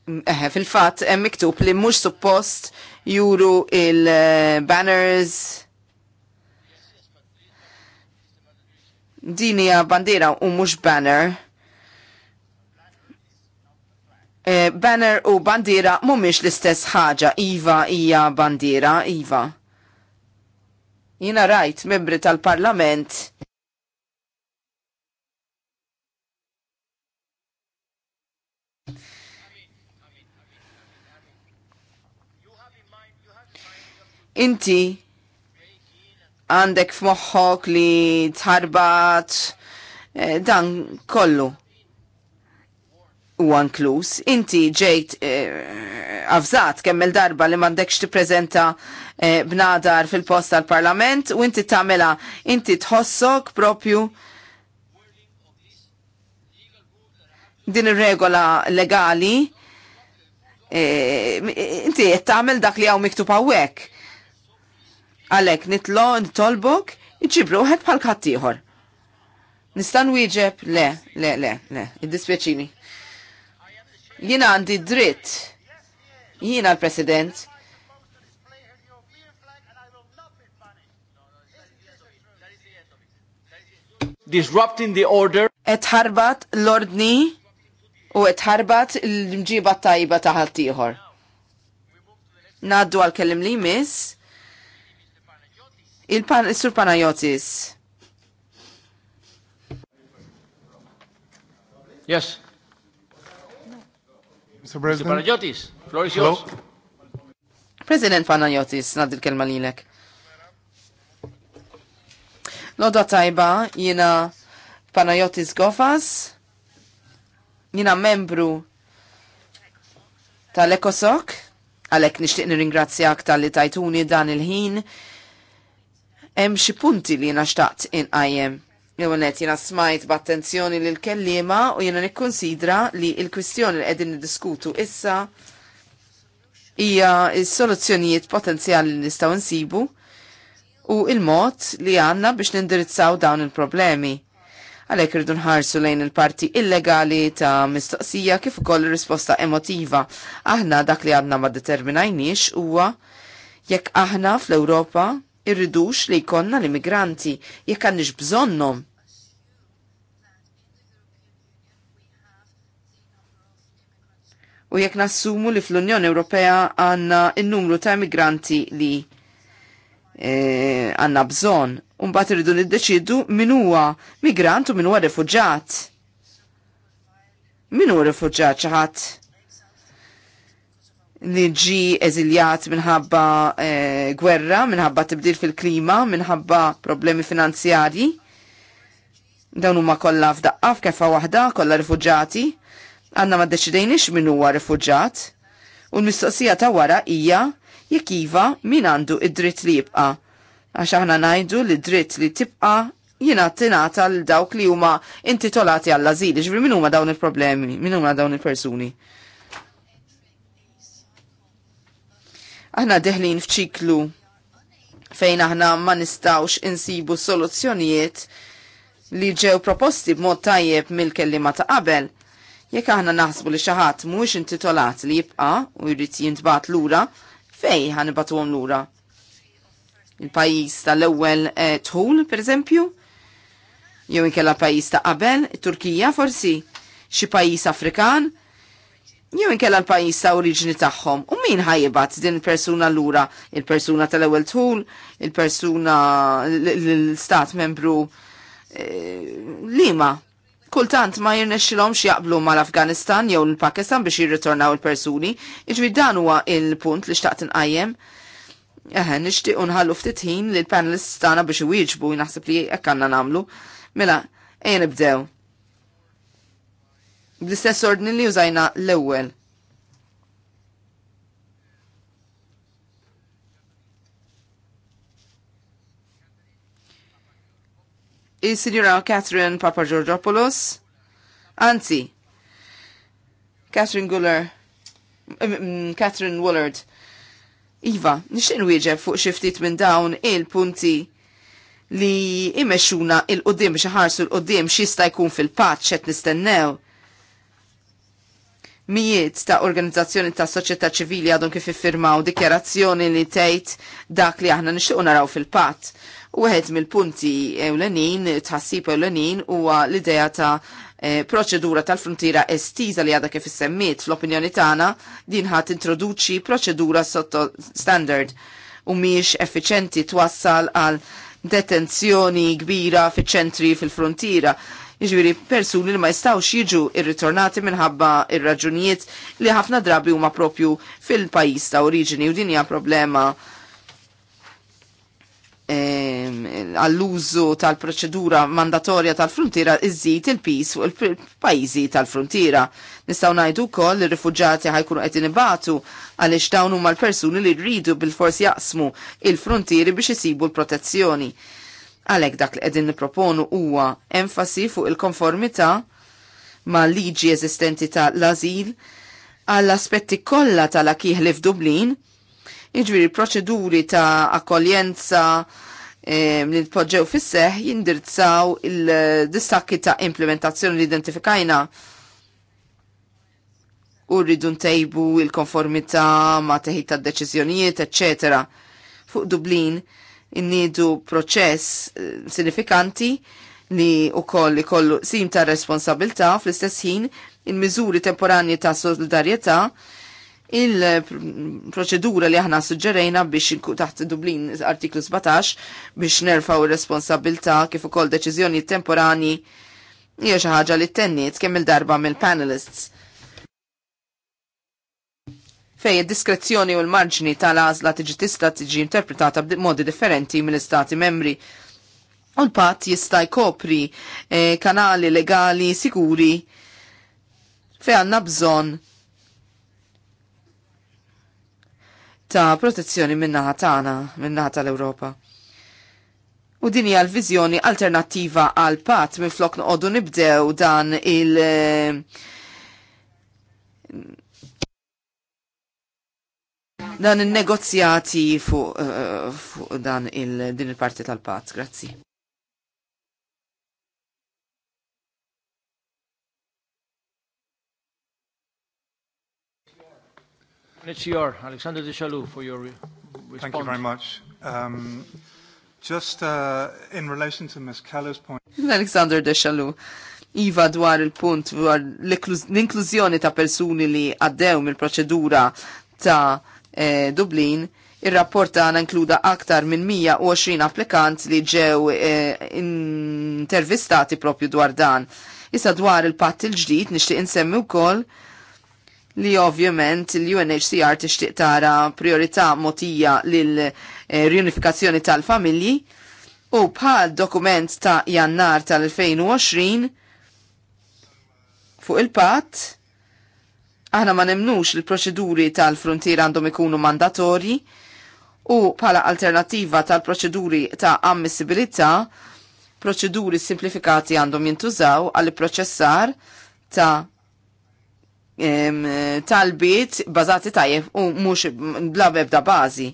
S4: Eħe, eh, fil-fat, hemm miktub li mhux suppost juru il-banners dinija bandira u mhux banner Eh, banner u bandira mumiex l-istess ħaġa, Iva hija bandira, Iva. Jina rajt membri tal-parlament Inti għandek f'moħħok li tħarbat eh, dan kollu u anklus, inti ġejt għafżat eh, kemm il-darba li mandekx tippreżenta prezenta eh, bnadar fil-post tal-parlament u inti tamela, inti tħossok propju din ir-regola legali eh, inti qed tagħmel dak li hawn miktub hawnhekk. Għalhekk nitlo nitolbok iġibru wieħed bħal ħaddieħor. Nistan wieġeb? Le, le, le, le, id dispieċini Jina għandi dritt. Jina l-President. Disrupting the order. Etħarbat l-ordni u etħarbat l-mġiba tajba taħaltiħor. Naddu għal-kellim li mis, Il-sur -pan, Yes. Mr. President. Mr.
S1: Panagiotis, floor is yours.
S4: President Panagiotis, nadil kelma lilek. Loda tajba, jina Panagiotis Gofas, jina membru tal-Ekosok, għalek nishtiq nir-ingrazzjak tal-li tajtuni dan il-ħin, hemm xi punti li naxtaqt inqajjem. Jowenet, jena smajt b'attenzjoni l kellima u jena nikkonsidra li il-kwistjoni li qegħdin niddiskutu issa hija s-soluzzjonijiet potenzjali li nistgħu nsibu u il-mod li għandna biex nindirizzaw dawn il-problemi. Għalhekk irridu nħarsu lejn il-parti illegali ta' mistoqsija kif ukoll risposta emotiva. Aħna dak li għadna ma determinajniex huwa jekk aħna fl-Ewropa irridux li jkonna l-immigranti jekk għandix bżonnom. U jekk nassumu li fl-Unjoni Ewropea għanna il-numru ta' immigranti li għanna e, bżon, un-bat irridu niddeċidu min huwa migrant u min huwa rifuġġat. Min huwa refuġat ċaħat? li eżiljat minħabba eh, gwerra, minħabba tibdil fil-klima, minħabba problemi finanzjarji. Dawn huma kollha f'daqqa f'kefa waħda, kollha rifuġati. Għandna ma ddeċidejniex min huwa rifuġat. U l-mistoqsija ta' wara hija jekk iva min għandu id-dritt li jibqa' għax aħna ngħidu li dritt li tibqa jiena tingħata l dawk li huma intitolati għall ażil ġbri min huma dawn il-problemi, min huma dawn il-persuni. Aħna deħlin f'ċiklu fejn aħna ma nistawx insibu soluzzjonijiet li ġew proposti b'mod tajjeb mill-kellima ta' qabel. Jekk aħna naħsbu li xi ħadd mhuwiex intitolat li jibqa' u jrid jintbagħat lura, fej ħanibatuhom lura? Il-pajjiż tal-ewwel eh, tħul, pereżempju? Jew inkella pajjiż ta' qabel, it Turkija forsi, xi pajjiż Afrikan, jew inkella l-pajjiż ta' oriġini tagħhom. U min ħajjibat din il-persuna lura? Il-persuna tal-ewwel tul, il-persuna l-istat membru eh, lima. Kultant ma jirnexxilhom jaqblu mal-Afganistan jew l-Pakistan biex jirritornaw il-persuni, jiġri dan huwa il-punt li xtaqt inqajjem. Eħe, nixtieq nħallu ftit ħin li l-panelists tagħna biex iwieġbu jnaħseb li hekk għandna nagħmlu. Mela, ejja nibdew bl istess ordni li użajna l-ewwel. il-Sinjura Catherine Papagiorgopoulos, anzi, Catherine Guller, Catherine Woolard. Iva, nixtieq wieġeb fuq xi ftit minn dawn il-punti li imexxuna il-qoddim xi ħarsu l-qoddim xista jkun fil pat xet nistennew mijiet ta' organizzazzjoni ta' soċjetà ċivili għadhom kif iffirmaw dikjarazzjoni li tgħid dak li aħna nixtiequ naraw fil-patt. Wieħed mill-punti ewlenin, tħassib ewlenin huwa l-idea ta' eh, proċedura tal-frontiera estiża li għadha kif issemmiet fl-opinjoni tagħna din ħadd introduċi proċedura sotto standard u miex effiċenti twassal għal detenzjoni kbira fiċ-ċentri fil-frontiera. fil fruntiera fil frontiera Iġviri, persuni li ma jistawx jiġu irritornati minħabba ir-raġunijiet li ħafna drabi huma propju fil-pajis ta' oriġini u din hija problema ehm, għall-użu e, tal-proċedura mandatorja tal-frontiera iżżid il-pis fuq il-pajjiżi tal-frontiera. Nistgħu ngħidu wkoll li rifugġati ħajkunu qed inibatu għaliex dawn huma l-persuni li rridu bil-fors jaqsmu il-frontieri biex isibu l-protezzjoni. Għalek dak li qegħdin niproponu huwa enfasi fuq il-konformità ma' liġi eżistenti ta' l azil għall-aspetti kollha tal-akih li f'Dublin, iġviri proċeduri ta' akkoljenza li tpoġġew fis-seħ jindirzzaw il-distakki ta' implementazzjoni li identifikajna u rridu ntejbu il-konformità ma' teħid ta' deċiżjonijiet, eccetera. Fuq Dublin, innidu proċess eh, sinifikanti li u koll kollu sim ta' responsabilta fl-istess ħin il-mizuri temporanji ta' solidarieta il-proċedura li aħna suġġerejna biex taħt Dublin artiklu 17 biex nerfaw responsabilta kif ukoll deċiżjoni temporani hija xi ħaġa li tenniet kemm il-darba mill-panelists fej id-diskrezzjoni u l-marġni tal-għażla tiġi tista' tiġi interpretata b'modi differenti mill-istati membri. U l-patt jista' jkopri eh, kanali legali sikuri fej għandna bżonn ta' protezzjoni minnaħa tagħna, minnaħa tal-Ewropa. U din hija l-viżjoni alternattiva għal pat minn flok noqogħdu nibdew dan il- dan il-negozjati fuq eh, fu dan il-din il-parti tal-pazz. Grazzi.
S1: It's your, Alexander de Chalou, for your response. Thank you very much. Um, just uh, in relation to Ms. Keller's
S4: point. Alexander de Chalou. Iva dwar il-punt dwar l-inklużjoni ta' persuni li għaddew mill-proċedura ta' eh, Dublin. Ir-rapport tagħna inkluda aktar minn 120 applikant li ġew eh, intervistati propju dwar dan. Issa dwar il-patt il-ġdid nixtieq insemmi wkoll li ovvjament l-UNHCR tixtieq tara priorità motija l eh, riunifikazzjoni tal-familji u bħal dokument ta' jannar tal-2020 fuq il-patt Aħna ma nemnux li proċeduri tal-frontiera għandhom ikunu mandatorji u pala alternativa tal-proċeduri ta' ammissibilità, proċeduri simplifikati għandhom jintużaw għall proċessar ta' talbiet bazati tajjeb u mux bla ebda bazi.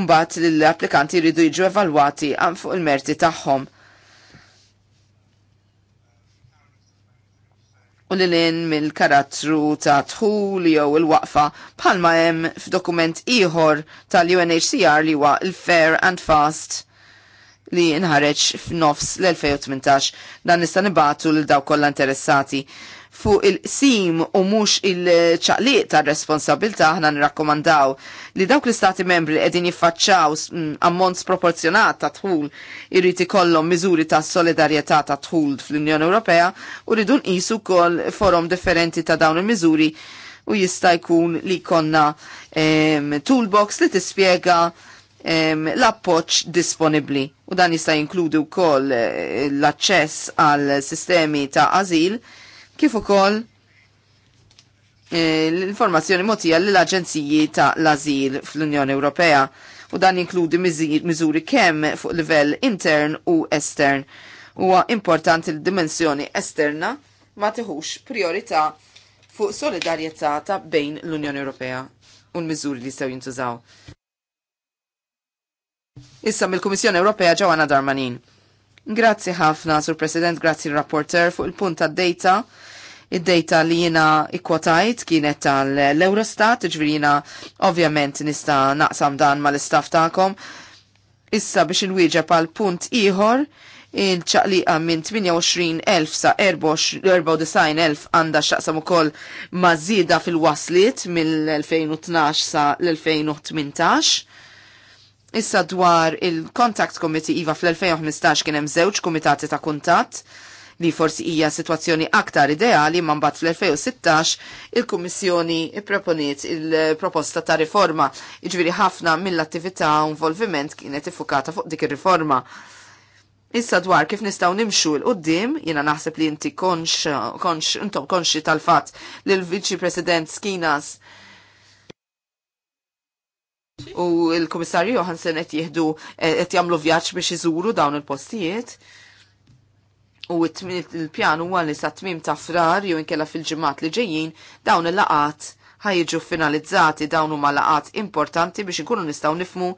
S4: Umbat l-applikanti jridu jiġu evalwati fuq il-merti tagħhom. u li l-in mill-karattru ta' tħul jew il-waqfa bħalma hemm f'dokument ieħor tal-UNHCR li huwa il-Fair and Fast li nħareġ f'nofs l-2018 dan nista' nibatu lil daw kollha interessati fuq il-sim u mux il-ċaqliq ta' responsabilta aħna nirakkomandaw li dawk l-istati membri edin jiffacċaw mm, ammont sproporzjonat ta' tħul irrit ikollhom miżuri ta' solidarjetà ta' tħul fl-Unjoni Ewropea u ridun isu kol forum differenti ta' dawn il-miżuri u jista' jkun li konna em, toolbox li tispjega l-appoċ disponibli u dan jista' jinkludi wkoll eh, l-aċċess għal sistemi ta' azil kif ukoll eh, l-informazzjoni motija l-Aġenziji ta' l-Azil fl-Unjoni Ewropea u dan jinkludi miżuri kemm fuq livell intern u estern. Huwa importanti l-dimensjoni esterna ma tiħux priorità fuq solidarjetà ta' bejn l-Unjoni Ewropea u l-miżuri li jistgħu jintużaw. Issa mill-Kummissjoni Ewropea ġewana Darmanin. Grazzi ħafna, Sur President, grazzi l-rapporter fuq il-punt tad data Id-data li jina ikkwotajt kienet tal-Eurostat, ġviri jina ovvjament nista naqsam dan mal-istaff ta'kom. Issa biex inwieġa pal punt iħor, il-ċaqliqa minn 28.000 sa 94.000 għanda xaqsam ukoll mażida fil-waslit mill-2012 sa l-2018. Issa dwar il-Contact Committee iva fl-2015 kien hemm żewġ kumitati ta' kuntatt li forsi hija situazzjoni aktar ideali ma mbagħad fl-2016 il-Kummissjoni proponiet il-proposta ta' riforma. Iġviri ħafna mill-attività u involviment kienet ifukata fuq dik ir-riforma. Issa dwar kif nistaw nimxu l-qoddim, jina naħseb li inti konx, konx, intom konxi tal-fat li l-Viċi President Skinas u l-Komissarju Johansen qed jieħdu qed jagħmlu vjaġġ biex iżuru dawn il-postijiet u il-pjan huwa li sa tmim ta' frar jew inkella fil ġimat li ġejjin dawn il-laqat ħajġu finalizzati dawn huma laqat importanti biex inkunu nistgħu nifmu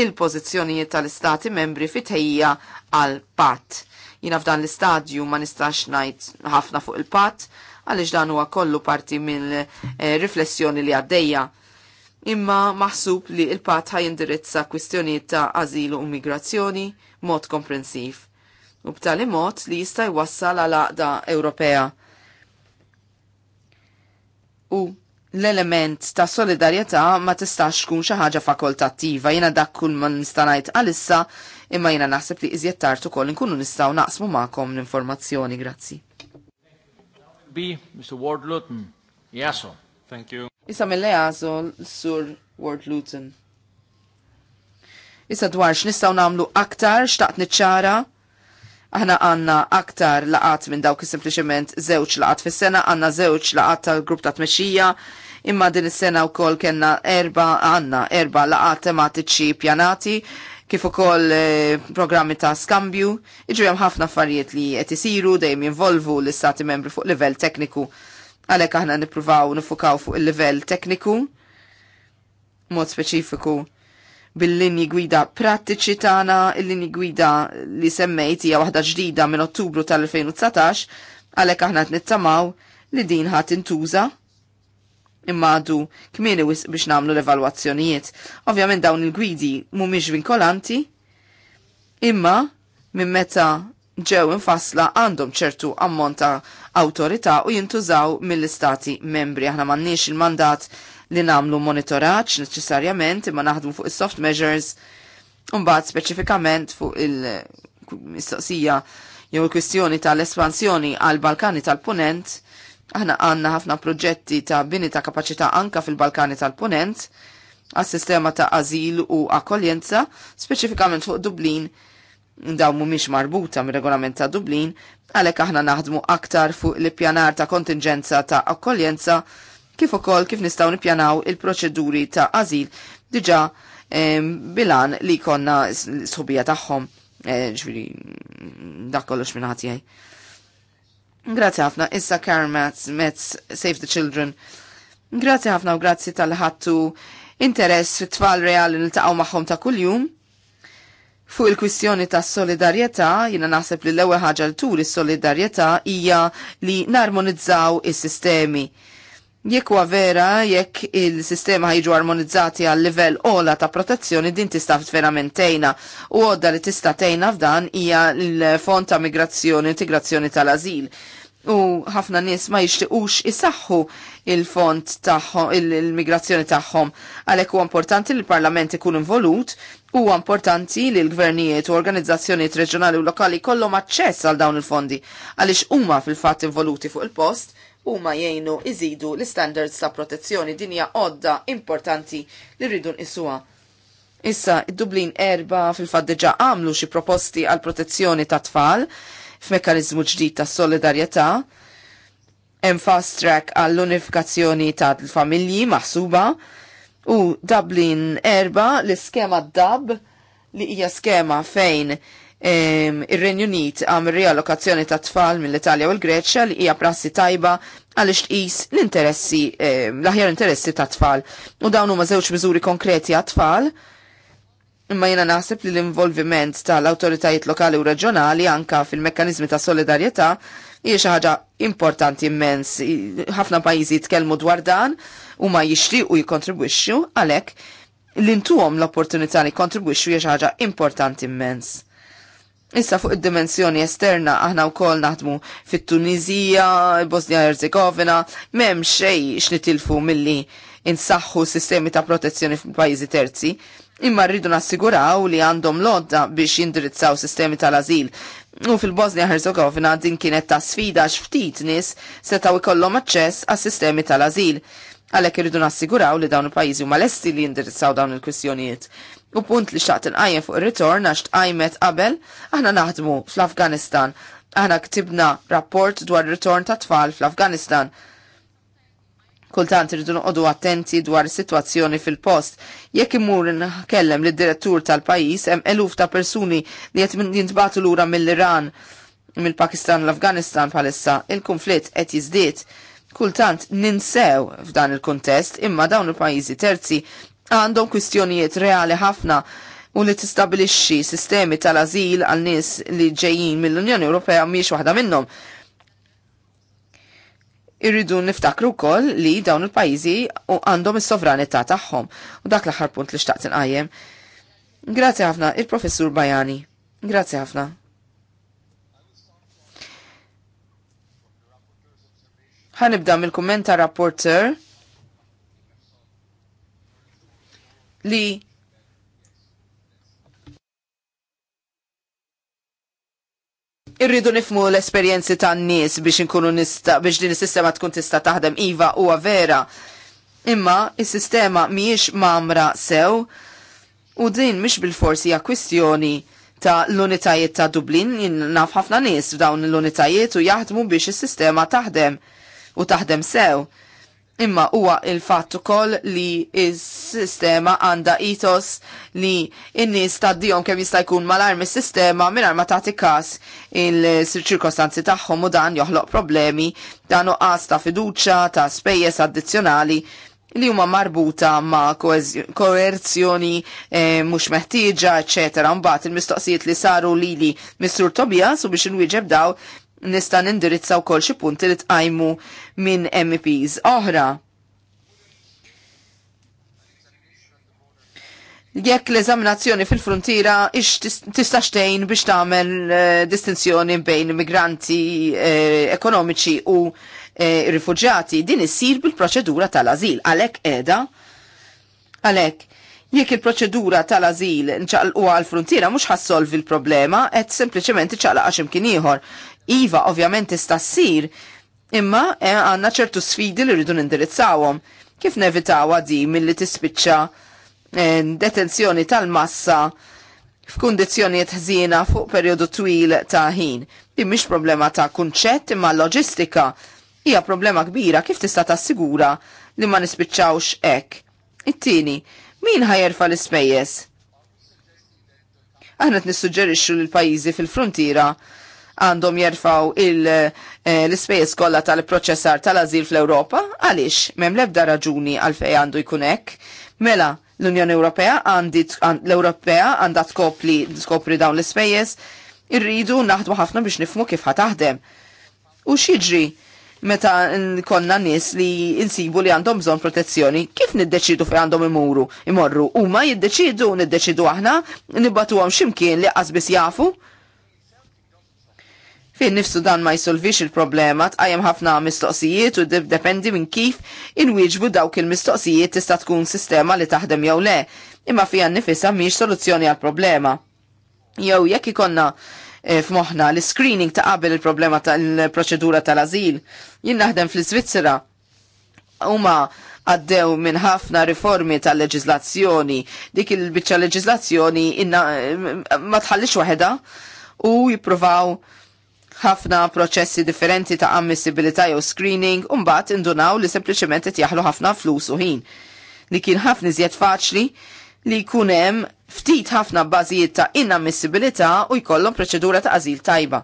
S4: il-pożizzjonijiet tal-istati membri fit-tejja għal patt. Jina f'dan l-istadju ma nistax ngħid ħafna fuq il-patt, għalix dan huwa kollu parti minn eh, riflessjoni li għaddejja. Imma maħsub li il-pat ħaj indirizza kwistjonijiet ta' azilu u migrazzjoni mod komprensiv u b'tali mod li jista' jwassal għal Aqda Ewropea. U l-element ta' solidarjetà ma tistax tkun xi ħaġa fakultattiva, jiena dak kull ma nista' ngħid għalissa imma jiena naħseb li iżjed tard ukoll inkunu nistgħu naqsmu magħkom l-informazzjoni, grazzi. B, Mr. Ward Luton. Jaso, thank you. Issa mill Sur Ward Luton. Issa dwar x'nistgħu nagħmlu aktar xtaqt niċċara Aħna għanna aktar laqat minn dawk sempliċement żewġ laqat fis-sena, għanna żewġ laqat tal-grupp ta' tmexxija, imma din is-sena wkoll kellna erba għanna erba laqat tematiċi pjanati kif ukoll eh, programmi ta' skambju, iġu hemm ħafna affarijiet li qed isiru dejjem jinvolvu l-istati membri fuq livell tekniku. Għalhekk aħna nippruvaw nifukaw fuq il-livell tekniku mod speċifiku bil-linji gwida prattiċi tagħna, il-linji gwida li semmejt hija waħda ġdida minn Ottubru tal-2019, għalhekk aħna qed nittamaw li din ħadd intuża imma għadu kmieni wisq biex nagħmlu l-evalwazzjonijiet. Ovvjament dawn il-gwidi mhumiex vinkolanti, imma minn meta ġew infasla għandhom ċertu ammont ta' awtorità u jintużaw mill-istati membri. Aħna m'għandniex il-mandat li namlu monitoraċ neċessarjament imma naħdmu fuq il-soft measures Umbat speċifikament fuq il-mistoqsija jew il-kwistjoni tal-espansjoni għal-Balkani tal-Punent, aħna għanna ħafna proġetti ta' bini ta' kapacità anka fil-Balkani tal-Punent, għas-sistema ta' azil u akkoljenza, speċifikament fuq Dublin, daw mumiex marbuta mir regolament ta' Dublin, għalek aħna naħdmu aktar fuq l-pjanar ta' kontingenza ta' akkoljenza kif ukoll kif nistgħu nippjanaw il-proċeduri ta' azil diġà bilan li konna s-sobija tagħhom eh, ġviri dak kollox minn ħadd Grazzi ħafna, issa Karmatz Metz Save the Children. Grazzi ħafna u grazzi tal-ħattu interess fit-tfal reali niltaqgħu magħhom ta' kuljum. Fuq il-kwistjoni ta' solidarjetà, jina naħseb li l-ewwel ħaġa l-tur is-solidarjetà hija li narmonizzaw is-sistemi. Jekk huwa vera jekk il-sistema ħajġu armonizzati għal livell ola ta' protezzjoni din tista' verament tejna u għodda li tista' tejna f'dan hija l-fond ta' migrazzjoni integrazzjoni tal-azil. U ħafna nies ma jixtiqux isaħħu il-fond tagħhom il-migrazzjoni tagħhom għalhekk huwa importanti li l-Parlament ikun involut Huwa importanti li l-gvernijiet u organizzazzjonijiet reġjonali u lokali kollhom aċċess għal dawn il-fondi għaliex huma fil-fatt involuti fuq il-post huma jgħinu iżidu l-standards ta' protezzjoni dinja għodda importanti li rridu nqisuha. Issa, id-Dublin erba fil-faddeġa għamlu xi proposti għal protezzjoni ta' tfal f'mekkaniżmu ġdid ta' solidarjetà, hemm fast track għall-unifikazzjoni ta' familji maħsuba u Dublin erba l-iskema DAB li hija skema fejn ir-Renju Unit għam riallokazzjoni ta' tfal mill-Italja u l-Greċja li hija prassi tajba għaliex tqis l-interessi, l-aħjar interessi ta' tfal. U dawn huma żewġ miżuri konkreti għat tfal imma jena naħseb li l-involviment tal-autoritajiet lokali u reġjonali anka fil-mekkanizmi ta' solidarjetà hija xi ħaġa importanti immens. Ħafna pajjiżi jitkellmu dwar dan u ma u jikontribwixxu għalhekk l-intuhom l-opportunità li kontribwixxu hija xi ħaġa importanti immens. Issa fuq id-dimensjoni esterna aħna wkoll naħdmu fit-Tunizija, Bosnia Herzegovina, m'hemm xej x'nitilfu milli insaħħu sistemi ta' protezzjoni f'pajjiżi terzi, imma rridu nassiguraw li għandhom lodda biex jindirizzaw sistemi tal-azil. U fil-Bosnia Herzegovina din kienet ta' sfida x'ftit nies setaw ikollhom aċċess għas sistemi tal-azil. Għalhekk irridu nassiguraw li dawn il-pajjiżi huma lesti li jindirizzaw dawn il-kwistjonijiet. U punt li xtaqt nqajjem fuq ir-ritorn għax tqajmet qabel, aħna naħdmu fl-Afganistan. Aħna ktibna rapport dwar ir-ritorn ta' tfal fl-Afganistan. Kultant irridu noqogħdu attenti dwar is-sitwazzjoni fil-post. Jekk imur nkellem lid-direttur tal-pajjiż hemm eluf ta' persuni li qed jintbagħtu lura mill-Iran mill-Pakistan l-Afganistan bħalissa il-konflitt qed jiżdied kultant ninsew f'dan il kuntest imma dawn il-pajjiżi terzi għandhom kwistjonijiet reali ħafna u li tistabilixxi sistemi tal-azil għal nies li ġejjin mill-Unjoni Ewropea mhijiex waħda minnhom. Irridu niftakru wkoll li dawn il-pajjiżi għandhom is-sovranità tagħhom. U dak l-aħħar punt li xtaqt inqajjem. Grazzi ħafna il-Professur Bajani. Grazzi ħafna. Ħanibda mill-kumment ta' rapporter li irridu nifmu l-esperjenzi tan nies biex inkunu nista biex din is-sistema tkun tista taħdem iva huwa vera. Imma is-sistema mhijiex mamra sew u din mhix bil-forsi hija kwistjoni ta' l-unitajiet ta' Dublin naf ħafna nies f'dawn l-unitajiet u jaħdmu biex is-sistema taħdem u taħdem sew. Imma huwa il-fatt ukoll li s-sistema għandha itos li n-nies tgħaddihom kemm jista' jkun malar mis-sistema mingħajr ma tagħti każ il-ċirkostanzi tagħhom u dan joħloq problemi ta' nuqqas ta' fiduċja ta' spejjeż addizzjonali li huma marbuta ma' koerzjoni e, mhux meħtieġa, eċetera. Mbagħad il-mistoqsijiet li saru lili mistur Tobias u biex inwieġeb daw nista' nindirizza wkoll xi punti li tqajmu minn MEPs oħra. Jekk l-eżaminazzjoni fil-frontiera ix tista' xtejn biex tagħmel eh, distinzjoni bejn migranti eh, ekonomiċi u eh, rifuġjati din issir bil-proċedura tal-ażil għalhekk qiegħda għalhekk jekk il-proċedura tal-azil nċaqlqu għal-frontiera mhux ħassolvi l-problema qed sempliċement iċaqlaq għax imkien ieħor. Iva ovvjament tista' ssir, imma eh, għandna ċertu sfidi li rridu nindirizzawhom. Kif nevitawa di milli tispiċċa eh, detenzjoni tal-massa f'kundizzjonijiet ħżiena fuq perjodu twil ta' ħin. Din mhix problema ta' kunċett imma loġistika hija problema kbira kif tista' tassigura li ma nispiċċawx hekk. It-tieni, min ħajerfa l-ispejjeż? Aħna qed nissuġġerixxu l pajjiżi fil-frontiera għandhom jerfaw eh, l-ispejjeż kollha tal-proċessar tal-azil fl-Ewropa? Għaliex m'hemm l-ebda raġuni għalfej għandu jkun hekk. Mela, l-Unjoni Ewropea għandit, l-Ewropea għandha tkopli tkopri dawn l-ispejjeż, irridu naħdmu ħafna biex nifmu kif ħataħdem. U xieġri, meta konna nis li insibu li għandhom bżon protezzjoni, kif niddeċidu fej għandhom imuru, imorru, u ma jiddeċidu, niddeċidu aħna, nibbatu għom ximkien li għazbis jafu, fejn nifsu dan ma jisolvix il-problema tqajjem ħafna mistoqsijiet u dependi minn kif inwieġbu dawk il-mistoqsijiet tista' tkun sistema li taħdem jew le, imma fija nifisa miex soluzzjoni għal problema. Jew jekk ikonna eh, f'moħħna l-screening ta' qabel il-problema tal-proċedura tal-azil, jien naħdem fl-Iżvizzera huma għaddew minn ħafna riformi tal-leġizlazzjoni, dik il biċċa leġizlazzjoni inna ma tħallix waħda u jippruvaw ħafna proċessi differenti ta' ammissibilità jew screening u mbagħad indunaw li sempliċement qed jaħlu ħafna flus u ħin. Li kien ħafna iżjed faċli li jkun hemm ftit ħafna bażijiet ta' inammissibilità u jkollhom proċedura ta' għażil tajba.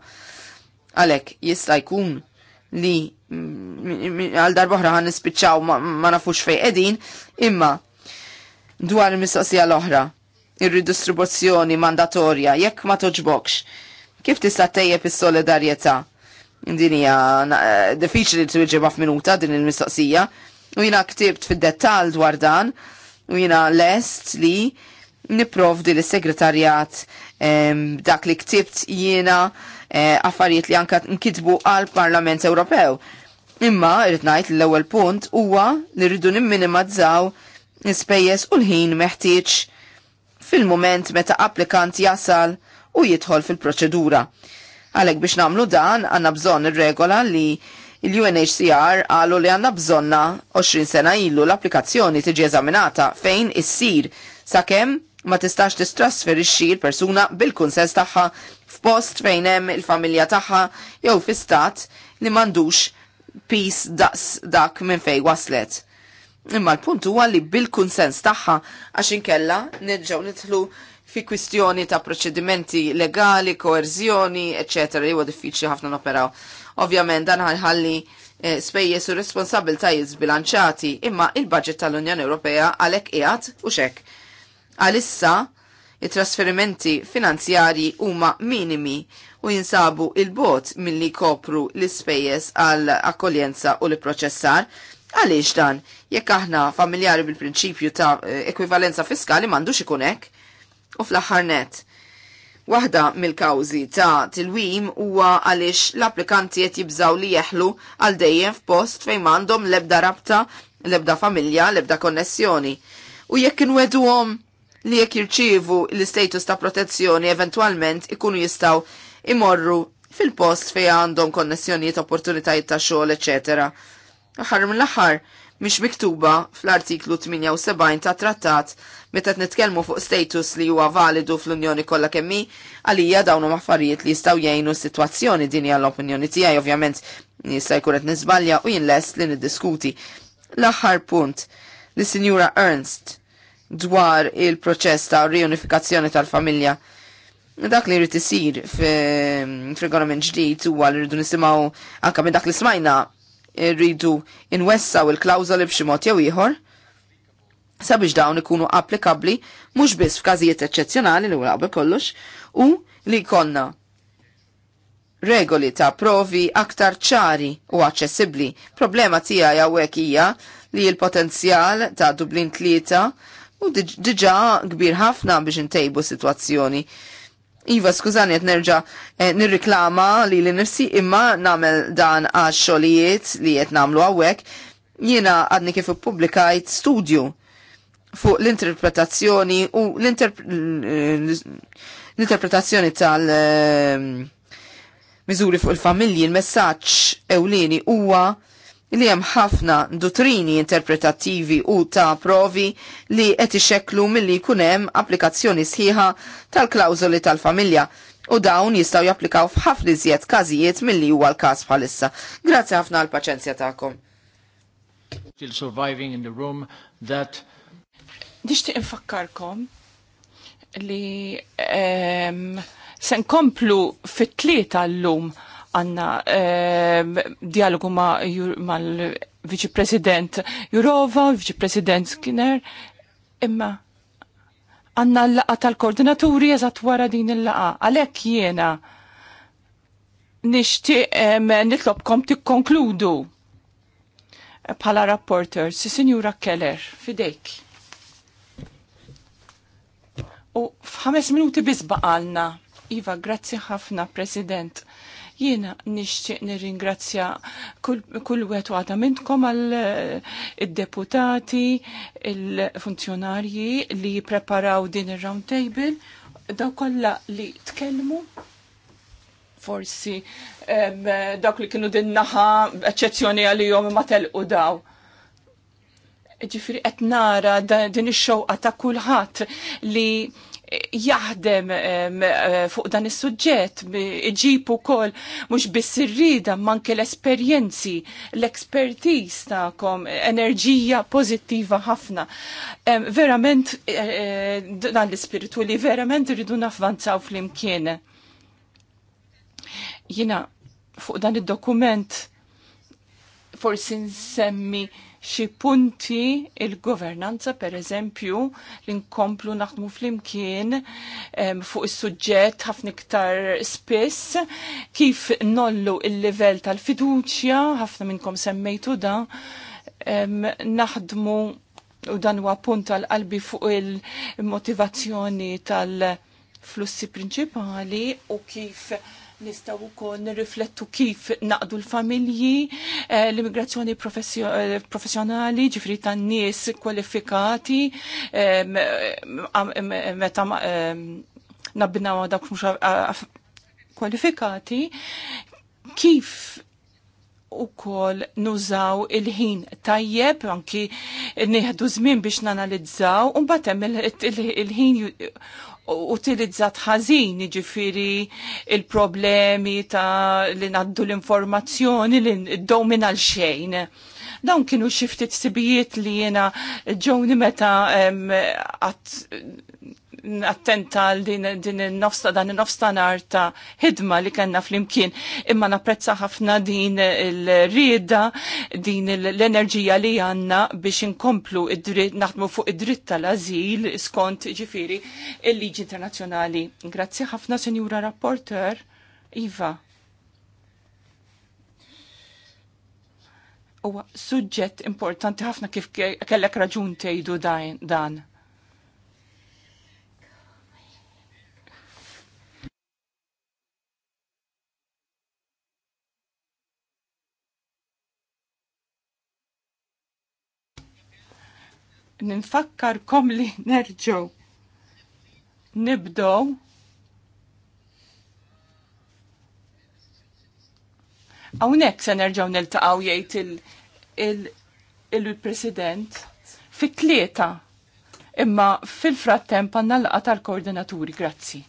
S4: Għalhekk jista' jkun li mm, mm, għal darboħra ħan nispiċċaw ma, nafux fej edin, imma dwar il-mistoqsija l-oħra, ir-redistribuzzjoni mandatorja, jekk ma toġbokx, Kif tista' tejjeb is-solidarjetà? Din hija eh, diffiċli twieġeb f'minuta din il-mistoqsija. U jina ktibt fid-dettall dwar dan u jina lest li niprovdi l segretarjat dak li ktibt jiena eh, affarijiet li anka nkitbu għal Parlament Ewropew. Imma irrid ngħid l-ewwel punt huwa li rridu nimminimazzaw ispejjeż u l-ħin meħtieġ fil-mument meta applikant jasal u jidħol fil-proċedura. Għalek biex namlu dan għanna bżon il-regola li l unhcr għalu li għanna bżonna 20 sena ilu l-applikazzjoni tiġi eżaminata fejn issir sakemm ma tistax tistrasferixxi l-persuna bil-kunsens tagħha f'post fejn hemm il-familja tagħha jew fi stat li m'għandux pis daqs dak minn fejn waslet. Imma l-punt huwa li bil-kunsens tagħha għax inkella nerġgħu nidħlu fi kwistjoni ta' proċedimenti legali, koerzjoni, eccetera, huwa diffiċli ħafna noperaw. Ovvjament dan ħalli spejje eh, spejjeż u responsabiltajiet zbilanċati, imma il-budget tal-Unjoni Ewropea għalhekk qiegħed u xek. Għalissa il trasferimenti finanzjarji huma minimi u jinsabu il-bot milli kopru l-ispejjeż għal akkoljenza u l-proċessar. Għaliex dan, jekk aħna familjari bil-prinċipju ta' eh, ekwivalenza fiskali m'għandux ikun hekk, U fl-aħħar net. Waħda mill-kawżi ta' tilwim huwa għaliex l-applikanti qed jibżaw li jeħlu għal dejjem f'post fejn m'għandhom l-ebda rabta, l-ebda familja, l-ebda konnessjoni. U jekk inwedduhom li jekk jirċievu l-istatus ta' protezzjoni eventwalment ikunu jistgħu imorru fil-post fejn għandhom konnessjonijiet, opportunitajiet ta' xogħol, eċetera. Aħħar mill-aħħar mhix miktuba fl-artiklu 78 ta' trattat meta nitkellmu fuq status li huwa validu fl-Unjoni kollha kemmi, għalija dawn huma affarijiet li jistgħu jgħinu s-sitwazzjoni din hija l-opinjoni tiegħi ovvjament jista' jkun qed niżbalja u jien lest li niddiskuti. L-aħħar punt li Sinjura Ernst dwar il-proċess ta' riunifikazzjoni tal-familja. Dak li jrid isir f'regolament ġdid huwa li rridu nisimgħu anke minn dak li smajna rridu inwessaw il-klawżoli b'xi mod jew ieħor sabiex dawn ikunu applikabli mhux biss f'każijiet eċċezzjonali li wraqbe kollox u li konna regoli ta' provi aktar ċari u aċċessibbli. Problema tiegħi hawnhekk hija li l-potenzjal ta' Dublin tlieta u diġà kbir ħafna biex intejbu situazzjoni. Iva, skużani, għet nerġa eh, nirriklama li li nifsi imma namel dan għax xolijiet li għet namlu għawek, jena għadni kif publikajt studju fuq l-interpretazzjoni u l-interpretazzjoni tal- ehm, miżuri fuq il-familji, il-messaġġ ewlieni huwa li hemm ħafna dottrini interpretattivi u ta' provi li qed ixekklu milli jkun hemm applikazzjoni sħiħa tal-klawżoli tal-familja u dawn jistgħu japplikaw f'ħafna iżjed każijiet milli huwa l-każ bħalissa. Grazzi ħafna għall paċenzja tagħkom.
S3: Still surviving in the room that Nixtieq infakkarkom li um, se nkomplu fit-tlieta llum għanna um, ehm, dialogu ma' mal-Viċi President Jurova, Viċi President Skinner, imma għanna l-laqa tal-koordinaturi eżat wara din il-laqa. Għalek jiena nishtiq um, ehm, nitlobkom tikkonkludu bħala rapporter, si Sinjura Keller, fidejk. U f'ħames minuti bizbaqalna. Iva, grazzi ħafna, President. Jiena nixtieq nirringrazzja kull wet għada minnkom għal eh, deputati il-funzjonarji li preparaw din ir-round table, daw kollha li tkellmu forsi dawk li kienu din naħa eċċezzjoni għalihom ma telqu daw ġifiri qed nara din ix-xewqa ta' kulħadd li jaħdem eh, fuq dan is-suġġett iġib ukoll mhux biss ir manke l-esperjenzi, l-ekspertiż tagħkom, enerġija pożittiva ħafna. Verament eh, eh, dan l-ispiritu li verament irridu nafvanzaw flimkien. Jina fuq dan id-dokument forsi nsemmi xi punti il-governanza per eżempju li nkomplu naħdmu flimkien fuq is-suġġett ħafna iktar spiss kif nollu il-livell tal-fiduċja ħafna minnkom semmejtu da naħdmu u dan huwa punt tal-qalbi fuq il-motivazzjoni tal-flussi prinċipali u kif Nistaw ukoll nirriflettu kif naqdu l-familji, eh, l-immigrazzjoni eh, professjonali, ġifri tan nies kwalifikati, meta nabbinaw dak mhux kwalifikati, kif u kol nużaw il-ħin tajjeb, anki nieħdu żmien biex nanalizzaw, un batem il-ħin utilizzat ħażin, jiġifieri il-problemi ta' li naddu l-informazzjoni li domina l xejn. Dawn kienu xi ftit sibijiet li jiena ġewni meta għat attenta għal din din nofsta dan il-nofsta nar ta' ħidma li kanna fl-imkien. Imma napprezza ħafna din il-rieda, din l-enerġija li għanna biex inkomplu id-dritt, naħdmu fuq id-dritt tal-azil skont ġifiri il-liġi internazjonali. Grazzi ħafna, Senjura Rapporter. Iva. Huwa suġġett importanti ħafna kif kellek raġun tgħidu dan. ninfakkarkom li nerġaw nibdow Għawnek se nerġaw niltaqaw jgħid il-president fit tlieta imma fil-frattemp għanna l-qatar koordinaturi, grazzi.